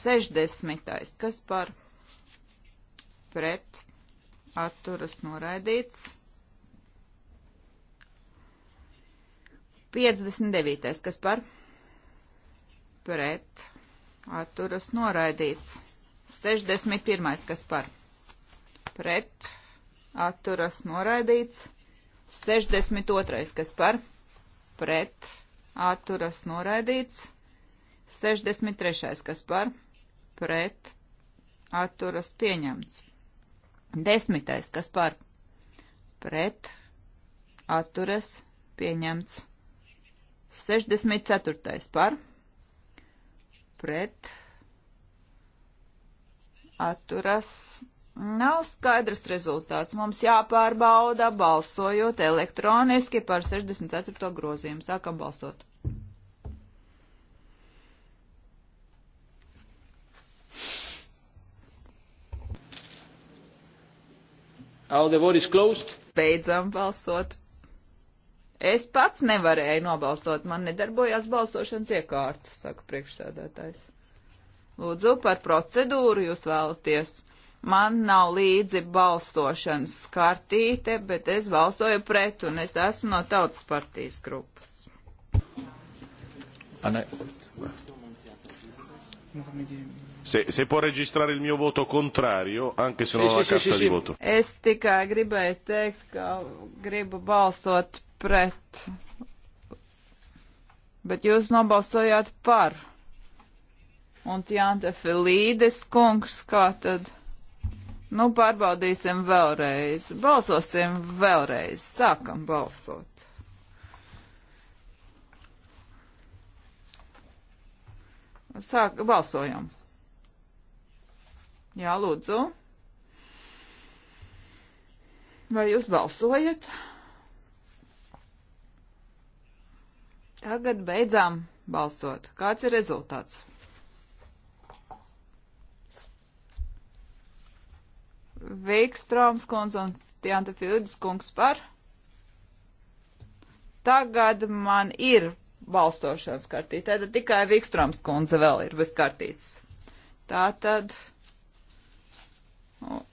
S3: Sešdesmitais. Kas par? Pret. Atturas noraidīts. 59. Kas par? pret atturas noraidīts. 61. kas par pret atturas noraidīts. 62. kas par pret atturas noraidīts. 63. kas par pret atturas pieņemts. 10. kas par pret atturas pieņemts. 64. par pret pret, atturas. Nav skaidrs rezultāts. Mums jāpārbauda balsojot elektroniski par 64. grozījumu. Sākam balsot. All the vote is closed. Beidzam balsot. Es pats nevarēju nobalsot, man nedarbojās balsošanas iekārta, saka priekšsēdētājs. Lūdzu, par procedūru jūs vēlaties. Man nav līdzi balsošanas kartīte, bet es balsoju pret un es esmu no tautas partijas grupas.
S4: Anna...
S1: Se, se può registrare il mio voto contrario, anche se non ho la carta di voto.
S3: Es tikai gribēju teikt, ka gribu balsot pret, bet jūs nobalsojāt par. Un Jānte Filīdes kungs, kā tad? Nu, pārbaudīsim vēlreiz. Balsosim vēlreiz. Sākam balsot. Sāk, balsojam. Jā, lūdzu. Vai jūs balsojat? Tagad beidzām balsot. Kāds ir rezultāts? Veikstrāms kundze un Tianta Fildes kungs par. Tagad man ir balsošanas kartīte. Tātad tikai Vikstrāms kundze vēl ir bez kartītes. Tātad. Nu,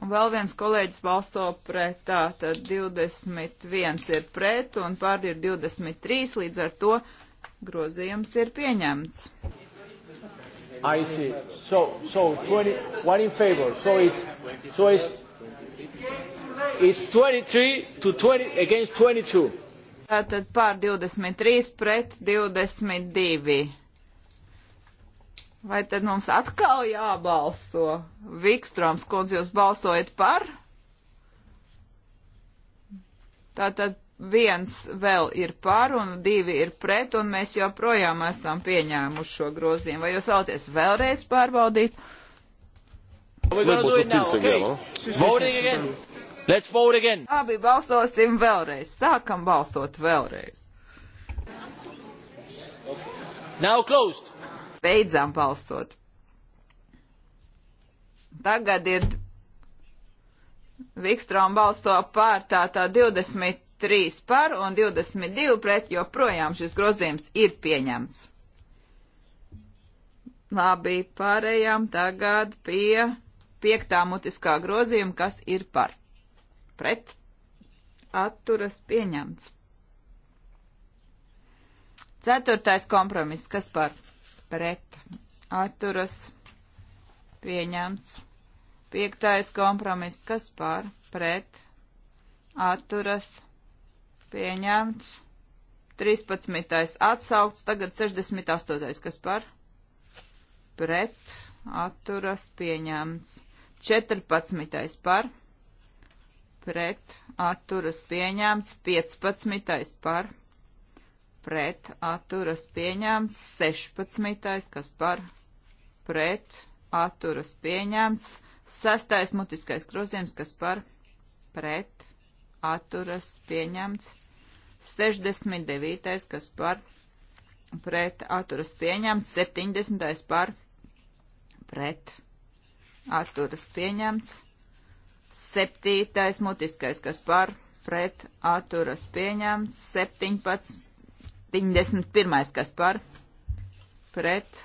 S3: Un vēl viens kolēģis balso pret, tā tad 21 ir pret un pār ir 23, līdz ar to grozījums ir pieņemts. I see. So, so 20, one in favor. So it's, so
S4: it's, it's 23 to 20 against 22.
S3: Tātad pār 23 pret 22. Vai tad mums atkal jābalso? Vikstroms, kundze, jūs balsojat par? Tātad viens vēl ir par un divi ir pret, un mēs joprojām esam pieņēmuši šo grozījumu. Vai jūs vēlaties vēlreiz pārbaudīt? Labi,
S1: nu?
S3: balsosim vēlreiz. Sākam balsot vēlreiz. Now closed. Beidzām balsot. Tagad ir Vikstrom balso pār tā tā 23 par un 22 pret, jo projām šis grozījums ir pieņemts. Labi, pārējām tagad pie piektā mutiskā grozījuma, kas ir par. Pret. Atturas pieņemts. Ceturtais kompromiss, kas par pret atturas pieņemts. Piektais kompromiss, kas par pret atturas pieņemts. 13. atsaukts, tagad 68. kas par pret atturas pieņemts. 14. par pret atturas pieņemts. 15. par pret pret atturas pieņemts, 16. kas par pret atturas pieņemts, 6. mutiskais grozījums, kas par pret atturas pieņemts, 69. kas par pret atturas pieņemts, 70. par pret atturas pieņemts, 7. mutiskais, kas par pret atturas pieņemts, 17. 71. kas par pret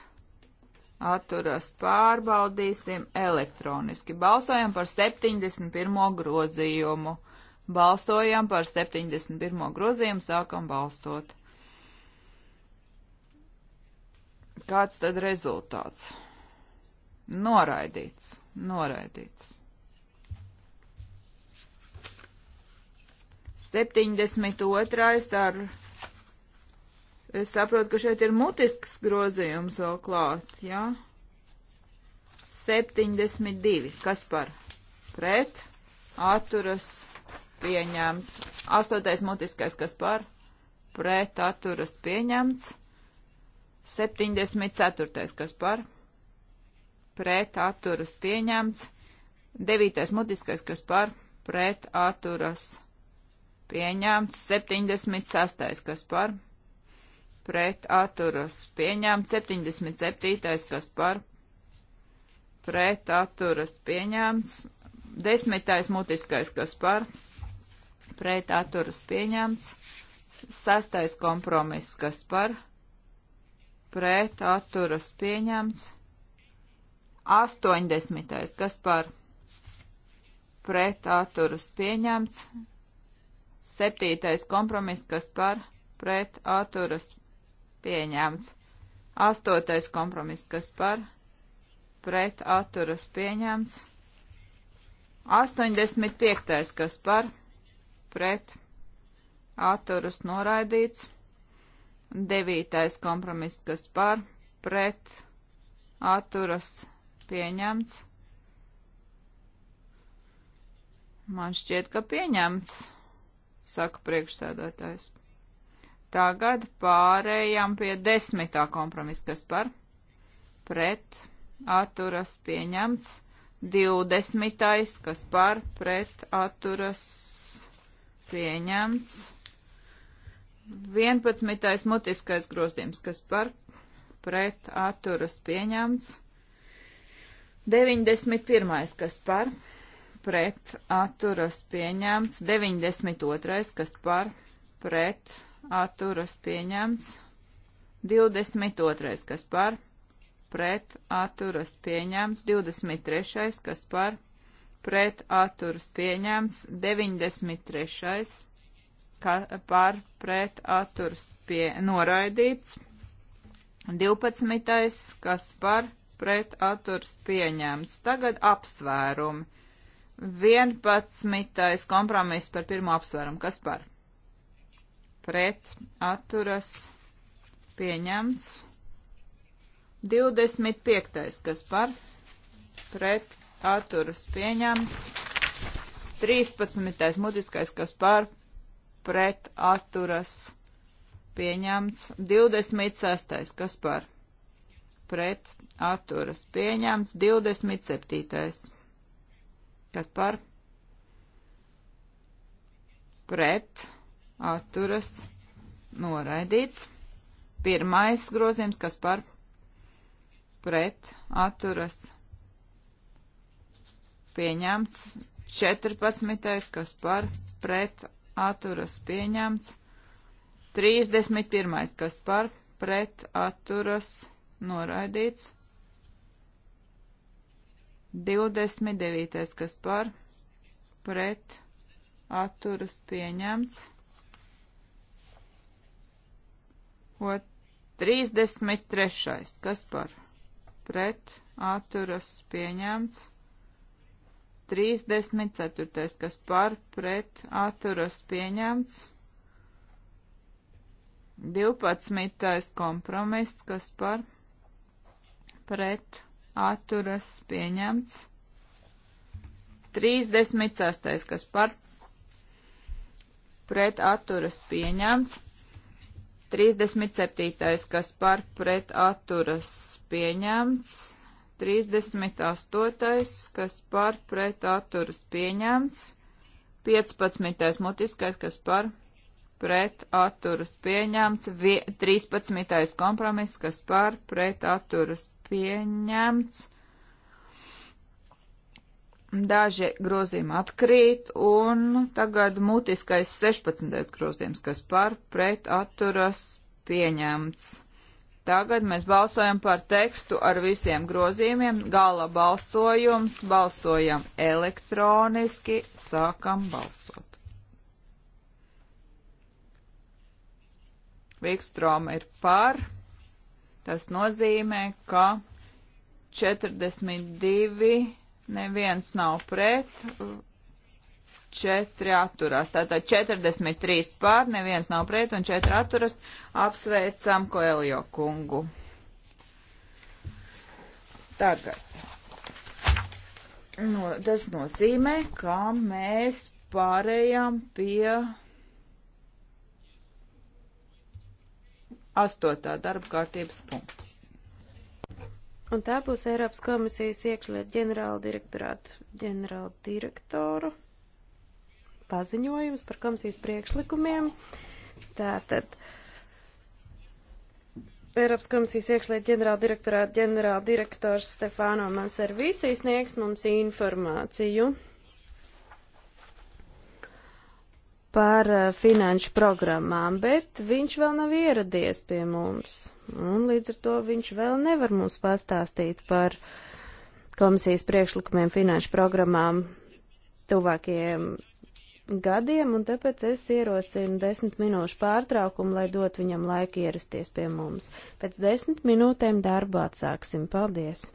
S3: atturas pārbaudīsim elektroniski. Balsojam par 71. grozījumu. Balsojam par 71. grozījumu, sākam balsot. Kāds tad rezultāts? Noraidīts, noraidīts. 72. ar Es saprotu, ka šeit ir mutisks grozījums vēl klāt, jā. Ja? 72. Kas par? Pret. Atturas. Pieņemts. Astotais mutiskais. Kas par? Pret. Atturas. Pieņemts. 74. Kas par? Pret. Atturas. Pieņemts. 9. mutiskais. Kas par? Pret. Atturas. Pieņemts. 76. Kas par? pret atturas pieņemts, 77. kas par pret atturas pieņemts, 10. mutiskais kas par pret atturas pieņemts, 6. kompromiss kas par pret atturas pieņemts, 80. kas par pret atturas pieņemts, 7. kompromiss kas par pret atturas pieņemts pieņemts. Astotais kompromiss, kas par pret atturas pieņemts. 85. kas par pret atturas noraidīts. 9. kompromiss, kas par pret atturas pieņemts. Man šķiet, ka pieņemts, saka priekšsēdētājs. Tagad pārējām pie desmitā kompromisa, kas par pret atturas pieņemts. 20. kas par pret atturas pieņemts. 11. mutiskais grozījums, kas par pret atturas pieņemts. 91. kas par pret atturas pieņemts. 92. kas par pret atturas pieņemts. 22. kas par pret atturas pieņemts. 23. kas par pret atturas pieņemts. 93. Ka, par pret atturas pie, noraidīts. 12. kas par pret atturas pieņemts. Tagad apsvērumi. 11. kompromiss par pirmo apsvērumu. Kas par? pret atturas pieņemts. 25. kas par pret atturas pieņemts. 13. mutiskais kas par pret atturas pieņemts. 26. kas par pret atturas pieņemts. 27. kas par pret atturas noraidīts. Pirmais grozījums, kas par pret atturas pieņemts. 14. kas par pret atturas pieņemts. 31. kas par pret atturas noraidīts. 29. kas par pret atturas pieņemts. Ot, 33. Kas par? Pret atturas pieņemts. 34. Kas par? Pret atturas pieņemts. 12. kompromiss, kas par pret atturas pieņemts. 36. kas par pret atturas pieņemts. 37. kas par pret atturas pieņemts. 38. kas par pret atturas pieņemts. 15. mutiskais, kas par pret atturas pieņemts. 13. kompromiss, kas par pret atturas pieņemts. Daži grozījumi atkrīt, un tagad mutiskais 16. grozījums, kas par pret atturas pieņemts. Tagad mēs balsojam par tekstu ar visiem grozījumiem. Gala balsojums, balsojam elektroniski, sākam balsot. Vikstroma ir par. Tas nozīmē, ka 42 neviens nav pret, četri atturās. Tātad 43 pār, neviens nav pret un četri atturas. Apsveicam Koeljo kungu. Tagad. No, tas nozīmē, ka mēs pārējām pie astotā darba kārtības punkta.
S2: Un tā būs Eiropas komisijas iekšlietu ģenerāla direktorāta ģenerāla direktoru paziņojums par komisijas priekšlikumiem. Tātad Eiropas komisijas iekšlietu ģenerāla direktorāta ģenerāla direktors Stefāno Manservīsī sniegs mums informāciju par eh, finanšu programmām, bet viņš vēl nav ieradies pie mums. Un līdz ar to viņš vēl nevar mums pastāstīt par komisijas priekšlikumiem finanšu programmām tuvākajiem gadiem, un tāpēc es ierosinu desmit minūšu pārtraukumu, lai dot viņam laiku ierasties pie mums. Pēc desmit minūtēm darbu atsāksim. Paldies!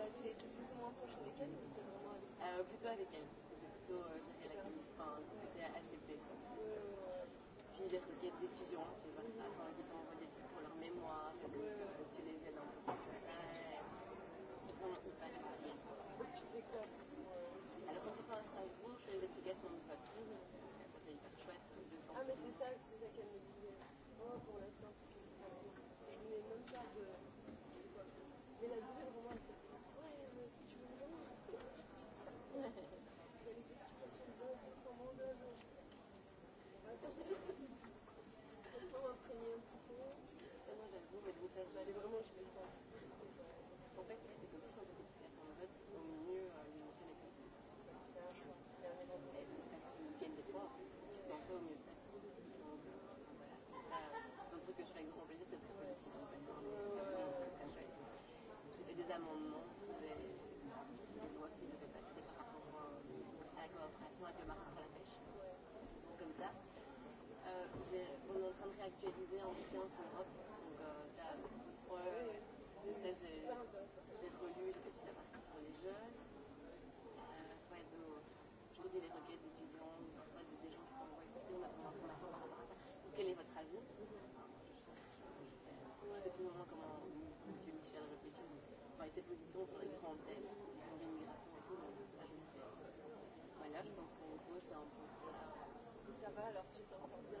S1: as, tu étais plus ou moins proche avec elle ou c'était vraiment avec elle euh, Plutôt avec elle, parce que j'ai plutôt euh, géré la question, enfin, c'était assez fait. Quoi. Ouais, ouais. Puis les requêtes d'étudiants, tu vois, mm -hmm. enfin, qui t'envoient des trucs pour leur mémoire, ouais, ouais. tu les aides un peu. Ouais. C'est vraiment hyper facile. Donc tu fais quoi pour, euh... Alors quand ils sont à Strasbourg, je fais les applications de papier, parce que ça c'est hyper chouette. De ah mais c'est ça, c'est ça qu'elle me disait. Oh, pour l'instant, parce Parce que moi, après un petit peu, moi j'avais beau mettre des salles, mais vraiment, je me réactualisé en 2015 pour l'Europe. Donc, euh, t'as ce contrôle. Ouais. Là, j'ai, j'ai relu, j'ai fait toute la partie sur les jeunes. Euh, ouais, donc, je redis les requêtes d'étudiants, parfois des, des gens qui t'envoient écouter, on a besoin d'informations par rapport à ça. Donc, quel est votre avis Je sais plus vraiment comment M. Michel réfléchit. Enfin, ses positions sur les grands thèmes, l'immigration et tout, donc ça, je sais. Voilà, je pense qu'en gros, c'est un peu ça. Et ça va, alors tu t'en sors bien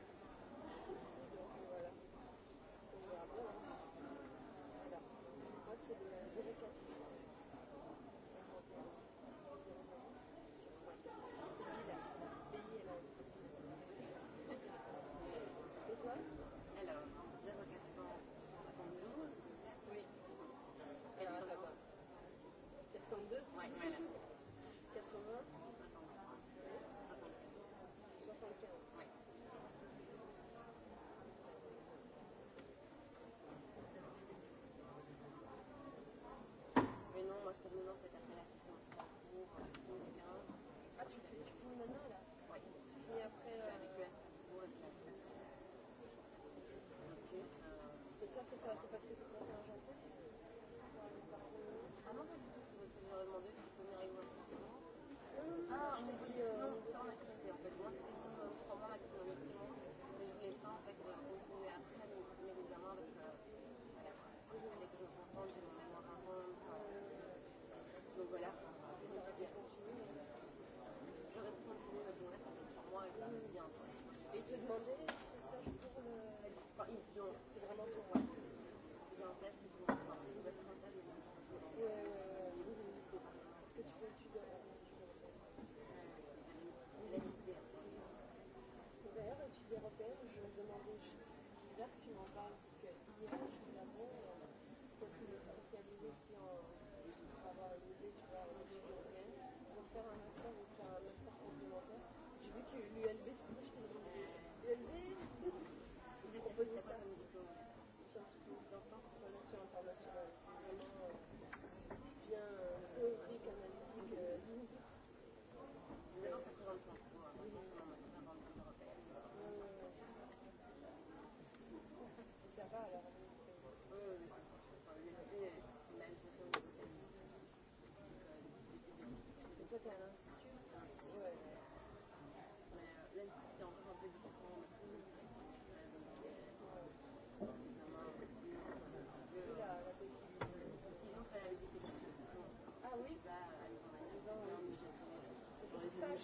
S1: ça, euh, c'est parce que c'est pour faire un janvier Ah non, pas du tout. Tu m'aurais demandé si je peux venir avec moi physiquement. Ah, je t'ai dit, euh, non, ça on a fixé en fait. Moi, c'était pour euh, 3 mois maximum, maximum. Mais je voulais pas en fait euh, continuer après mes, mes examens parce que voilà, euh, avec les autres ensemble, j'ai mon mémoire avant. Enfin, donc voilà, je me suis dit, j'aurais pu continuer, mais bon, là, ça fait 3 mois et ça me bien. Et tu demandais ce stage pour le. Enfin, il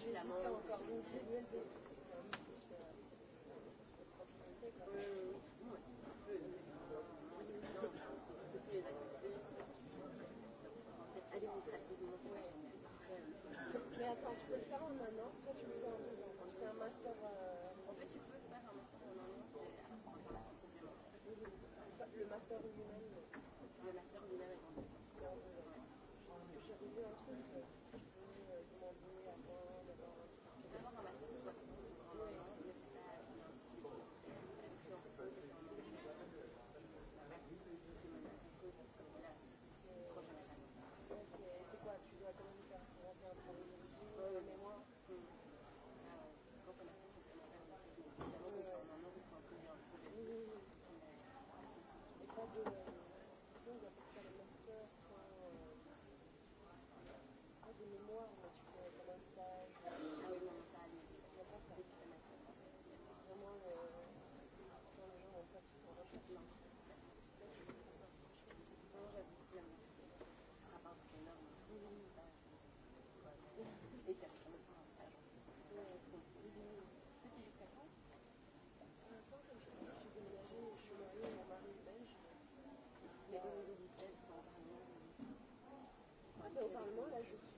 S1: évidemment. Encore une cellule de c'est un plus de proximité quand même.
S2: Toutes les activités
S1: administrativement. Mais attends, tu peux le faire en un an, toi tu le fais en deux ans. C'est un master. Euh... En fait, tu peux faire un master en un an, c'est le master humain. лимон, просто... Ой, на самом деле. Я просто Vraiment, euh, dans les gens, en fait, ils sont recherchés. Non, j'habite bien. Tu seras pas entrepreneur, mais tu ne pas. Et tu as toujours pas un stage. Toi, tu es jusqu'à quand Pour l'instant, comme je dis, j'ai déménagé, je suis mariée, mon mari est belge. Mais au niveau du stage, je suis en Parlement. Ah, ben au Parlement, là, je suis.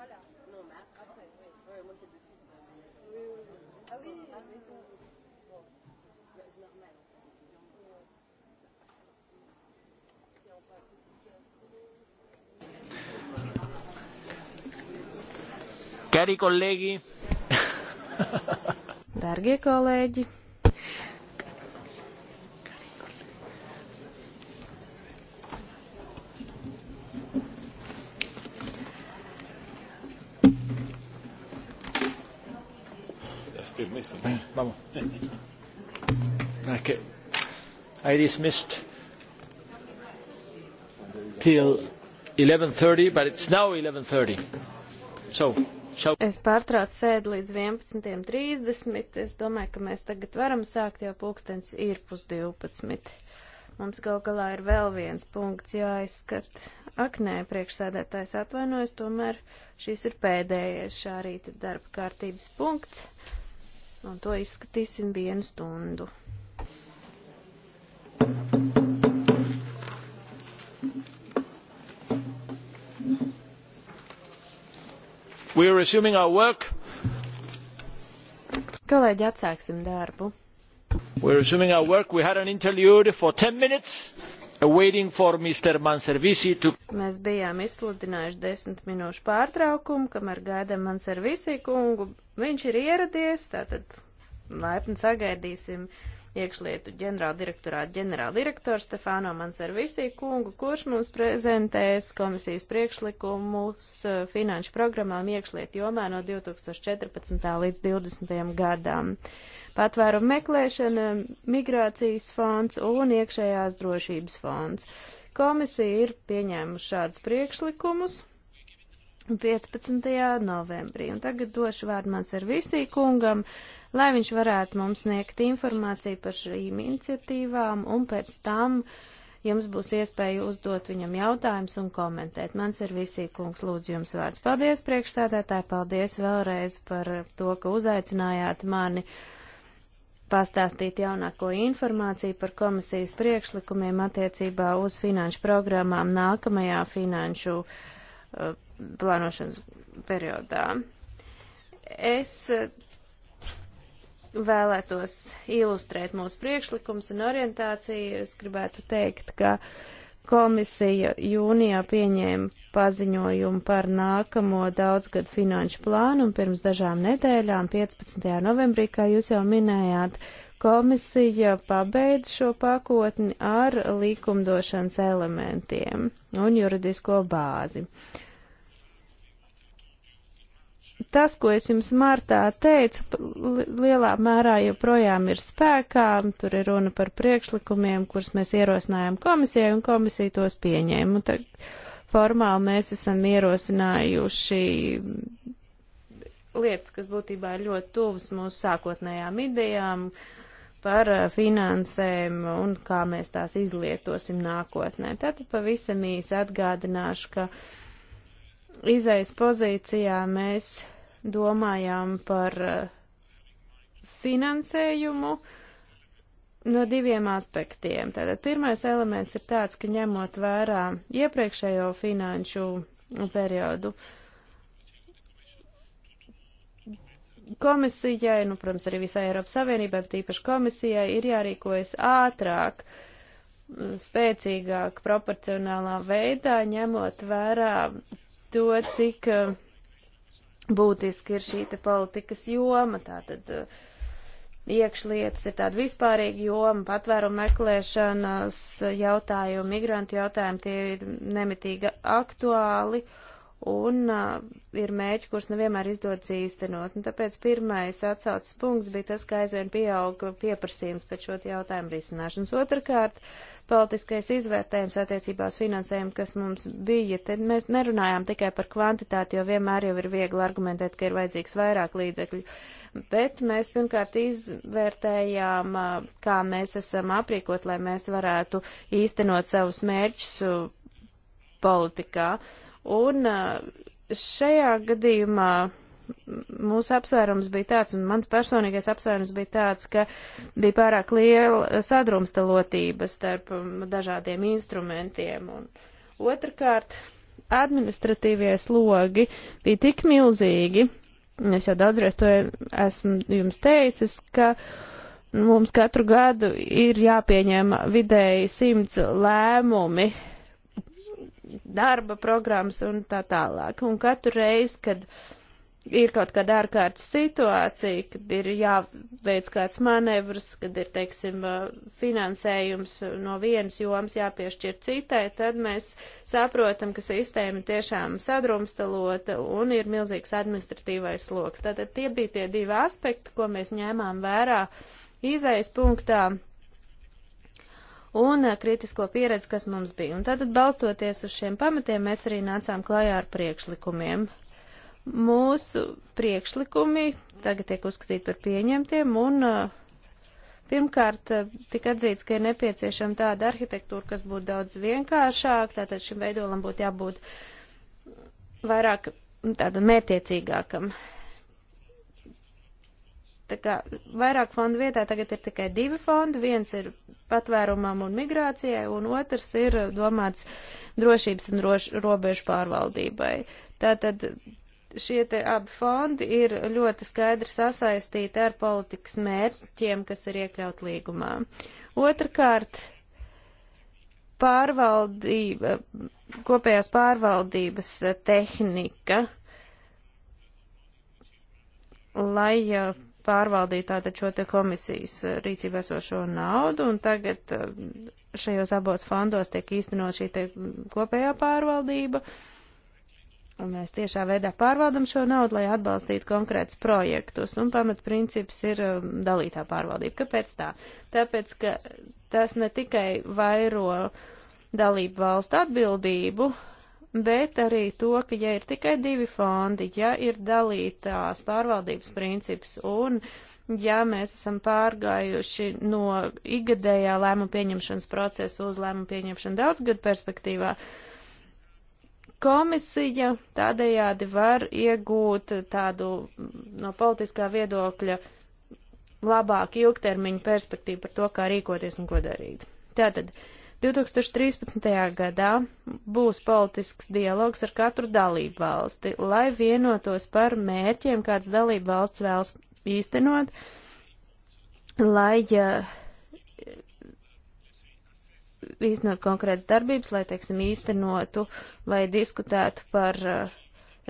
S1: pas là. Non, mais après, oui. Ouais, moi, c'est le fils. Euh, mais... Euh, oui, oui, oui. Ah oui, ah, mais tout. Bon. Bah, c'est normal, en tant qu'étudiant. Ouais. Si on
S2: passe pour 15 Cari colleghi. Dargie colleghi.
S1: Eh, vamos.
S4: Okay. I dismissed till 11.30, but it's now 11.30.
S1: So, shall...
S2: Es pārtraucu sēdi līdz 11.30. Es domāju, ka mēs tagad varam sākt, jo pulkstens ir pus 12. Mums gal galā ir vēl viens punkts jāizskata. Ak, nē, priekšsēdētājs atvainojas, tomēr šis ir pēdējais šā rīta darba kārtības punkts un to izskatīsim vienu stundu.
S1: We are resuming our work.
S2: Kolēģi, atsāksim darbu.
S4: We are resuming our work. We had an interlude for 10 minutes. To... Mēs
S2: bijām izsludinājuši desmit minūšu pārtraukumu, kamēr gaidām Manservisi kungu. Viņš ir ieradies, tātad laipni sagaidīsim iekšlietu ģenerāldirektorāta ģenerāldirektoru Stefāno Manservisi kungu, kurš mums prezentēs komisijas priekšlikumus eh, finanšu programmām iekšlietu jomā no 2014. līdz 2020. gadam patvērumu meklēšana, migrācijas fonds un iekšējās drošības fonds. Komisija ir pieņēmusi šādus priekšlikumus 15. novembrī. Un tagad došu vārdu man servisī kungam, lai viņš varētu mums sniegt informāciju par šīm iniciatīvām un pēc tam jums būs iespēja uzdot viņam jautājumus un komentēt. Mans ir visī kungs, lūdzu jums vārds. Paldies, priekšsēdētāji, paldies vēlreiz par to, ka uzaicinājāt mani pastāstīt jaunāko informāciju par komisijas priekšlikumiem attiecībā uz finanšu programmām nākamajā finanšu uh, plānošanas periodā. Es uh, vēlētos ilustrēt mūsu priekšlikums un orientāciju. Es gribētu teikt, ka uh, Komisija jūnijā pieņēma paziņojumu par nākamo daudzgadu finanšu plānu un pirms dažām nedēļām, 15. novembrī, kā jūs jau minējāt, komisija pabeidz šo pakotni ar likumdošanas elementiem un juridisko bāzi. Uh, tas, ko es jums martā teicu, lielā mērā joprojām ir spēkā. Tur ir runa par priekšlikumiem, kurus mēs ierosinājām komisijai, un komisija tos pieņēma. Tad formāli mēs esam ierosinājuši lietas, kas būtībā ir ļoti tuvas mūsu sākotnējām idejām par finansēm un kā mēs tās izlietosim nākotnē. Tātad pavisam īsi atgādināšu, ka uh, izējas pozīcijā mēs domājām par eh, finansējumu no diviem aspektiem. Tātad pirmais elements ir tāds, ka ņemot vērā iepriekšējo finanšu periodu, komisijai, nu, protams, arī visai Eiropas Savienībai, bet īpaši komisijai ir jārīkojas ātrāk, spēcīgāk, proporcionālā veidā, ņemot vērā to, cik uh, būtiski ir šī politikas joma. Tātad uh, iekšlietas ir tāda vispārīga joma, patvērumu meklēšanas jautājumi, migrantu jautājumi, tie ir nemitīgi aktuāli. Uh, un uh, ir mērķi, kurus nevienmēr izdodas īstenot. Un tāpēc pirmais atsaucas punkts bija tas, ka aizvien pieauga pieprasījums pēc šo jautājumu risināšanas. Otrakārt, politiskais izvērtējums attiecībās finansējumu, kas mums bija, tad mēs nerunājām tikai par kvantitāti, jo vienmēr jau ir viegli argumentēt, ka ir vajadzīgs vairāk līdzekļu. Bet mēs pirmkārt izvērtējām, uh, kā mēs esam aprīkot, lai mēs varētu īstenot savus mērķus uh, politikā. Uh, Un eh, šajā gadījumā mūsu apsvērums bija tāds, un mans personīgais apsvērums bija tāds, ka bija pārāk liela sadrumstalotība starp um, dažādiem instrumentiem. Un otrkārt, administratīvie slogi bija tik milzīgi, es jau daudzreiz to esmu jums teicis, ka mums katru gadu ir jāpieņem vidēji simts lēmumi darba programmas un tā tālāk. Un katru reizi, kad ir kaut kāda ārkārtas situācija, kad ir jāveic kāds manevrs, kad ir, teiksim, finansējums no vienas jomas jāpiešķir citai, tad mēs saprotam, ka sistēma tiešām sadrumstalota un ir milzīgs administratīvais sloks. Tātad tie bija tie divi aspekti, ko mēs ņēmām vērā izējas punktā un eh, kritisko pieredzi, kas mums bija. Un tātad balstoties uz šiem pamatiem, mēs arī nācām klajā ar priekšlikumiem. Mūsu priekšlikumi tagad tiek uzskatīti par pieņemtiem un eh, pirmkārt eh, tika atzīts, ka ir nepieciešama tāda arhitektūra, kas būtu daudz vienkāršāka, tātad šim veidolam būtu jābūt vairāk tāda mētiecīgākam. Tā kā vairāk fondu vietā tagad ir tikai divi fondi, viens ir patvērumam un migrācijai, un otrs ir domāts drošības un droš robežu pārvaldībai. Tātad šie te abi fondi ir ļoti skaidri sasaistīti ar politikas mērķiem, kas ir iekļaut līgumā. Otrakārt, pārvaldība, kopējās pārvaldības tehnika, lai uh, pārvaldītāji taču te komisijas eh, rīcībā esošo naudu, un tagad eh, šajos abos fondos tiek īstenot šī te kopējā pārvaldība. Un mēs tiešā veidā pārvaldam šo naudu, lai atbalstītu konkrētus projektus, un pamatprincips ir eh, dalītā pārvaldība. Kāpēc tā? Tāpēc, ka tas ne tikai vairo dalību valstu atbildību, bet arī to, ka ja ir tikai divi fondi, ja ir dalītās pārvaldības princips un ja mēs esam pārgājuši no igadējā lēmuma pieņemšanas procesa uz lēmuma pieņemšanu daudzgadu perspektīvā, komisija tādējādi var iegūt tādu no politiskā viedokļa labāku ilgtermiņu perspektīvu par to, kā rīkoties un ko darīt. Tātad, uh, 2013. gadā būs politisks dialogs ar katru dalību valsti, lai vienotos par mērķiem, kāds dalību valsts vēlas īstenot, lai uh, īstenot konkrētas darbības, lai, teiksim, īstenotu vai diskutētu par uh,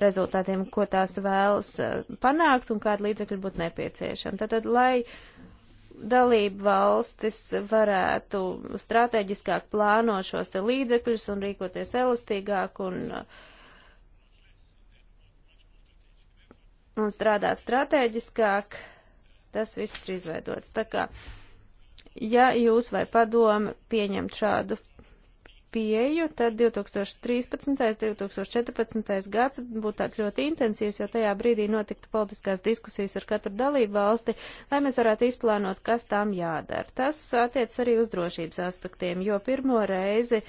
S2: rezultātiem, ko tās vēlas uh, panākt un kāda līdzekļa būtu nepieciešama. Tātad, lai dalību valstis varētu strateģiskāk plānot šos te līdzekļus un rīkoties elastīgāk un, un strādāt strateģiskāk, tas viss ir izveidots. Tā kā, ja jūs vai padome pieņemt šādu pieju, tad 2013. 2014. gads būtu tāds ļoti intensīvs, jo tajā brīdī notiktu politiskās diskusijas ar katru dalību valsti, lai mēs varētu izplānot, kas tām jādara. Tas attiec arī uz drošības aspektiem, jo pirmo reizi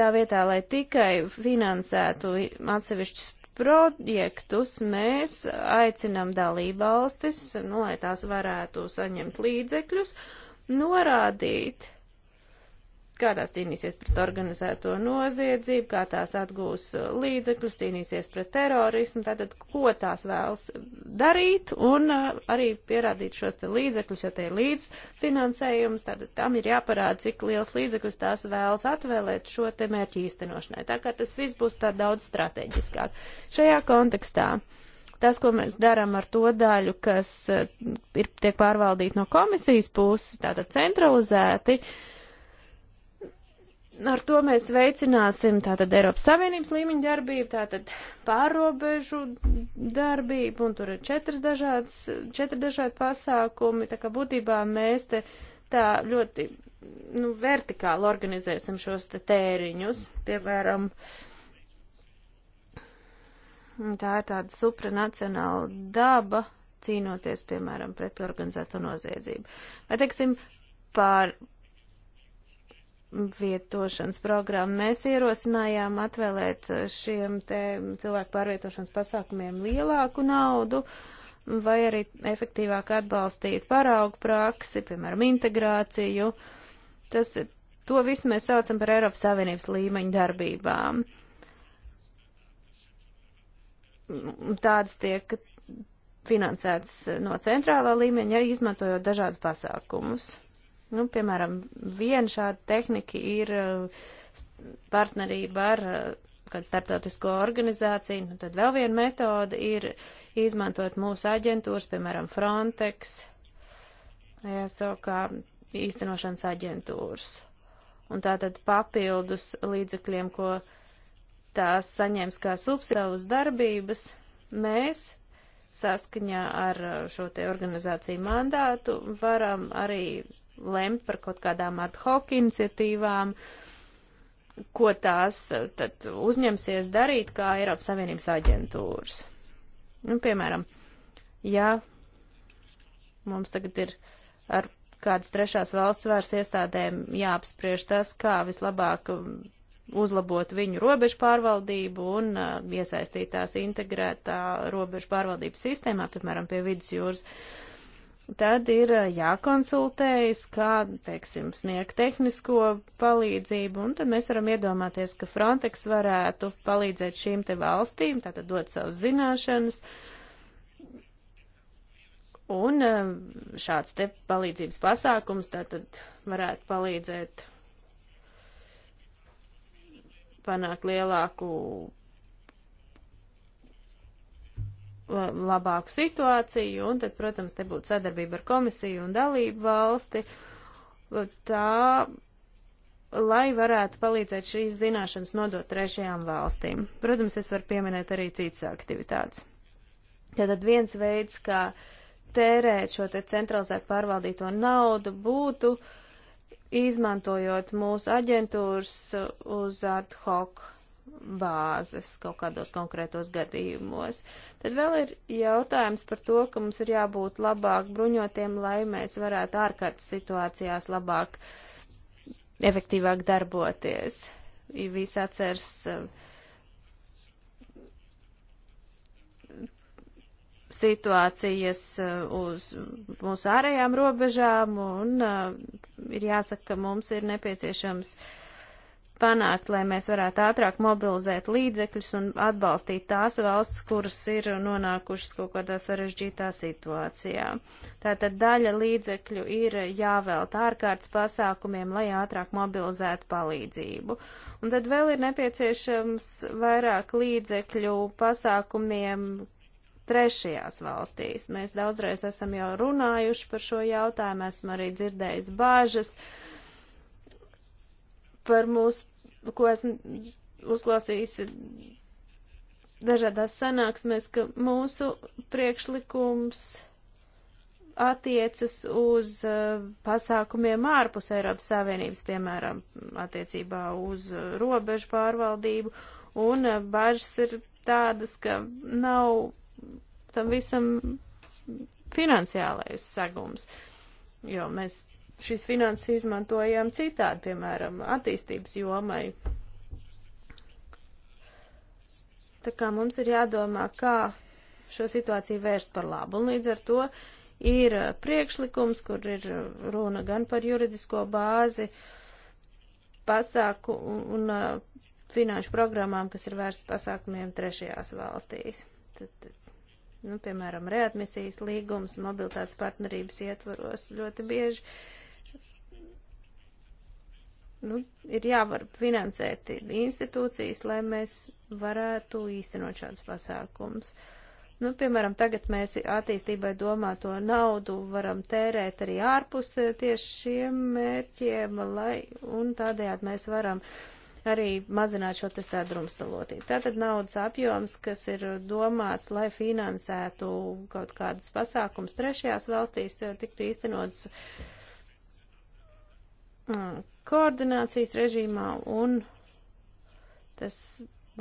S2: tā vietā, lai tikai finansētu atsevišķus projektus, mēs aicinām dalību valstis, nu, lai tās varētu saņemt līdzekļus, norādīt, kā tās cīnīsies pret organizēto noziedzību, kā tās atgūs uh, līdzekļus, cīnīsies pret terorismu, tātad, ko tās vēlas darīt un uh, arī pierādīt šos te līdzekļus, jo te ir līdzfinansējums, tātad tam ir jāparāda, cik liels līdzekļus tās vēlas atvēlēt šo te mērķu īstenošanai. Tā kā tas viss būs tā daudz strateģiskāk. Šajā kontekstā tas, ko mēs darām ar to daļu, kas uh, ir, tiek pārvaldīta no komisijas puses, tātad centralizēti, uh, ar to mēs veicināsim tātad Eiropas Savienības līmeņa darbību, tātad pārobežu darbību, un tur ir četras dažādas, četri dažādi pasākumi, tā kā būtībā mēs te tā ļoti, nu, vertikāli organizēsim šos te tēriņus, piemēram, tā ir tāda supranacionāla daba, cīnoties, piemēram, pret organizēto noziedzību. Vai, teiksim, pār pārvietošanas programmu. Mēs ierosinājām atvēlēt šiem te cilvēku pārvietošanas pasākumiem lielāku naudu vai arī efektīvāk atbalstīt paraugu praksi, piemēram, integrāciju. Tas, to visu mēs saucam par Eiropas Savienības līmeņu darbībām. Tādas tiek finansētas no centrālā līmeņa, ja izmantojot dažādas pasākumus. Nu, piemēram, viena šāda tehnika ir eh, partnerība ar eh, kādu starptautisko organizāciju, nu, tad vēl viena metode ir izmantot mūsu aģentūras, piemēram, Frontex, ESO kā īstenošanas aģentūras. Un tātad papildus līdzekļiem, ko tās saņems kā subsidavas darbības, mēs saskaņā ar eh, šo te organizāciju mandātu varam arī lemt par kaut kādām ad hoc iniciatīvām, ko tās eh, tad uzņemsies darīt kā Eiropas Savienības aģentūras. Nu, piemēram, ja mums tagad ir ar kādas trešās valsts vairs iestādēm jāapspriež tas, kā vislabāk um, uzlabot viņu robežu pārvaldību un uh, iesaistītās integrētā robežu pārvaldības sistēmā, piemēram, pie vidus jūras. Uh, tad ir eh, jākonsultējas, kā, teiksim, sniegt tehnisko palīdzību, un tad mēs varam iedomāties, ka Frontex varētu palīdzēt šīm te valstīm, tātad dot savus zināšanas, un eh, šāds te palīdzības pasākums tātad varētu palīdzēt panākt lielāku labāku situāciju, un tad, protams, te būtu sadarbība ar komisiju un dalību valsti, tā, lai varētu palīdzēt šīs zināšanas nodot trešajām valstīm. Protams, es varu pieminēt arī citas aktivitātes. Tātad viens veids, kā tērēt šo te centralizētu pārvaldīto naudu, būtu izmantojot mūsu aģentūras uz ad hoc bāzes kaut kādos konkrētos gadījumos. Tad vēl ir jautājums par to, ka mums ir jābūt labāk bruņotiem, lai mēs varētu ārkārtas situācijās labāk, efektīvāk darboties. Visi atceras situācijas uz mūsu ārējām robežām un ir jāsaka, ka mums ir nepieciešams uh, panākt, lai mēs varētu ātrāk mobilizēt līdzekļus un atbalstīt tās valsts, kuras ir nonākušas kaut kādā sarežģītā situācijā. Tātad daļa līdzekļu ir jāvēlta ārkārtas pasākumiem, lai ātrāk mobilizētu palīdzību. Un tad vēl ir nepieciešams vairāk līdzekļu pasākumiem, trešajās valstīs. Mēs daudzreiz esam jau runājuši par šo jautājumu, esmu arī dzirdējis bāžas par mūsu ko esmu uzklausījis dažādās sanāksmēs, ka mūsu priekšlikums attiecas uz uh, pasākumiem ārpus Eiropas Savienības, piemēram, attiecībā uz uh, robežu pārvaldību, un uh, bažas ir tādas, ka nav tam visam finansiālais segums, jo mēs šīs finanses izmantojām citādi, piemēram, attīstības jomai. Tā kā mums ir jādomā, kā šo situāciju vērst par labu, un līdz ar to ir priekšlikums, kur ir runa gan par juridisko bāzi, pasāku un, un uh, finanšu programmām, kas ir vērsts pasākumiem trešajās valstīs. Tad, nu, piemēram, readmisijas līgums mobilitātes partnerības ietvaros ļoti bieži uh, nu, ir jāvar finansēt institūcijas, lai mēs varētu īstenot šāds pasākums. Nu, piemēram, tagad mēs attīstībai domāto naudu varam tērēt arī ārpus e, tieši šiem mērķiem, lai, un tādējādi mēs varam arī mazināt šo te sadrumstalotību. Tātad naudas apjoms, kas ir domāts, lai finansētu kaut kādas pasākums trešajās valstīs, e, tiktu īstenots mm, koordinācijas režīmā un tas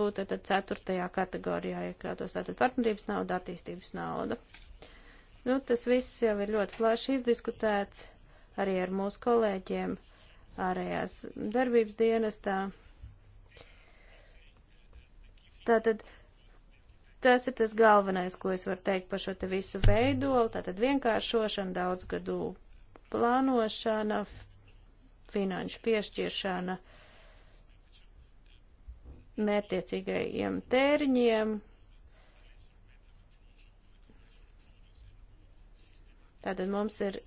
S2: būtu tad ceturtajā kategorijā iekļautos tātad partnerības nauda, attīstības nauda. Nu, tas viss jau ir ļoti plaši izdiskutēts arī ar mūsu kolēģiem ārējās darbības dienestā. Tātad tas ir tas galvenais, ko es varu teikt par šo te visu veidolu, tātad vienkāršošana, daudzgadu plānošana, finanšu piešķiršana mērtiecīgajiem tēriņiem. Tātad mums ir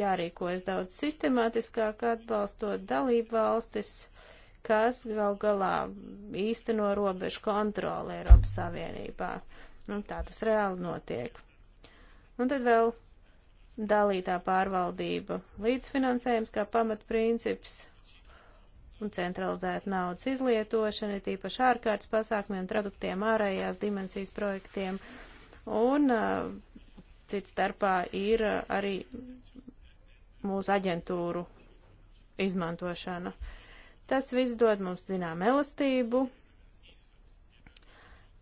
S2: jārīkojas daudz sistemātiskāk atbalstot dalību valstis, kas gal galā īsteno robežu kontroli Eiropas Savienībā. Nu, tā tas reāli notiek. Un tad vēl dalītā pārvaldība, līdzfinansējums kā pamatprincips un centralizēta naudas izlietošana, tīpaši ārkārtas pasākumiem, traduktiem, ārējās dimensijas projektiem. Un uh, cits starpā ir uh, arī mūsu aģentūru izmantošana. Tas viss dod mums, zinām, elastību,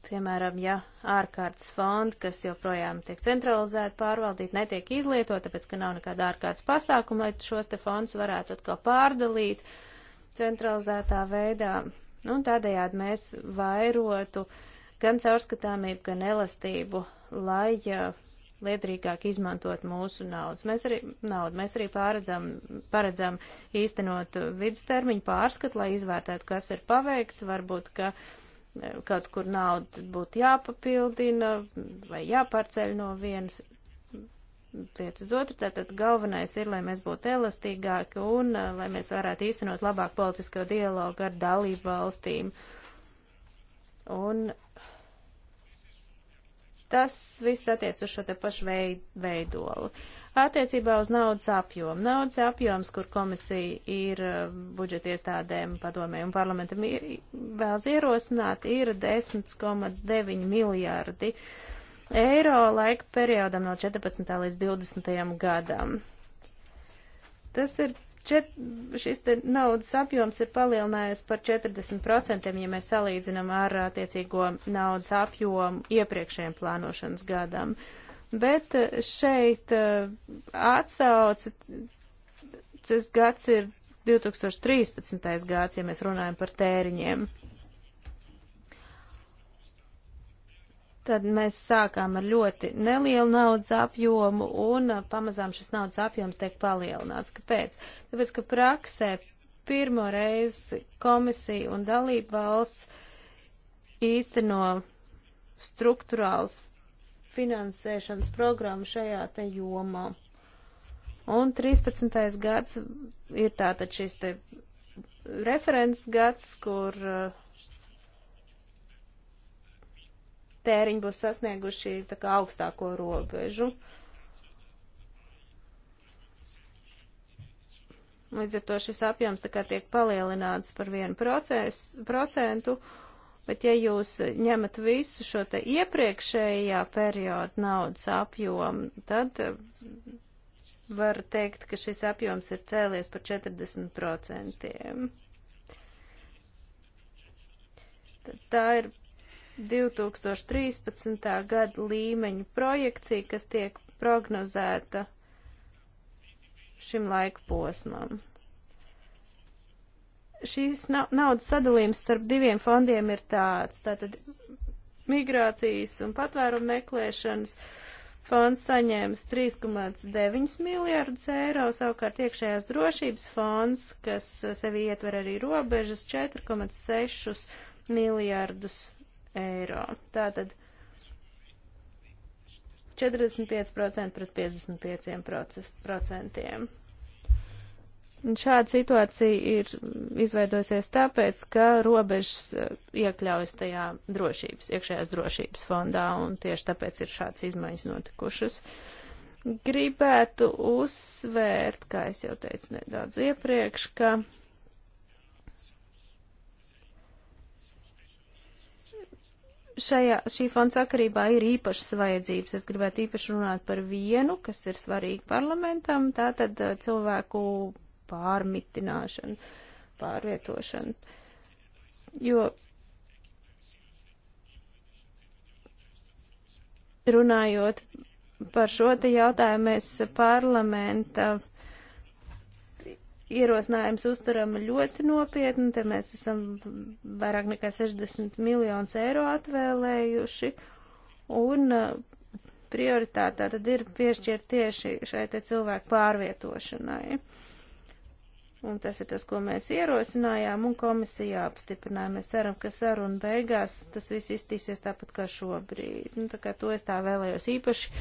S2: Piemēram, ja ārkārtas fondi, kas joprojām tiek centralizēti pārvaldīt, netiek izlietot, tāpēc, ka nav nekāda ārkārtas pasākuma, lai šos te fondus varētu atkal pārdalīt centralizētā veidā. Un tādējādi mēs vairotu gan caurskatāmību, gan elastību, lai uh, liederīgāk izmantot mūsu naudas. Mēs arī, naudu. Mēs arī pāredzam, paredzam īstenot vidustermiņu pārskatu, lai izvērtētu, kas ir paveikts. Varbūt, ka uh, kaut kur nauda būtu jāpapildina vai jāpārceļ no vienas lietas uz otru. Tātad galvenais ir, lai mēs būtu elastīgāki un eh, lai mēs varētu īstenot labāk politisko dialogu ar dalību valstīm. Un tas viss attiec uz šo te pašu veidolu. Uh, Attiecībā uz naudas apjomu. Naudas apjoms, kur komisija ir uh, budžeta iestādēm, padomē un parlamentam ir, vēlas ierosināt, ir 10,9 miljārdi eiro laika periodam no 14. līdz 20. gadam. Tas ir čet, šis te naudas apjoms ir palielinājies par 40%, ja mēs salīdzinām ar attiecīgo naudas apjomu iepriekšējiem plānošanas gadam. Uh, bet eh, šeit eh, atsaucas gads ir 2013. gads, ja mēs runājam par tēriņiem. Tad mēs sākām ar ļoti nelielu naudas apjomu un eh, pamazām šis naudas apjoms tiek palielināts. Kāpēc? Tāpēc, ka praksē pirmo reizi komisija un dalība valsts īsteno struktūrāls finansēšanas programmu šajā te jomā. Un 13. gads ir tātad šis te referents gads, kur uh, tēriņi būs sasnieguši tā kā augstāko robežu. Līdz ar to šis apjoms tā kā tiek palielināts par vienu procentu Bet ja jūs ņemat visu šo te iepriekšējā perioda naudas apjomu, tad eh, var teikt, ka šis apjoms ir cēlies par 40%. Tad tā ir 2013. gada līmeņa projekcija, kas tiek prognozēta šim laika posmam šīs naudas sadalījums starp diviem fondiem ir tāds. Tātad migrācijas un patvērumu meklēšanas fonds saņēmis 3,9 miljardus eiro, savukārt iekšējās drošības fonds, kas sevi ietver arī robežas, 4,6 miljardus eiro. Tātad 45% pret 55%. Un šāda situācija ir izveidojusies tāpēc, ka robežas eh, iekļaujas tajā drošības, iekšējās drošības fondā, un tieši tāpēc ir šāds izmaiņas notikušas. Gribētu uzsvērt, kā es jau teicu nedaudz iepriekš, ka šajā, šī fonda sakarībā ir īpašas vajadzības. Es gribētu īpaši runāt par vienu, kas ir svarīgi parlamentam, tātad eh, cilvēku pārmitināšanu, pārvietošanu. Jo runājot par šo te jautājumu, mēs parlamenta ierosinājums uztaram ļoti nopietni, te mēs esam vairāk nekā 60 miljonus eiro atvēlējuši, un uh, prioritātā tad ir piešķirt tieši šai te cilvēku pārvietošanai. Un tas ir tas, ko mēs ierosinājām un komisijā apstiprinājām. Mēs ceram, ka saruna beigās tas viss iztīsies tāpat kā šobrīd. Nu, tā kā to es tā vēlējos īpaši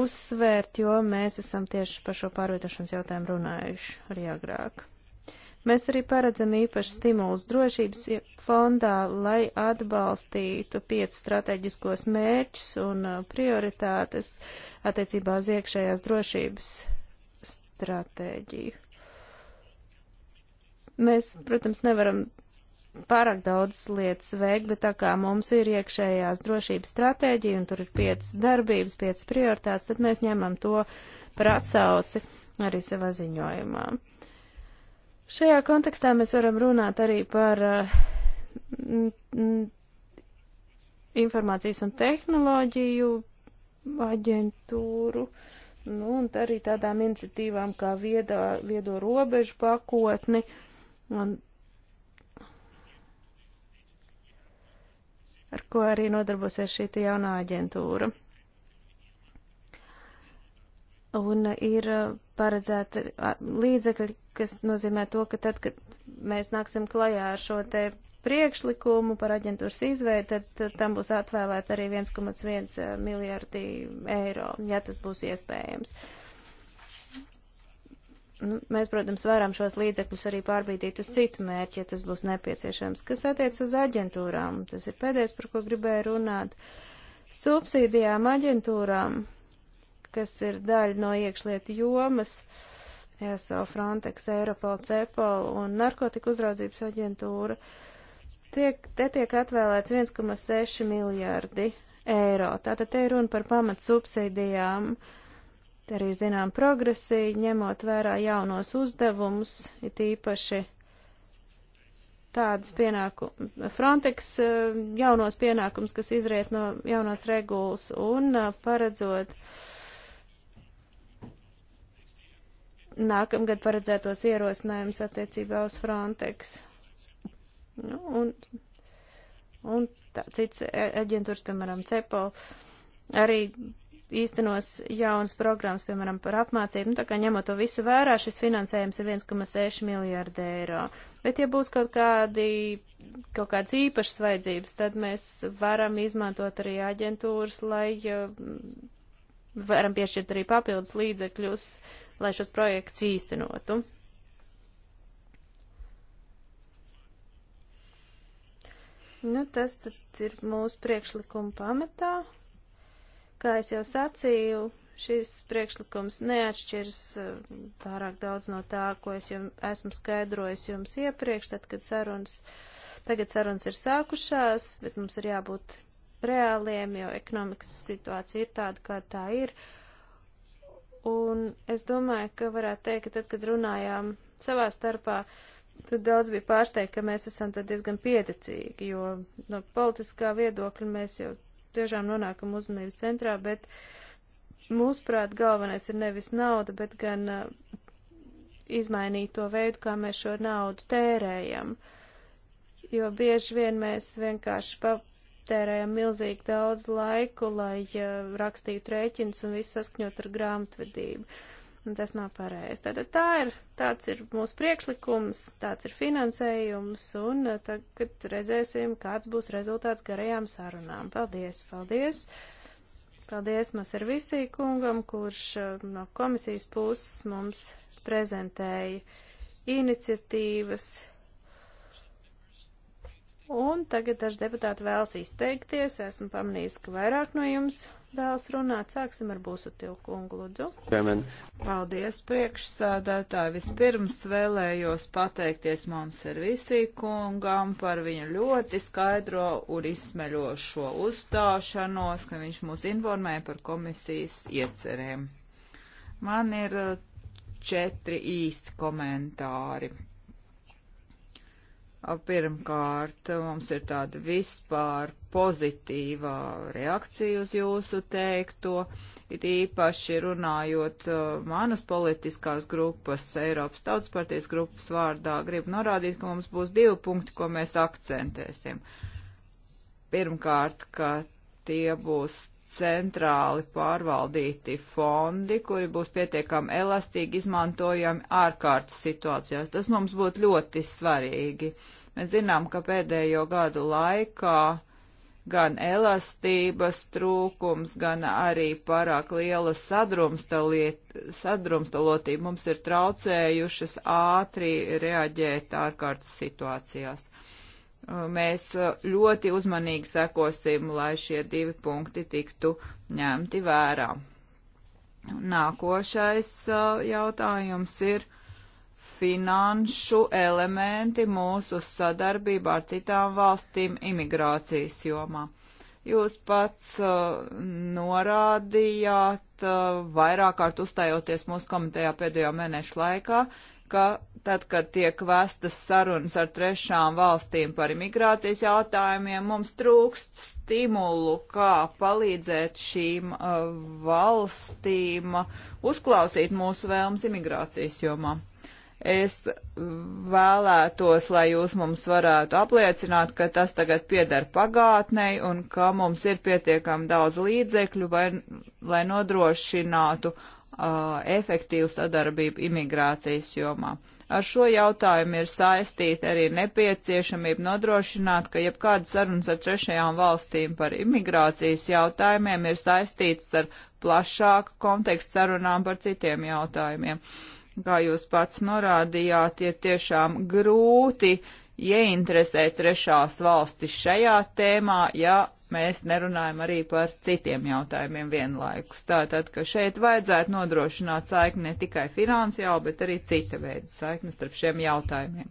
S2: uzsvērt, jo mēs esam tieši par šo pārvietošanas jautājumu runājuši arī agrāk. Mēs arī paredzam īpašu stimulus drošības fondā, lai atbalstītu piecu strateģiskos mērķus un uh, prioritātes attiecībā uz iekšējās drošības stratēģiju. Mēs, protams, nevaram pārāk daudz lietas veikt, bet tā kā mums ir iekšējās drošības stratēģija un tur ir piecas darbības, piecas prioritātes, tad mēs ņemam to par atsauci arī savā ziņojumā. Šajā kontekstā mēs varam runāt arī par uh, informācijas un tehnoloģiju aģentūru, nu, un arī tādām iniciatīvām kā viedā, viedo robežu pakotni, uh, un ar ko arī nodarbosies šī jaunā aģentūra. Un ir paredzēta līdzekļi, kas nozīmē to, ka tad, kad mēs nāksim klajā ar šo te priekšlikumu par aģentūras izveidu, tad, tad tam būs atvēlēta arī 1,1 eh, miljārdi eiro, ja tas būs iespējams. Uh, nu, mēs, protams, varam šos līdzekļus arī pārbīdīt uz citu mērķi, ja tas būs nepieciešams. Kas attiec uz aģentūrām, tas ir pēdējais, par ko gribēju runāt. Subsīdijām aģentūrām, kas ir daļa no iekšlietu jomas, ESO, Frontex, Eiropol, Cepol un Narkotika uzraudzības aģentūra, tiek, te tiek atvēlēts 1,6 miljārdi eiro. Tātad te ir runa par pamat subsīdijām. Uh, Te arī zinām progresī, ņemot vērā jaunos uzdevumus, it īpaši tādus pienākumus, Frontex eh, jaunos pienākumus, kas izriet no jaunos regulas un eh, paredzot nākamgad paredzētos ierosinājumus attiecībā uz Frontex. Nu, un un tā, cits aģentūrs, piemēram, CEPO, arī īstenos jaunas programmas, piemēram, par apmācību. Nu, tā kā ņemot to visu vērā, šis finansējums ir 1,6 miljārdi eiro. Bet, ja būs kaut, kādi, kaut kādas īpašas vajadzības, tad mēs varam izmantot arī aģentūras, lai varam piešķirt arī papildus līdzekļus, lai šos projektus īstenotu. Nu, tas tad ir mūsu priekšlikuma pamatā. Kā es jau sacīju, šis priekšlikums neatšķiras uh, pārāk daudz no tā, ko es jums esmu skaidrojis jums iepriekš, tad, kad sarunas, tagad sarunas ir sākušās, bet mums ir jābūt reāliem, jo ekonomikas situācija ir tāda, kā tā ir. Un es domāju, ka varētu teikt, ka tad, kad runājām savā starpā, tad daudz bija pārsteigti, ka mēs esam tad diezgan pieticīgi, jo no politiskā viedokļa mēs jau tiešām nonākam uzmanības centrā, bet mūsuprāt galvenais ir nevis nauda, bet gan uh, izmainīt to veidu, kā mēs šo naudu tērējam. Jo bieži vien mēs vienkārši patērējam milzīgi daudz laiku, lai uh, rakstītu rēķinus un visu saskaņot ar grāmatvedību. Uh, un tas nav pareizi. Tātad tā ir, tāds ir mūsu priekšlikums, tāds ir finansējums, un uh, tagad redzēsim, kāds būs rezultāts garajām sarunām. Paldies, paldies! Paldies Maservisī kungam, kurš uh, no komisijas puses mums prezentēja iniciatīvas Un tagad daži deputāti vēlas izteikties. Esmu pamanījis, ka vairāk no jums vēlas runāt. Sāksim ar Būsutilu kungu, lūdzu. Amen. Paldies,
S3: priekšsādātāji. Vispirms vēlējos pateikties Monservisī kungam par viņa ļoti skaidro un izsmeļošo uzstāšanos, ka viņš mūs informē par komisijas iecerēm. Man ir eh, četri īsti komentāri. Pirmkārt, mums ir tāda vispār pozitīvā reakcija uz jūsu teikto, it īpaši runājot manas politiskās grupas, Eiropas Tautas partijas grupas vārdā, gribu norādīt, ka mums būs divi punkti, ko mēs akcentēsim. Pirmkārt, ka tie būs centrāli pārvaldīti fondi, kuri būs pietiekami elastīgi izmantojami ārkārtas situācijās. Tas mums būtu ļoti svarīgi. Mēs zinām, ka pēdējo gadu laikā gan elastības trūkums, gan arī pārāk liela sadrumstalotība mums ir traucējušas ātri reaģēt ārkārtas situācijās. Uh, Uh, mēs uh, ļoti uzmanīgi sekosim, lai šie divi punkti tiktu ņemti vērā. Nākošais uh, jautājums ir finanšu elementi mūsu sadarbībā ar citām valstīm imigrācijas jomā. Jūs pats norādījāt, vairāk kārt uzstājoties mūsu komitejā pēdējo mēnešu laikā, ka tad, kad tiek vestas sarunas ar trešām valstīm par imigrācijas jautājumiem, mums trūkst stimulu, kā palīdzēt šīm uh, valstīm uzklausīt mūsu vēlmes imigrācijas jomā. Es vēlētos, lai jūs mums varētu apliecināt, ka tas tagad pieder pagātnei un ka mums ir pietiekami daudz līdzekļu, vai, lai nodrošinātu uh, efektīvu sadarbību imigrācijas jomā. Uh, Ar šo jautājumu ir saistīta arī nepieciešamība nodrošināt, ka jebkādas sarunas ar trešajām valstīm par imigrācijas jautājumiem ir saistītas ar plašāku kontekstu sarunām par citiem jautājumiem. Kā jūs pats norādījāt, ir tiešām grūti ieinteresēt trešās valstis šajā tēmā, ja mēs nerunājam arī par citiem jautājumiem vienlaikus. Tātad, ka šeit vajadzētu nodrošināt saikni ne tikai finansiāli, bet arī cita veida saikni starp šiem jautājumiem.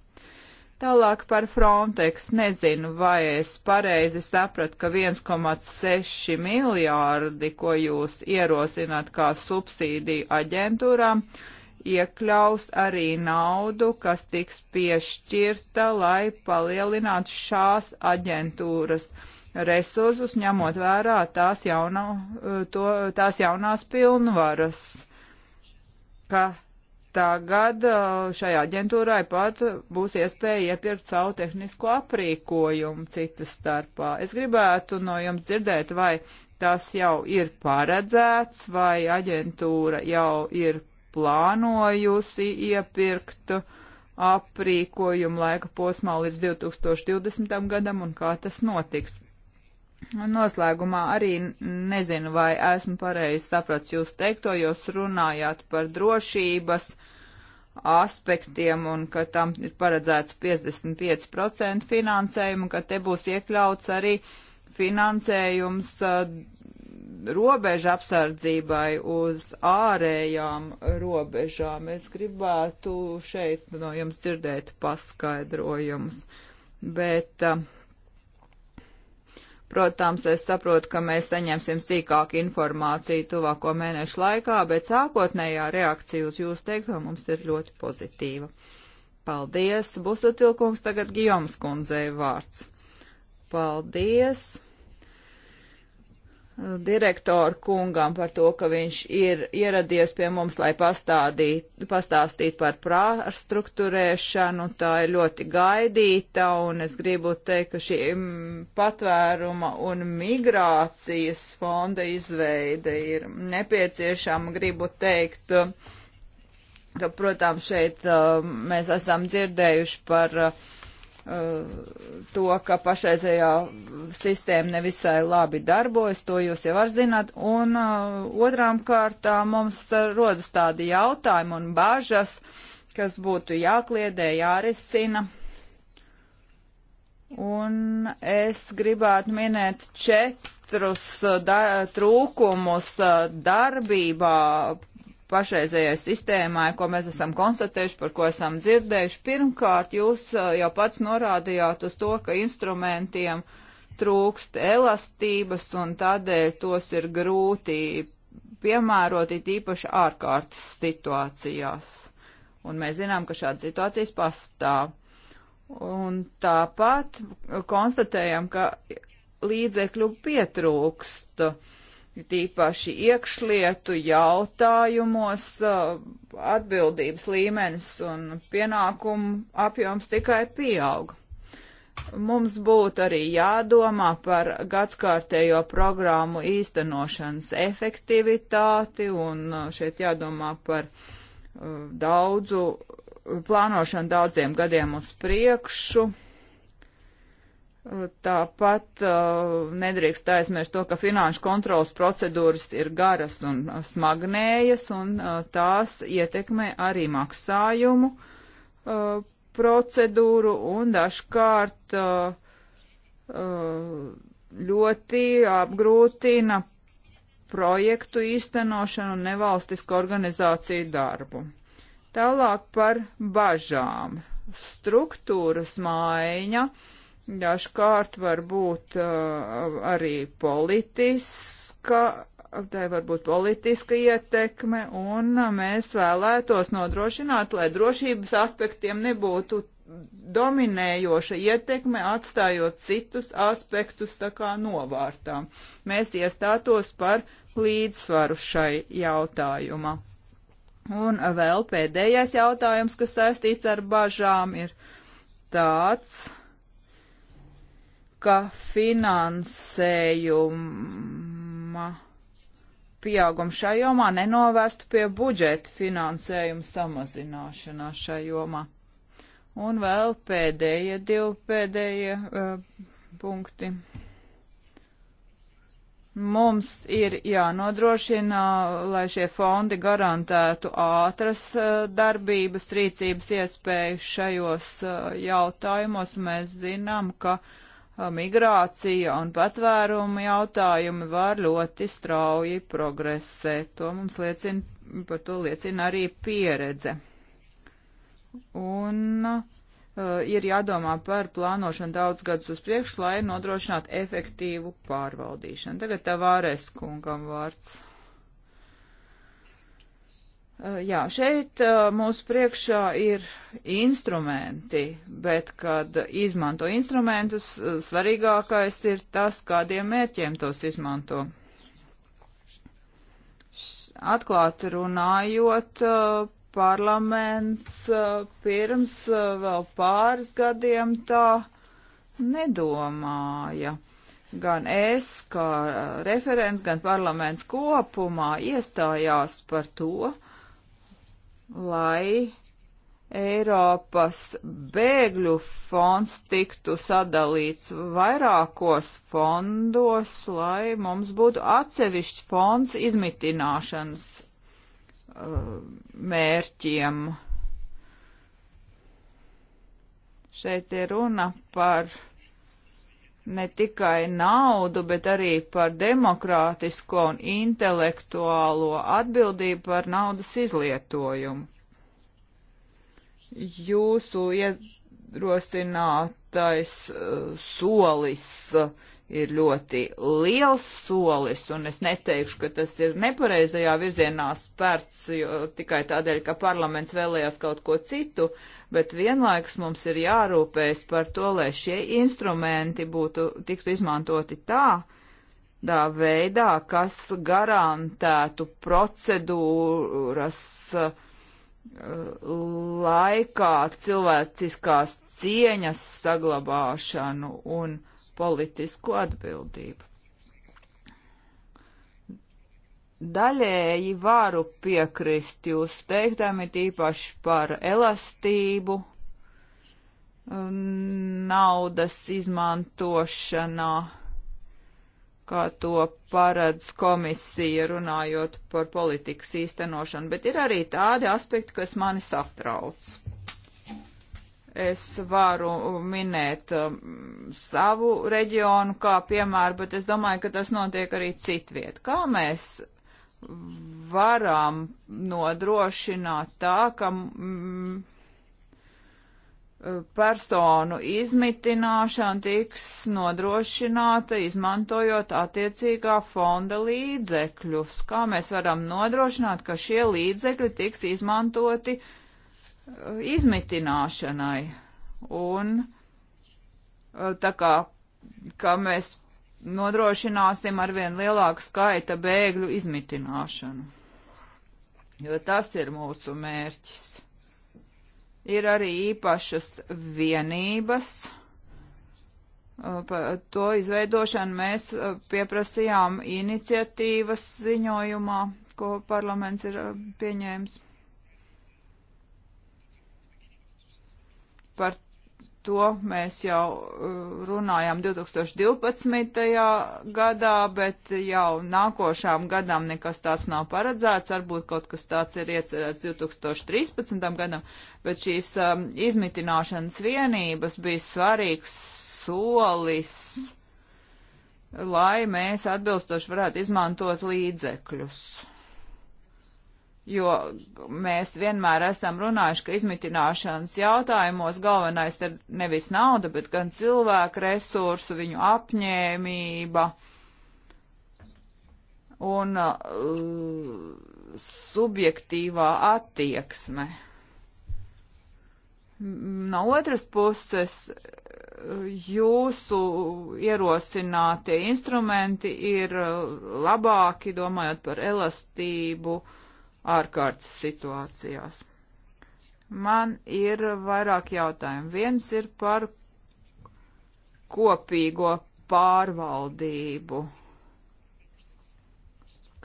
S3: Tālāk par Frontex. Nezinu, vai es pareizi sapratu, ka 1,6 miljārdi, ko jūs ierosināt kā subsīdiju aģentūrām, iekļaus arī naudu, kas tiks piešķirta, lai palielinātu šās aģentūras uh, resursus, ņemot vērā tās, jauna, eh, to, tās jaunās pilnvaras, ka tagad eh, šajā aģentūrai pat būs iespēja iepirkt savu tehnisko aprīkojumu citas starpā. Es gribētu no jums dzirdēt, vai tas jau ir paredzēts, vai aģentūra jau ir plānojusi iepirkt aprīkojumu laika posmā līdz 2020. gadam un kā tas notiks. Noslēgumā arī nezinu, vai esmu pareizi sapratis jūs teikto, jūs runājāt par drošības aspektiem un ka tam ir paredzēts 55% finansējumu, ka te būs iekļauts arī finansējums robežu apsardzībai uz ārējām robežām. Es gribētu šeit no jums dzirdēt paskaidrojumus, bet uh, Protams, es saprotu, ka mēs saņemsim sīkāku informāciju tuvāko mēnešu laikā, bet sākotnējā reakcija uz jūsu teikto mums ir ļoti pozitīva. Paldies, Busatilkungs, tagad Gijoms kundzei vārds. Paldies! direktoru kungam par to, ka viņš ir ieradies pie mums, lai pastāstītu par prāstruktūrēšanu. Tā ir ļoti gaidīta, un es gribu teikt, ka šī mm, patvēruma un migrācijas fonda izveide ir nepieciešama. Gribu teikt, ka, protams, šeit uh, mēs esam dzirdējuši par uh, to, ka pašreizējā sistēma nevisai labi darbojas, to jūs jau var zināt, un uh, otrām kārtām mums rodas tādi jautājumi un bažas, kas būtu jākliedē, jārisina. Un es gribētu minēt četrus uh, da trūkumus uh, darbībā pašreizējai sistēmai, ko mēs esam konstatējuši, par ko esam dzirdējuši. Pirmkārt, jūs uh, jau pats norādījāt uz to, ka instrumentiem trūkst elastības un tādēļ tos ir grūti piemērot it īpaši ārkārtas situācijās. Un mēs zinām, ka šāda situācijas pastāv. Un tāpat konstatējam, ka līdzekļu pietrūkst. Uh, tīpaši iekšlietu jautājumos uh, atbildības līmenis un pienākumu apjoms tikai pieaug. Mums būtu arī jādomā par gadskārtējo programmu īstenošanas efektivitāti un uh, šeit jādomā par uh, daudzu, plānošanu daudziem gadiem uz priekšu Tāpat uh, nedrīkst aizmirst to, ka finanšu kontrolas procedūras ir garas un smagnējas, un uh, tās ietekmē arī maksājumu uh, procedūru un dažkārt uh, uh, ļoti apgrūtina projektu īstenošanu un nevalstisku organizāciju darbu. Tālāk par bažām. Struktūras maiņa. Uh, Dažkārt var būt uh, arī politiska, tai var būt politiska ietekme, un mēs vēlētos nodrošināt, lai drošības aspektiem nebūtu dominējoša ietekme, atstājot citus aspektus tā kā novārtā. Mēs iestātos par līdzsvaru šai jautājumā. Un vēl pēdējais jautājums, kas saistīts ar bažām, ir tāds, ka finansējuma pieaugums šajā jomā nenovestu pie budžeta finansējuma samazināšanās šajā jomā. Un vēl pēdējie divi pēdējie uh, punkti. Mums ir jānodrošina, lai šie fondi garantētu ātras uh, darbības, rīcības iespējas šajos uh, jautājumos. Mēs zinām, ka uh, migrācija un patvērumu jautājumi var ļoti strauji progresēt. To mums liecina, par to liecina arī pieredze. Un uh, ir jādomā par plānošanu daudz gadus uz priekšu, lai nodrošinātu efektīvu pārvaldīšanu. Tagad tev vārēs kungam vārds. Eh, jā, šeit eh, mūsu priekšā ir instrumenti, bet, kad izmanto instrumentus, eh, svarīgākais ir tas, kādiem mērķiem tos izmanto. Atklāti runājot, parlaments pirms vēl pāris gadiem tā nedomāja gan es, kā referents, gan parlaments kopumā iestājās par to, lai Eiropas bēgļu fonds tiktu sadalīts vairākos fondos, lai mums būtu atsevišķs fonds izmitināšanas uh, mērķiem. Šeit ir runa par ne tikai naudu, bet arī par demokrātisko un intelektuālo atbildību par naudas izlietojumu. Jūsu ierosinātais uh, eh, solis uh, ir ļoti liels solis, un es neteikšu, ka tas ir nepareizajā virzienā spērts jo, tikai tādēļ, ka parlaments vēlējās kaut ko citu, bet vienlaikus mums ir jārūpējas par to, lai šie instrumenti būtu, tiktu izmantoti tā, tā veidā, kas garantētu procedūras uh, laikā cilvēciskās cieņas saglabāšanu un politisku atbildību. Daļēji varu piekrist jūs teiktam, it īpaši par elastību, naudas izmantošanā, kā to paredz komisija runājot par politikas īstenošanu, bet ir arī tādi aspekti, kas mani satrauc. Es varu minēt um, savu reģionu kā piemēru, bet es domāju, ka tas notiek arī citviet. Kā mēs varam nodrošināt tā, ka mm, personu izmitināšana tiks nodrošināta izmantojot attiecīgā fonda līdzekļus. Kā mēs varam nodrošināt, ka šie līdzekļi tiks izmantoti izmitināšanai. Un eh, tā kā, kā mēs nodrošināsim arvien lielāku skaita bēgļu izmitināšanu. Jo tas ir mūsu mērķis. Ir arī īpašas vienības. Eh, Par to izveidošanu mēs eh, pieprasījām iniciatīvas ziņojumā, ko parlaments ir pieņēmis. Par to mēs jau uh, runājām 2012. gadā, bet jau nākošām gadām nekas tāds nav paredzēts. Varbūt kaut kas tāds ir iecerēts 2013. gadam, bet šīs um, izmitināšanas vienības bija svarīgs solis, lai mēs atbilstoši varētu izmantot līdzekļus jo mēs vienmēr esam runājuši, ka izmitināšanas jautājumos galvenais ir nevis nauda, bet gan cilvēku resursu, viņu apņēmība un uh, subjektīvā attieksme. No otras puses, jūsu ierosinātie instrumenti ir uh, labāki, domājot par elastību, uh, ārkārtas situācijās. Man ir vairāk jautājumu. Viens ir par kopīgo pārvaldību.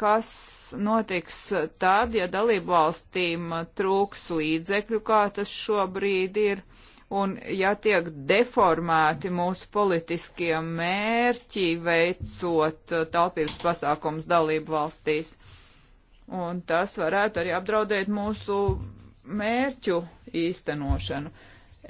S3: Kas notiks tad, ja dalību valstīm trūks līdzekļu, kā tas šobrīd ir, un ja tiek deformēti mūsu politiskie mērķi veicot taupības pasākums dalību valstīs? Uh, un tas varētu arī apdraudēt mūsu mērķu īstenošanu.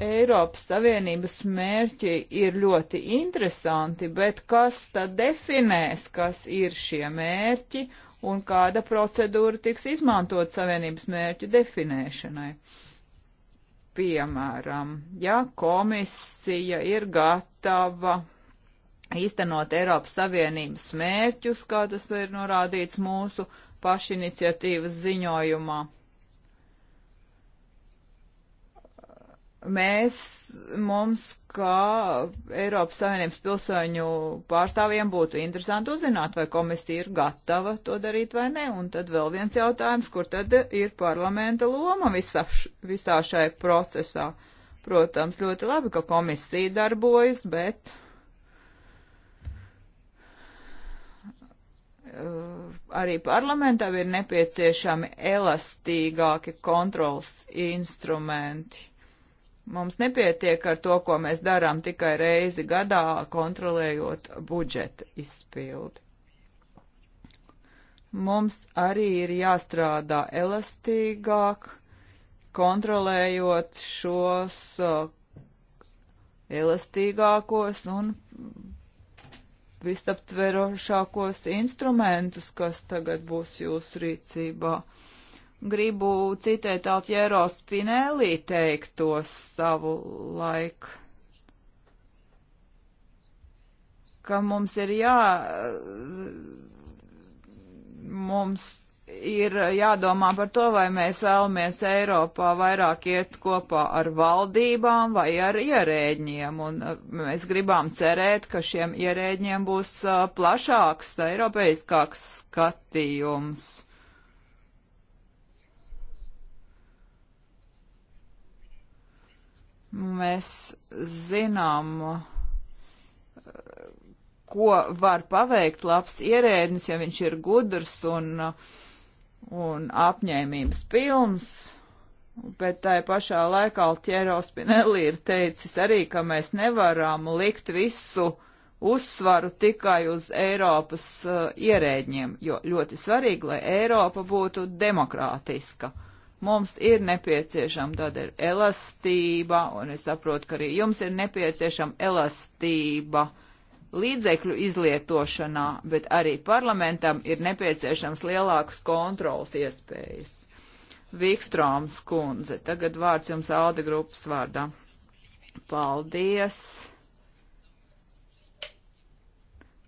S3: Eiropas Savienības mērķi ir ļoti interesanti, bet kas tad definēs, kas ir šie mērķi un kāda procedūra tiks izmantot Savienības mērķu definēšanai? Piemēram, ja komisija ir gatava īstenot Eiropas Savienības mērķus, kā tas ir norādīts mūsu pašiniciatīvas ziņojumā. Mēs, mums, kā Eiropas Savienības pilsoņu pārstāvjiem, būtu interesanti uzzināt, vai komisija ir gatava to darīt vai ne. Un tad vēl viens jautājums, kur tad ir parlamenta loma visā, visā šai procesā. Protams, ļoti labi, ka komisija darbojas, bet Uh, arī parlamentam ir nepieciešami elastīgāki kontrols instrumenti. Mums nepietiek ar to, ko mēs darām tikai reizi gadā, kontrolējot budžeta izpildi. Mums arī ir jāstrādā elastīgāk, kontrolējot šos uh, elastīgākos un visaptverošākos instrumentus, kas tagad būs jūsu rīcībā. Gribu citēt Altjēro Spinelli teiktos savu laiku, ka mums ir jā, mums ir eh, jādomā par to, vai mēs vēlamies Eiropā vairāk iet kopā ar valdībām vai ar ierēģiem. Un eh, mēs gribām cerēt, ka šiem ierēģiem būs eh, plašāks, eiropeiskāks skatījums. Mēs zinām, ko var paveikt labs ierēdnis, ja viņš ir gudrs un uh, un apņēmības pilns. Bet tai pašā laikā Altiero Spinelli ir teicis arī, ka mēs nevaram likt visu uzsvaru tikai uz Eiropas uh, ierēģiem, jo ļoti svarīgi, lai Eiropa būtu demokrātiska. Mums ir nepieciešama tāda ir elastība, un es saprotu, ka arī jums ir nepieciešama elastība uh, līdzekļu izlietošanā, bet arī parlamentam ir nepieciešams lielākas kontrolas iespējas. Vikstrāms kundze, tagad vārds jums Alde grupas vārdā. Paldies!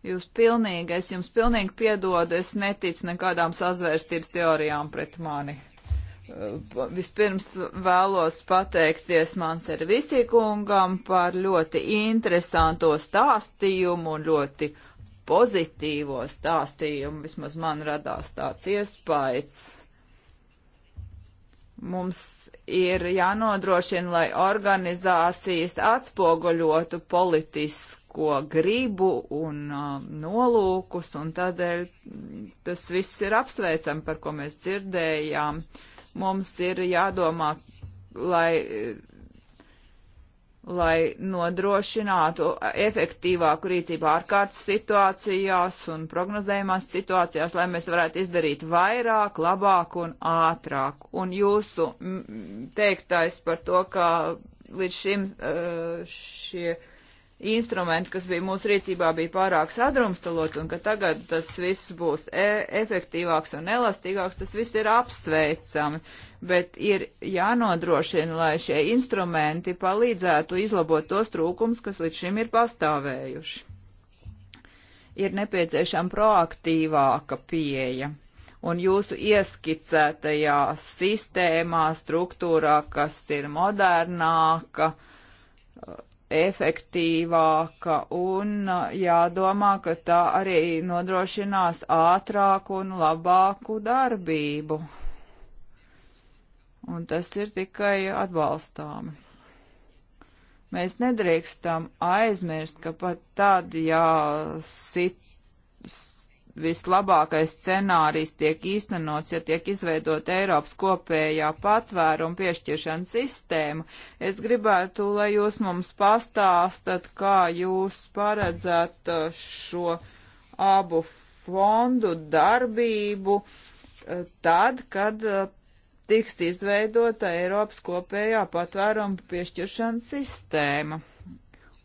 S3: Jūs pilnīgi, es jums pilnīgi piedodu, es neticu nekādām sazvērstības teorijām pret mani. Eh, vispirms vēlos pateikties Manservisi kungam par ļoti interesanto stāstījumu un ļoti pozitīvo stāstījumu. Vismaz man radās tāds iespējas. Mums ir jānodrošina, lai organizācijas atspoguļotu politisko gribu un uh, nolūkus, un tādēļ tas viss ir apsveicam, par ko mēs dzirdējām. Uh, mums ir jādomā, lai, lai nodrošinātu efektīvāku rīcību ārkārtas situācijās un prognozējumās situācijās, lai mēs varētu izdarīt vairāk, labāk un ātrāk. Un jūsu teiktais par to, ka līdz šim eh, šie instrumenti, kas bija mūsu rīcībā, bija pārāk sadrumstalot, un ka tagad tas viss būs e efektīvāks un elastīgāks, tas viss ir apsveicami, bet ir jānodrošina, lai šie instrumenti palīdzētu izlabot tos trūkums, kas līdz šim ir pastāvējuši. Ir nepieciešama proaktīvāka pieeja. Un jūsu ieskicētajā sistēmā, struktūrā, kas ir modernāka, efektīvāka un uh, jādomā, ka tā arī nodrošinās ātrāku un labāku darbību. Un tas ir tikai atbalstāmi. Mēs nedrīkstam aizmirst, ka pat tad, ja sit vislabākais scenārijs tiek īstenots, ja tiek izveidot Eiropas kopējā patvērumu piešķiršanas sistēma. Es gribētu, lai jūs mums pastāstat, kā jūs paredzat uh, šo abu fondu darbību uh, tad, kad uh, tiks izveidota Eiropas kopējā patvērumu piešķiršanas sistēma.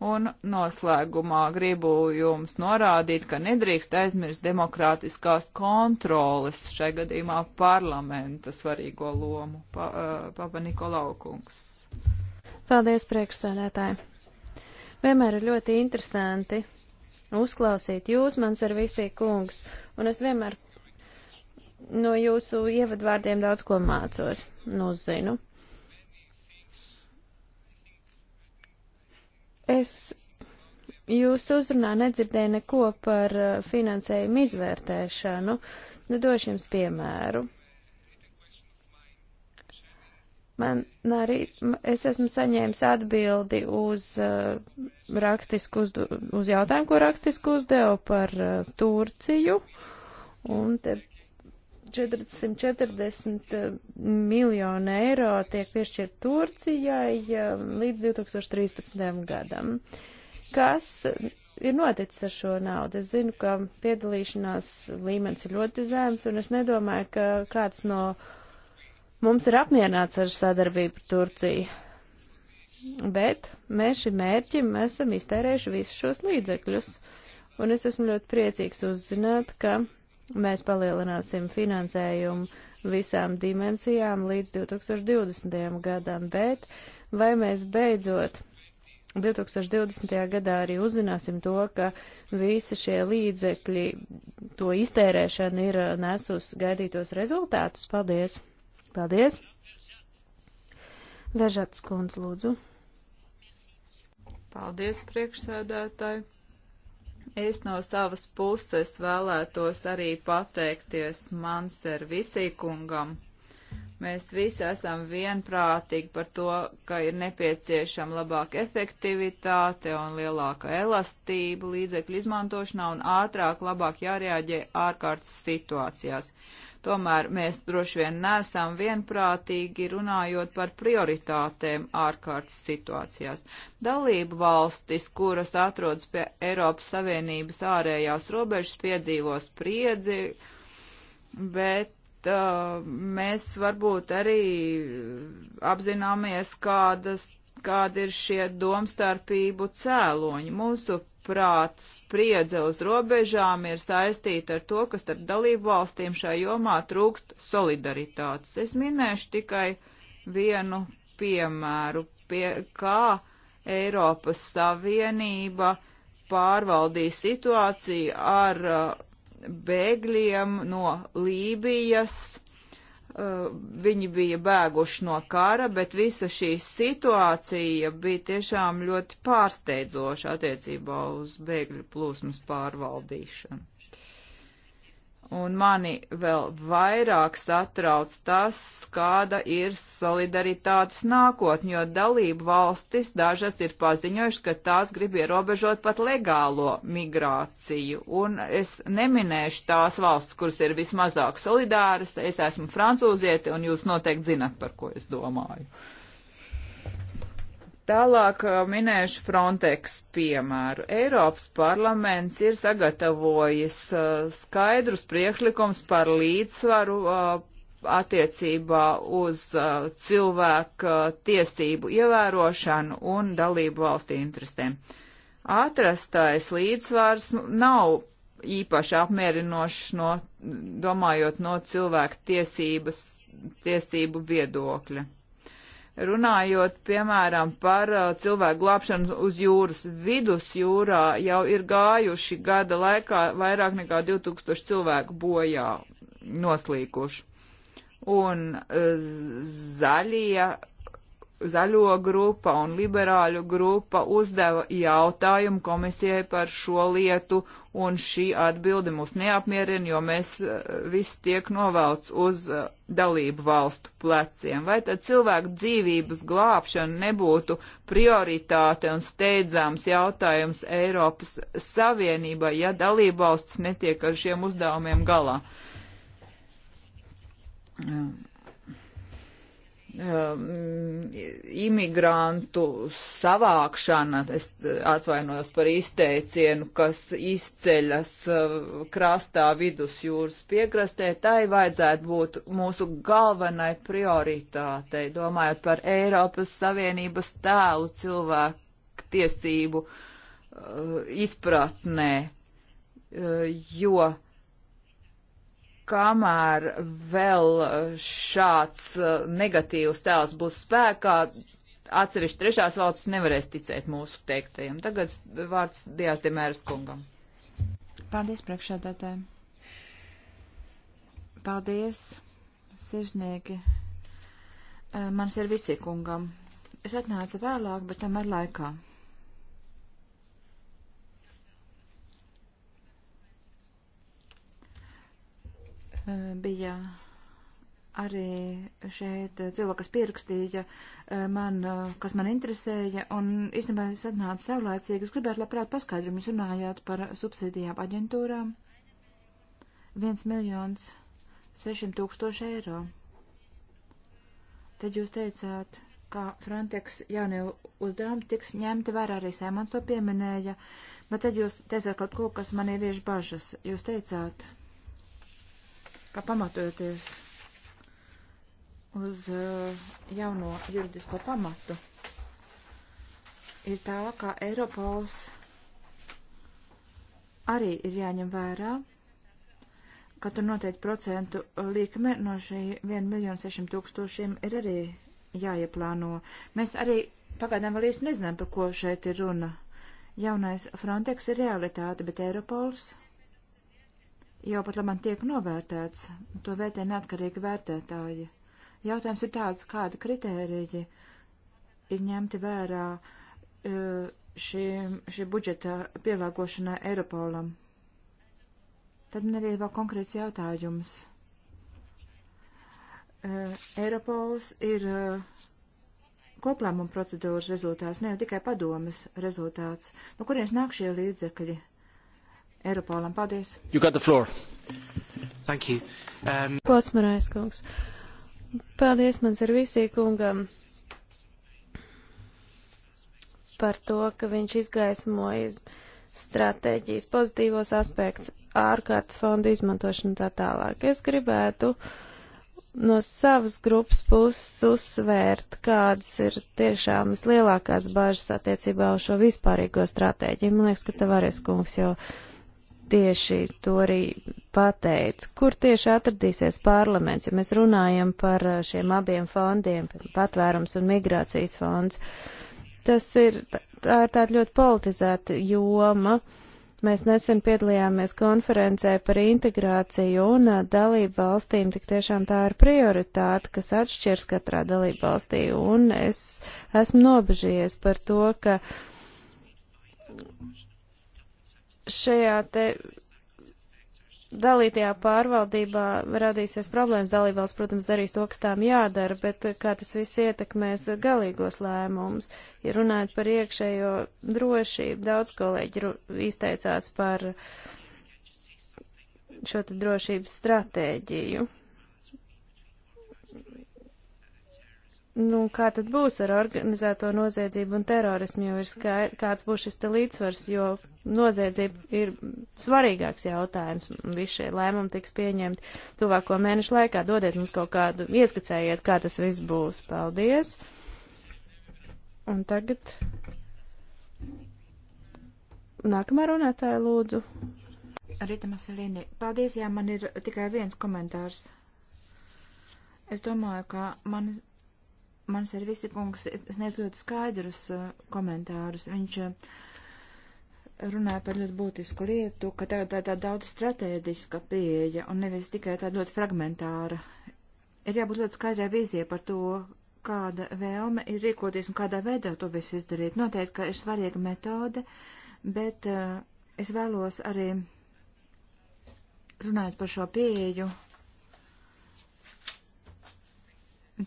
S3: Un noslēgumā gribu jums norādīt, ka nedrīkst aizmirst demokrātiskās kontroles šai gadījumā parlamenta svarīgo lomu. Pa, uh, Papa Nikolaukungs.
S2: Paldies, priekšsēdētāji. Vienmēr ir ļoti interesanti uzklausīt jūs, mans ar visī kungs, un es vienmēr no jūsu ievadvārdiem daudz ko mācos un nu, uzzinu. Es jūsu uzrunā nedzirdēju neko par uh, finansējumu izvērtēšanu. Nu, došu jums piemēru. Man arī, es esmu saņēmis atbildi uz uh, rakstisku, uzdu, uz jautājumu, ko rakstisku uzdevu par uh, Turciju. Un te 440 eh, miljonu eiro tiek piešķirt Turcijai eh, līdz 2013. gadam. Kas ir noticis ar šo naudu? Es zinu, ka piedalīšanās līmenis ir ļoti zems, un es nedomāju, ka kāds no mums ir apmierināts ar sadarbību ar Turciju. Bet mēs šim mērķim esam iztērējuši visus šos līdzekļus, un es esmu ļoti priecīgs uzzināt, ka Mēs palielināsim finansējumu visām dimensijām līdz 2020. gadam, bet vai mēs beidzot 2020. gadā arī uzzināsim to, ka visi šie līdzekļi, to iztērēšana ir uh, nesus gaidītos rezultātus? Paldies! Paldies! Vežats kundz, lūdzu.
S3: Paldies, priekšsēdētāji! Es no savas puses vēlētos arī pateikties man servisī kungam. Mēs visi esam vienprātīgi par to, ka ir nepieciešama labāka efektivitāte un lielāka elastība līdzekļu izmantošanā un ātrāk labāk jārēģē ārkārtas situācijās. Uh, Tomēr mēs droši vien nesam vienprātīgi runājot par prioritātēm ārkārtas situācijās. Dalību valstis, kuras atrodas pie Eiropas Savienības ārējās robežas, piedzīvo spriedzi, bet uh, mēs varbūt arī apzināmies, kādas kādi ir šie domstarpību cēloņi. Mūsu Manuprāt, spriedze uz robežām ir saistīta ar to, ka starp dalību valstīm šajā jomā trūkst solidaritātes. Es minēšu tikai vienu piemēru, pie kā Eiropas Savienība pārvaldīja situāciju ar uh, bēgļiem no Lībijas uh, viņi bija bēguši no kara, bet visa šī situācija bija tiešām ļoti pārsteidzoša attiecībā uz bēgļu plūsmas pārvaldīšanu. Un mani vēl vairāk satrauc tas, kāda ir solidaritātes nākotne, jo dalību valstis dažas ir paziņojušas, ka tās grib ierobežot pat legālo migrāciju. Un es neminēšu tās valstis, kuras ir vismazāk solidāras. Es esmu francūzieti, un jūs noteikti zinat, par ko es domāju. Uh, Tālāk minēšu Frontex piemēru. Eiropas parlaments ir sagatavojis skaidrus priekšlikums par līdzsvaru attiecībā uz cilvēku tiesību ievērošanu un dalību valstu interesēm. Atrastais līdzsvars nav īpaši apmierinošs, no, domājot no cilvēku tiesības, tiesību viedokļa Runājot, piemēram, par uh, cilvēku glābšanu uz jūras vidusjūrā, jau ir gājuši gada laikā vairāk nekā 2000 cilvēku bojā noslīkuši. Un uh, zaļie zaļo grupa un liberāļu grupa uzdeva jautājumu komisijai par šo lietu, un šī atbilde mūs neapmierina, jo mēs eh, viss tiek novelts uz eh, dalību valstu pleciem. Vai tad cilvēku dzīvības glābšana nebūtu prioritāte un steidzāms jautājums Eiropas Savienībai, ja dalību valsts netiek ar šiem uzdevumiem galā? Um um, imigrantu savākšana, es atvainojos par izteicienu, kas izceļas uh, krastā vidusjūras piekrastē, tai vajadzētu būt mūsu galvenai prioritātei, domājot par Eiropas Savienības tēlu cilvēku tiesību uh, izpratnē, uh, jo kamēr vēl uh, šāds uh, negatīvs tēls būs spēkā, atsevišķi trešās valsts nevarēs ticēt mūsu teiktajiem. Tagad vārds Dijas Demēras kungam.
S4: Paldies priekšādātājiem. Paldies, sirsnieki. Eh, mans ir visi kungam. Es atnācu vēlāk, bet tomēr laikā. bija arī šeit cilvēki, kas pierakstīja man, kas man interesēja, un īstenībā es atnācu savlaicīgi. Es gribētu, lai prāt paskaidrojumu jūs runājāt par subsidijām aģentūrām. 1 miljons 600 tūkstoši eiro. Tad jūs teicāt, ka Frontex jaunie uzdevumi tiks ņemti vērā arī Sēmons to pieminēja, bet tad jūs teicāt kaut ko, kas man ieviež bažas. Jūs teicāt, kā pamatojoties uz eh, jauno juridisko pamatu, ir tā, ka Eiropols arī ir jāņem vērā, ka tur noteikti procentu likme no šī 1 miljonu 600 tūkstošiem ir arī jāieplāno. Mēs arī pagaidām vēl īsti nezinām, par ko šeit ir runa. Jaunais Frontex ir realitāte, bet Eiropols jau pat labam tiek novērtēts, to vērtē neatkarīgi vērtētāji. Jautājums ir tāds, kādi kritēriji ir ņemti vērā e, šī, šī budžeta pielāgošanā Eiropolam. Tad man arī vēl konkrēts jautājums. E, Eiropols ir e, koplēmuma procedūras rezultāts, ne jau tikai padomas rezultāts. No kurienes nāk šie līdzekļi?
S2: Eiropolam. Paldies!
S4: You got the floor. Thank you.
S1: Um...
S2: Pats Marais kungs. Paldies man servisī kungam par to, ka viņš izgaismoja stratēģijas pozitīvos aspektus, ārkārtas fondu izmantošanu tā tālāk. Es gribētu no savas grupas puses uzsvērt, kādas ir tiešām vislielākās bažas attiecībā uz šo vispārīgo stratēģiju. Man liekas, ka tev arī skunks jau tieši to arī pateica. Kur tieši atradīsies parlaments, ja mēs runājam par eh, šiem abiem fondiem, patvērums un migrācijas fonds? Tas ir, tā ir tāda ļoti politizēta joma. Mēs nesen piedalījāmies konferencē par integrāciju un eh, dalību valstīm, tik tiešām tā ir prioritāte, kas atšķirs katrā dalību valstī, un es esmu nobežies par to, ka šajā te dalītajā pārvaldībā radīsies problēmas. Dalībvalsts, protams, darīs to, kas tām jādara, bet eh, kā tas viss ietekmēs galīgos lēmumus. Ja runājot par iekšējo drošību, daudz kolēģi izteicās par šo drošības stratēģiju. Nu, kā tad būs ar organizēto noziedzību un terorismu, jo ir skaidrs, kāds būs šis te līdzsvars, jo noziedzība ir svarīgāks jautājums. Visi šie lēmumi tiks pieņemti tuvāko mēnešu laikā. Dodiet mums kaut kādu, ieskicējiet, kā tas viss būs. Paldies! Un tagad nākamā runātāja lūdzu.
S4: Rita Masalīni, paldies, jā, man ir tikai viens komentārs. Es domāju, ka man Mans ar visi kungs sniedz ļoti skaidrus uh, komentārus. Viņš uh, runāja par ļoti būtisku lietu, ka tagad tā ir tā daudz stratēģiska pieeja un nevis tikai tā ļoti fragmentāra. Ir jābūt ļoti skaidrai vīzijai par to, kāda vēlme ir rīkoties un kādā veidā to visu izdarīt. Noteikti, ka ir svarīga metode, bet uh, es vēlos arī runāt par šo pieeju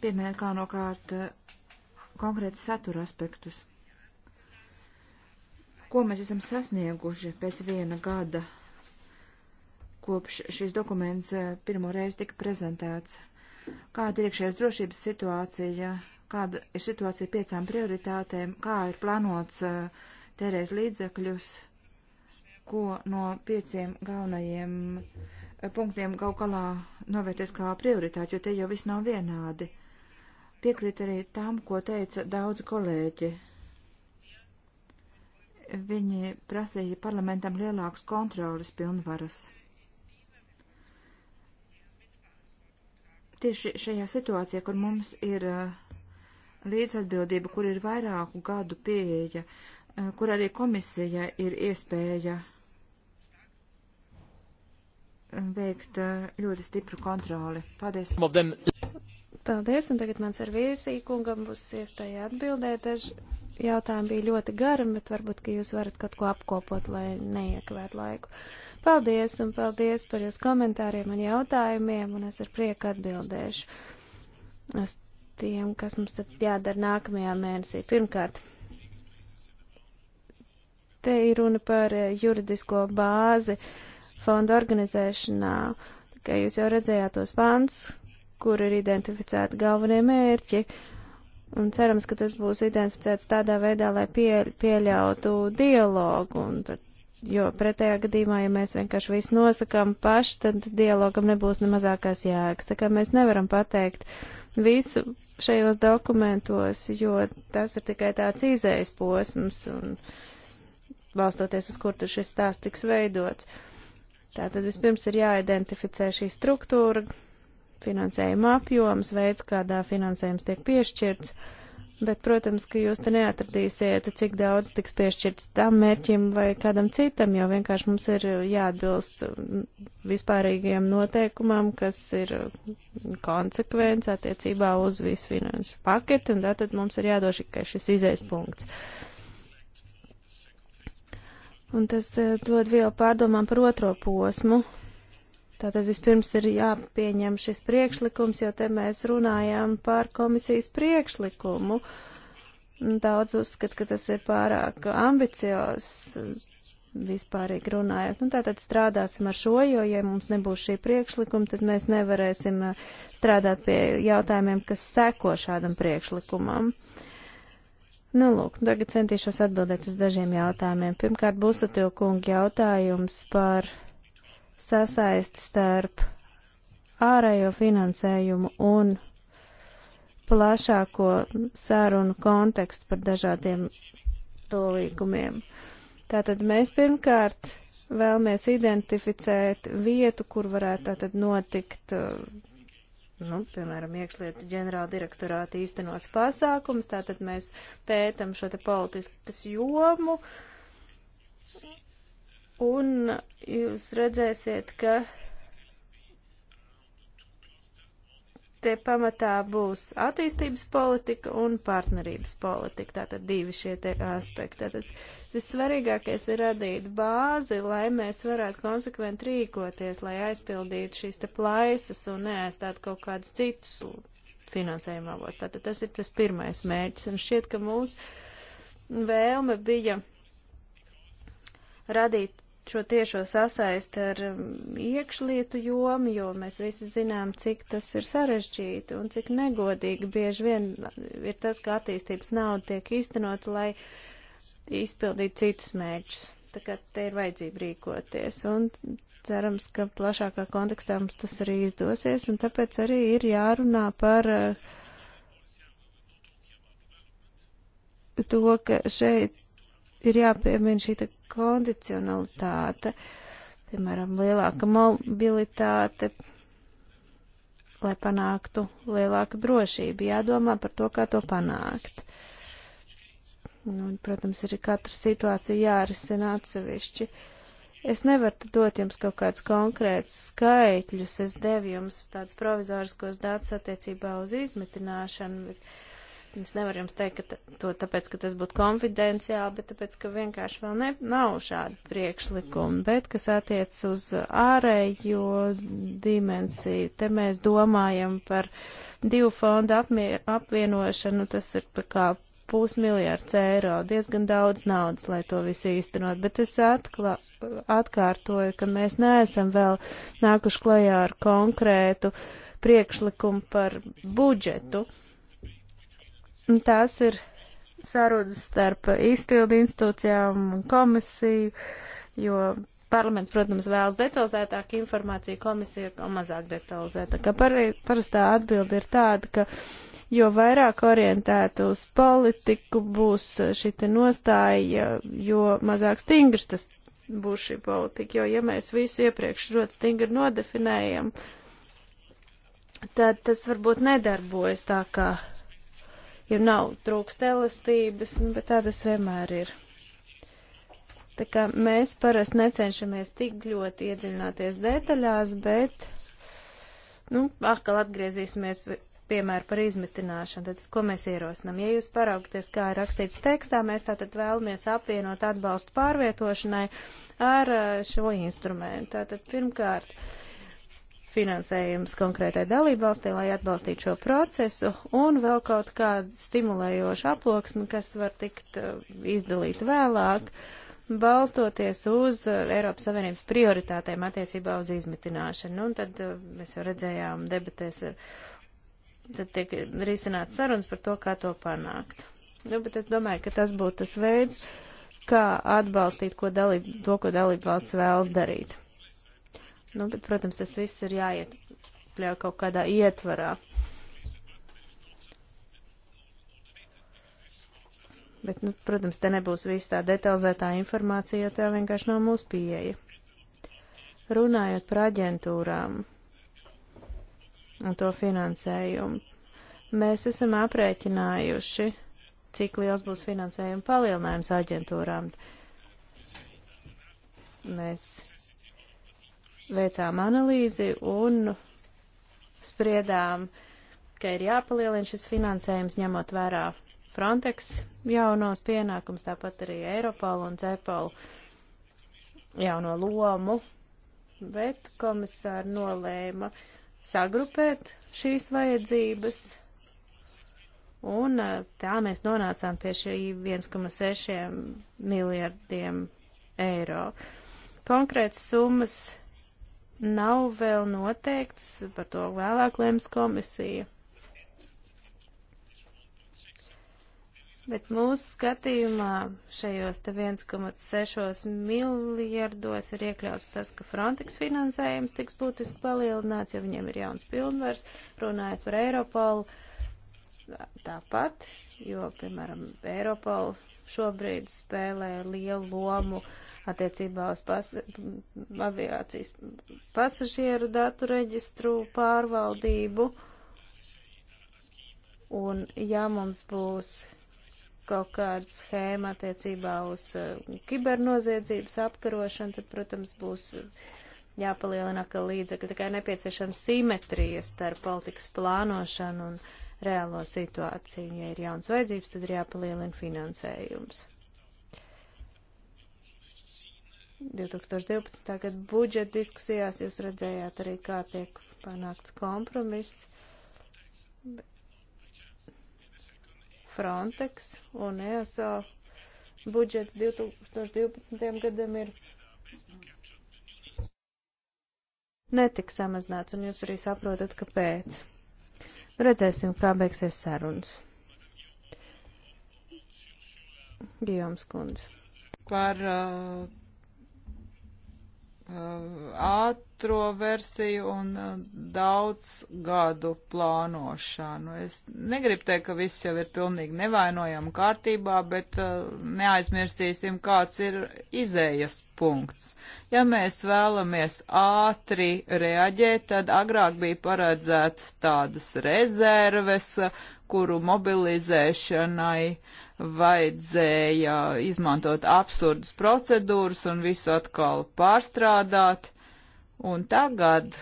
S4: pieminēt galvenokārt eh, konkrēti satura aspektus. Ko mēs esam sasnieguši pēc viena gada, kopš šis dokuments eh, pirmo reizi tika prezentēts? Kāda ir iekšējās drošības situācija, kāda ir situācija piecām prioritātēm, kā ir plānots eh, tērēt līdzekļus, ko no pieciem galvenajiem punktiem kaut galā novērties kā prioritāti, jo te jau viss nav vienādi. Piekrīt arī tam, ko teica daudzi kolēģi. Viņi prasīja parlamentam lielākas kontrolas pilnvaras. Tieši šajā situācijā, kur mums ir uh, līdzatbildība, kur ir vairāku gadu pieeja, uh, kur arī komisija ir iespēja um, veikt uh, ļoti stipru kontroli. Paldies!
S2: Paldies, un tagad mans ar vīrsīkungam būs iespēja atbildēt. Daži jautājumi bija ļoti gari, bet varbūt, ka jūs varat kaut ko apkopot, lai neiekavētu laiku. Paldies, un paldies par jūsu komentāriem un jautājumiem, un es ar prieku atbildēšu uz tiem, kas mums tad jādara nākamajā mēnesī. Pirmkārt, te ir runa par eh, juridisko bāzi fonda organizēšanā. Kā jūs jau redzējāt tos pants, kur ir identificēti galvenie mērķi. Un cerams, ka tas būs identificēts tādā veidā, lai pie, pieļautu dialogu. Tad, jo pretējā gadījumā, ja mēs vienkārši visu nosakām paši, tad dialogam nebūs ne mazākās jēgas. Tā kā mēs nevaram pateikt visu šajos dokumentos, jo tas ir tikai tāds izējas posms un balstoties uz kur tad šis stāsts tiks veidots. Tātad vispirms ir jāidentificē šī struktūra, finansējuma apjoms, veids, kādā finansējums tiek piešķirts. Bet, protams, ka jūs te neatradīsiet, cik daudz tiks piešķirts tam mērķim vai kādam citam, jo vienkārši mums ir jāatbilst vispārīgiem noteikumam, kas ir konsekvence attiecībā uz visu finansu paketu, un tātad mums ir jādod tikai šis izējas punkts. Un tas eh, dod vielu pārdomām par otro posmu, Tātad vispirms ir jāpieņem šis priekšlikums, jo te mēs runājam par komisijas priekšlikumu. Daudz uzskat, ka tas ir pārāk ambicios, vispārīgi runājot. Nu, tātad strādāsim ar šo, jo, ja mums nebūs šī priekšlikuma, tad mēs nevarēsim uh, strādāt pie jautājumiem, kas seko šādam priekšlikumam. Nu, lūk, tagad centīšos atbildēt uz dažiem jautājumiem. Pirmkārt, būs atvilkungi jautājums par sasaisti starp ārējo finansējumu un plašāko sarunu kontekstu par dažādiem nolīgumiem. Tātad mēs pirmkārt vēlamies identificēt vietu, kur varētu tātad notikt, eh, nu, piemēram, iekšlietu ģenerāla direktorāta īstenos pasākums, tātad mēs pētam šo te politiskas jomu Un jūs redzēsiet, ka te pamatā būs attīstības politika un partnerības politika. Tātad divi šie te aspekti. Tātad vissvarīgākais ir radīt bāzi, lai mēs varētu konsekventi rīkoties, lai aizpildītu šīs te plaisas un neaizstātu kaut kādus citus finansējuma avots. Tātad tas ir tas pirmais mērķis, un šķiet, ka mūsu vēlme bija radīt šo tiešo sasaisti ar um, iekšlietu jomu, jo mēs visi zinām, cik tas ir sarežģīti un cik negodīgi bieži vien ir tas, ka attīstības nauda tiek iztenota, lai izpildītu citus mērķus. Tā kā te ir vajadzība rīkoties un cerams, ka plašākā kontekstā mums tas arī izdosies un tāpēc arī ir jārunā par uh, to, ka šeit ir jāpiemina šī kondicionalitāte, piemēram, lielāka mobilitāte, lai panāktu lielāku drošību. Jādomā par to, kā to panākt. Nu, protams, ir katra situācija jārisina atsevišķi. Es nevaru dot jums kaut kādus konkrētus skaitļus. Es devu jums tādus provizoriskos datus attiecībā uz izmitināšanu, bet Es nevaru jums teikt, ka to tāpēc, ka tas būtu konfidenciāli, bet tāpēc, ka vienkārši vēl ne, nav šādi priekšlikumi. Bet, kas attiec uz ārējo dimensiju, te mēs domājam par divu fondu apmier, apvienošanu, tas ir tā kā pusmiljards eiro, diezgan daudz naudas, lai to visu īstenot, bet es atklā, atkārtoju, ka mēs neesam vēl nākuši klajā ar konkrētu priekšlikumu par budžetu. Mm Nu, tās ir sarudas starp izpildu institūcijām un komisiju, jo parlaments, protams, vēlas detalizētāk informāciju, komisija ir mazāk detalizēta. Kā parastā atbilde ir tāda, ka jo vairāk orientēta uz politiku būs šī nostāja, jo mazāk stingrs tas būs šī politika. Jo, ja mēs visu iepriekš ļoti stingri nodefinējam, tad tas varbūt nedarbojas tā, kā jo nav trūkst elastības, nu, bet tā tas vienmēr ir. Tā kā mēs parasti necenšamies tik ļoti iedziļināties detaļās, bet, nu, atkal atgriezīsimies piemēru par izmitināšanu, tad ko mēs ierosinām? Ja jūs paraugties, kā ir rakstīts tekstā, mēs tātad vēlamies apvienot atbalstu pārvietošanai ar eh, šo instrumentu. Tātad pirmkārt finansējums konkrētai dalībvalstī, lai atbalstītu šo procesu, un vēl kaut kāda stimulējoša aploksne, kas var tikt uh, izdalīta vēlāk, balstoties uz uh, Eiropas Savienības prioritātēm attiecībā uz izmitināšanu. Un tad uh, mēs jau redzējām debatēs, tad tiek risināts sarunas par to, kā to panākt. Nu, bet es domāju, ka tas būtu tas veids, kā atbalstīt ko dalību, to, ko dalību valsts vēlas darīt. Nu, bet, protams, tas viss ir jāiekļauj kaut kādā ietvarā. Bet, nu, protams, te nebūs viss tā detalizētā informācija, jo tā vienkārši nav mūsu pieeja. Runājot par aģentūrām un to finansējumu, mēs esam aprēķinājuši, cik liels būs finansējuma palielinājums aģentūrām. Mēs veicām analīzi un spriedām, ka ir jāpalielina šis finansējums, ņemot vērā Frontex jaunos pienākums, tāpat arī Eiropol un Cepol jauno lomu, bet komisāri nolēma sagrupēt šīs vajadzības, un eh, tā mēs nonācām pie šī 1,6 miljardiem eiro. Konkrētas summas nav vēl noteiktas, par to vēlāk lems komisija. Bet mūsu skatījumā šajos 1,6 miljardos ir iekļauts tas, ka Frontex finansējums tiks būtiski palielināts, jo viņiem ir jauns pilnvars, runājot par Eiropolu. Tāpat, jo, piemēram, Eiropola šobrīd spēlē lielu lomu uh, attiecībā uz pas aviācijas pasažieru datu reģistru pārvaldību. Un ja mums būs kaut kāda schēma attiecībā uz uh, kibernoziedzības apkarošanu, tad, protams, būs jāpalielina atkal līdzekļi. Tā kā ir nepieciešama simetrija starp politikas plānošanu un reālo situāciju. Ja ir jauns vajadzības, tad ir jāpalielina finansējums. 2012. gada budžeta diskusijās jūs redzējāt arī, kā tiek panākts kompromiss. Frontex un ESA budžets 2012. gadam ir netiks samazināts, un jūs arī saprotat, kāpēc. Redzēsim, kā beigsies sarunas. Gijoms kundze.
S3: Par uh, Uh, ātro versiju un uh, daudz gadu plānošanu. Es negribu teikt, ka viss jau ir pilnīgi nevainojama kārtībā, bet uh, neaizmirstīsim, kāds ir izējas punkts. Ja mēs vēlamies ātri reaģēt, tad agrāk bija paredzētas tādas rezerves, kuru mobilizēšanai vajadzēja izmantot absurdas procedūras un visu atkal pārstrādāt. Un tagad,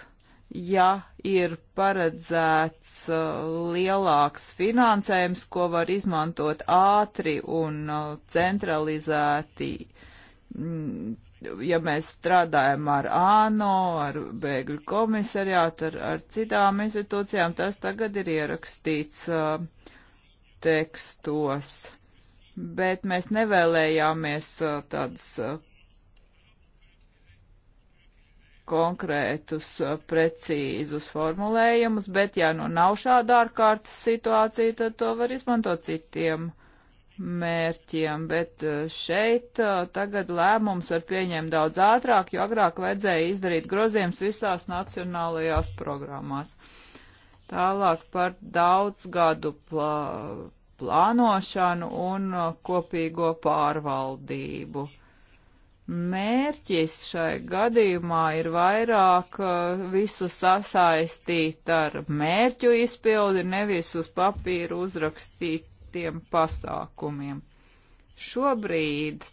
S3: ja ir paredzēts uh, lielāks finansējums, ko var izmantot ātri un uh, centralizēti, mm, ja mēs strādājam ar ANO, ar bēgļu komisariātu, ar, ar citām institūcijām, tas tagad ir ierakstīts uh, tekstos. Bet mēs nevēlējāmies uh, tādus uh, konkrētus, uh, precīzus formulējumus, bet ja nu nav šāda ārkārtas situācija, tad to var izmantot citiem uh, mērķiem, bet uh, šeit uh, tagad lēmums var pieņemt daudz ātrāk, jo agrāk vajadzēja izdarīt grozījums visās nacionālajās programmās. Tālāk par daudz gadu plā, plānošanu un uh, kopīgo pārvaldību. Mērķis šai gadījumā ir vairāk visu sasaistīt ar mērķu izpildi, nevis uz papīru uzrakstīt veiktiem pasākumiem. Šobrīd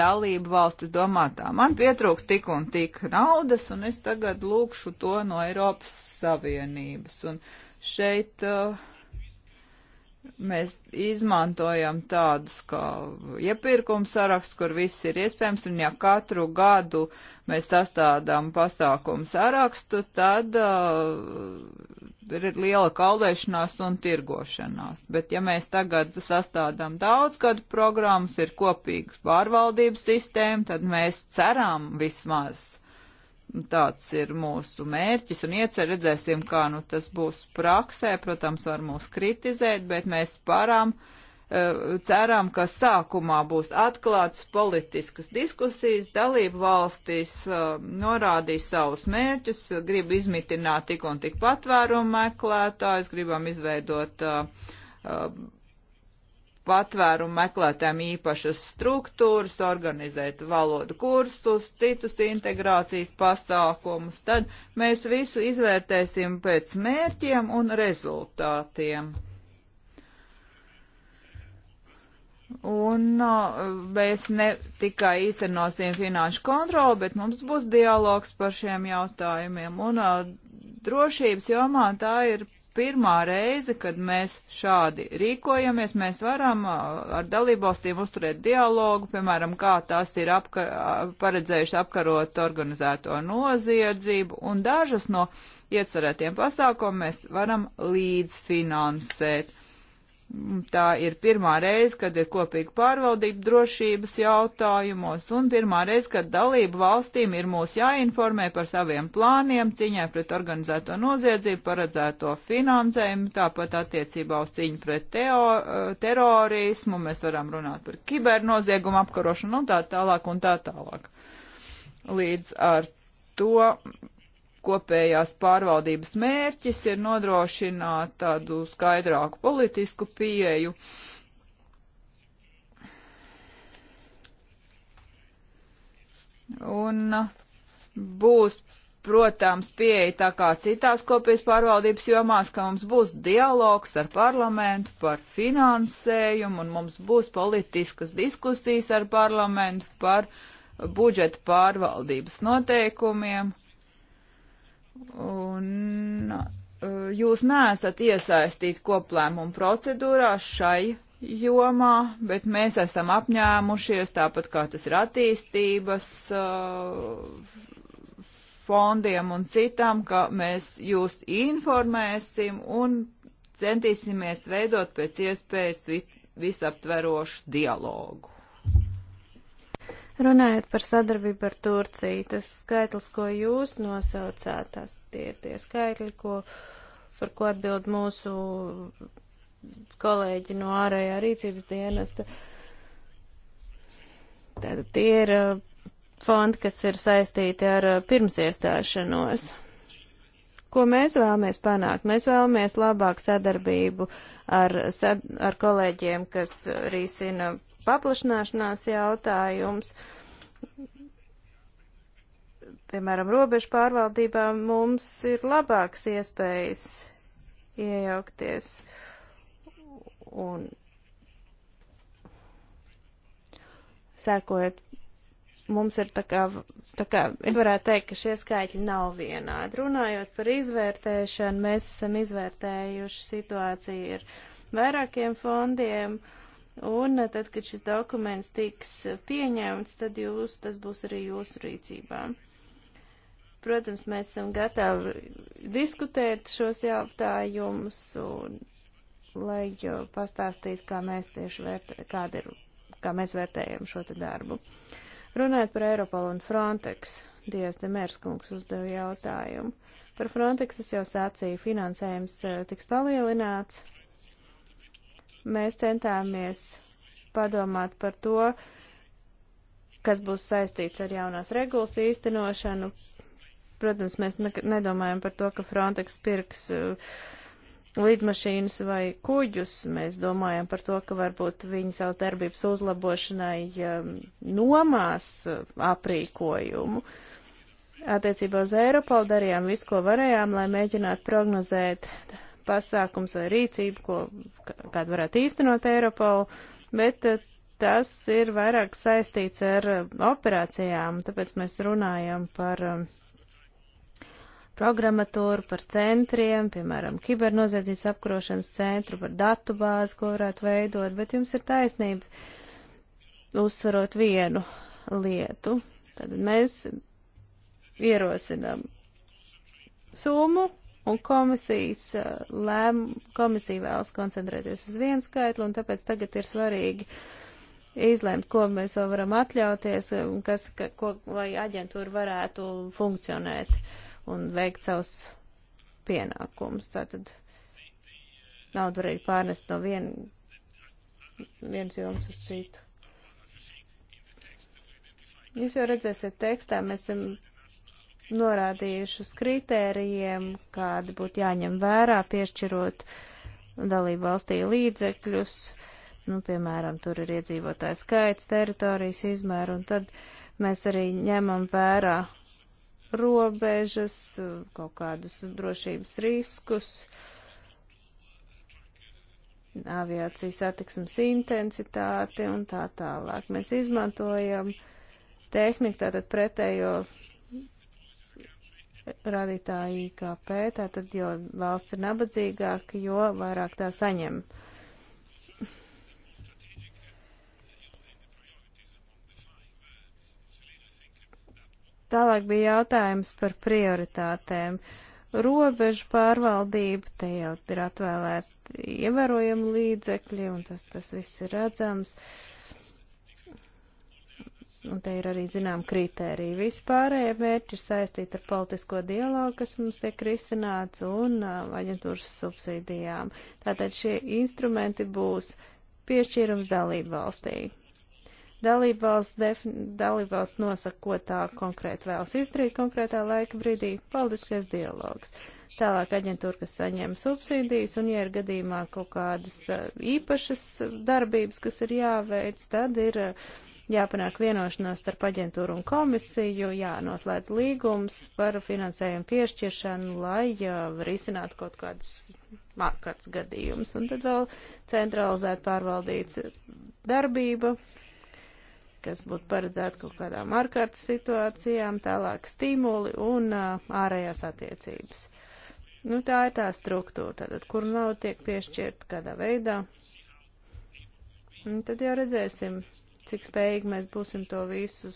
S3: dalību valstis domā tā, man pietrūks tik un tik naudas, un es tagad lūkšu to no Eiropas Savienības. Un šeit uh, Mēs izmantojam tādus kā iepirkuma sarakstu, kur viss ir iespējams, un ja katru gadu mēs sastādām pasākumu sarakstu, tad uh, ir liela kaulēšanās un tirgošanās. Bet ja mēs tagad sastādām daudz gadu programmas, ir kopīgas pārvaldības sistēma, tad mēs ceram vismaz Tāds ir mūsu mērķis un iecer, redzēsim, kā nu tas būs praksē. Protams, var mūs kritizēt, bet mēs parām e, ceram, ka sākumā būs atklāts politiskas diskusijas, dalību valstīs e, norādīs savus mērķus, grib izmitināt tik un tik patvērumu meklētājus, gribam izveidot uh, patvērumu meklētājiem īpašas struktūras, organizēt valodu kursus, citus integrācijas pasākumus, tad mēs visu izvērtēsim pēc mērķiem un rezultātiem. Un mēs ne tikai īstenosim finanšu kontroli, bet mums būs dialogs par šiem jautājumiem. Un drošības jomā tā ir pirmā reize, kad mēs šādi rīkojamies, mēs varam uh, ar dalībvalstīm uzturēt dialogu, piemēram, kā tās ir apka uh, paredzējuši apkarot organizēto noziedzību, un dažas no iecerētiem pasākumiem mēs varam līdzfinansēt. Tā ir pirmā reize, kad ir kopīga pārvaldība drošības jautājumos, un pirmā reize, kad dalību valstīm ir mūs jāinformē par saviem plāniem cīņai pret organizēto noziedzību, paredzēto finansējumu, tāpat attiecībā uz cīņu pret teo, eh, terorismu, mēs varam runāt par kibernoziegumu apkarošanu un tā tālāk un tā tālāk. Līdz ar to kopējās pārvaldības mērķis ir nodrošināt tādu skaidrāku politisku pieeju. Un būs, protams, pieeja tā kā citās kopējas pārvaldības jomās, ka mums būs dialogs ar parlamentu par finansējumu un mums būs politiskas diskusijas ar parlamentu par budžeta pārvaldības noteikumiem un uh, jūs neesat iesaistīti koplēmumu procedūrā šai jomā, bet mēs esam apņēmušies, tāpat kā tas ir attīstības uh, fondiem un citām, ka mēs jūs informēsim un centīsimies veidot pēc iespējas visaptverošu dialogu.
S2: Runājot par sadarbību ar Turciju, tas skaitlis, ko jūs nosaucāt, tas tie ir tie skaitļi, ko, par ko atbild mūsu kolēģi no ārējā rīcības dienesta. Tātad tie ir uh, fondi, kas ir saistīti ar uh, pirms iestāšanos. Ko mēs vēlamies panākt? Mēs vēlamies labāku sadarbību ar, sad, ar kolēģiem, kas uh, risina paplašināšanās jautājums. Piemēram, robežu pārvaldībā mums ir labāks iespējas iejaukties. Un sēkojot, mums ir tā kā, tā kā, varētu teikt, ka šie skaitļi nav vienādi. Runājot par izvērtēšanu, mēs esam izvērtējuši situāciju ar vairākiem fondiem. Uh, Un tad, kad šis dokuments tiks pieņemts, tad jūs, tas būs arī jūsu rīcībā. Protams, mēs esam gatavi diskutēt šos jautājumus un lai pastāstītu, kā mēs tieši vērtē, kāda ir, kā mēs vērtējam šo te darbu. Runājot par Eiropolu un Frontex, Dievs Demērskungs uzdeva jautājumu. Par Frontex es jau sacīju, finansējums eh, tiks palielināts, mēs centāmies padomāt par to, kas būs saistīts ar jaunās regulas īstenošanu. Protams, mēs ne nedomājam par to, ka Frontex pirks uh, lidmašīnas vai kuģus. Mēs domājam par to, ka varbūt viņi savas darbības uzlabošanai um, nomās uh, aprīkojumu. Attiecībā uz Eiropolu darījām visu, ko varējām, lai mēģinātu prognozēt pasākums vai rīcība, ko kāda varētu īstenot Eiropolu, bet eh, tas ir vairāk saistīts ar eh, operācijām, tāpēc mēs runājam par eh, programmatūru, par centriem, piemēram, kibernoziedzības apkarošanas centru, par datu bāzi, ko varētu veidot, bet jums ir taisnība uzsvarot vienu lietu. Tad mēs ierosinām summu, Un komisijas uh, lēm, komisija vēlas koncentrēties uz vienu skaitli, un tāpēc tagad ir svarīgi izlēmt, ko mēs vēl varam atļauties, uh, kas, ka, ko, lai aģentūra varētu funkcionēt un veikt savus pienākumus. Tātad naudu varēja pārnest no vien, vienas jomas uz citu. Jūs jau redzēsiet tekstā, mēs esam norādījuši uz kritērijiem, kādi būtu jāņem vērā, piešķirot dalību valstī līdzekļus, nu, piemēram, tur ir iedzīvotāju skaits, teritorijas izmēra, un tad mēs arī ņemam vērā robežas, kaut kādus drošības riskus, aviācijas attiksmes intensitāti un tā tālāk. Mēs izmantojam tehniku, tātad pretējo rādītāji IKP, tātad jo valsts ir nabadzīgāka, jo vairāk tā saņem. Tālāk bija jautājums par prioritātēm. Robežu pārvaldība, te jau ir atvēlēti ievērojami līdzekļi, un tas, tas viss ir redzams. Uh, Un te ir arī zinām kritērija. Vispārējie mērķi ir saistīti ar politisko dialogu, kas mums tiek risināts, un uh, aģentūras subsīdijām. Tātad šie instrumenti būs piešķīrums dalību valstī. Dalību valsts, dalību valsts nosaka, ko tā konkrēti vēlas izdarīt konkrētā laika brīdī - politiskais dialogs. Tālāk aģentūra, kas saņem subsīdijas, un, ja ir gadījumā kaut kādas uh, īpašas darbības, kas ir jāveic, tad ir uh, jāpanāk vienošanās starp aģentūru un komisiju, jānoslēdz līgums par finansējumu piešķiršanu, lai uh, risinātu kaut kādus ārkārtas gadījumus. Un tad vēl centralizēt pārvaldīts darbība, kas būtu paredzēta kaut kādām ārkārtas situācijām, tālāk stimuli un uh, ārējās attiecības. Nu, tā ir tā struktūra, tātad, kur nav tiek piešķirt kādā veidā. Un tad jau redzēsim, cik spējīgi mēs būsim to visu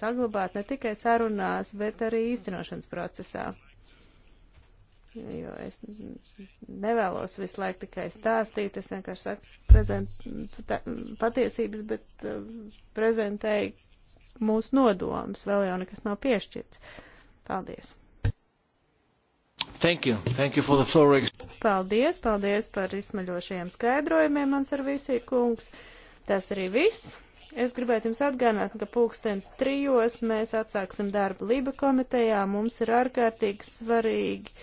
S2: saglabāt ne tikai sarunās, bet arī īstenošanas procesā. Jo es nevēlos visu laiku tikai stāstīt, es vienkārši saku prezent, tā, patiesības, bet uh, prezentēju mūsu nodomus, vēl jau nekas nav piešķirts. Paldies!
S4: Thank you. Thank you for the floor.
S2: Paldies, paldies par izsmaļošajiem skaidrojumiem, mans ar visī kungs. Tas arī viss. Es gribētu jums atgādināt, ka pulkstens trijos mēs atsāksim darbu Lība komitejā. Mums ir ārkārtīgi svarīgi,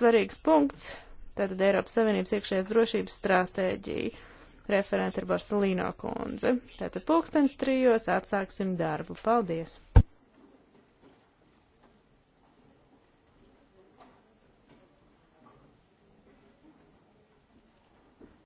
S2: svarīgs punkts, tātad Eiropas Savienības iekšējās drošības stratēģija. Referenta ir Barcelīno kundze. Tātad pulkstens trijos atsāksim darbu. Paldies!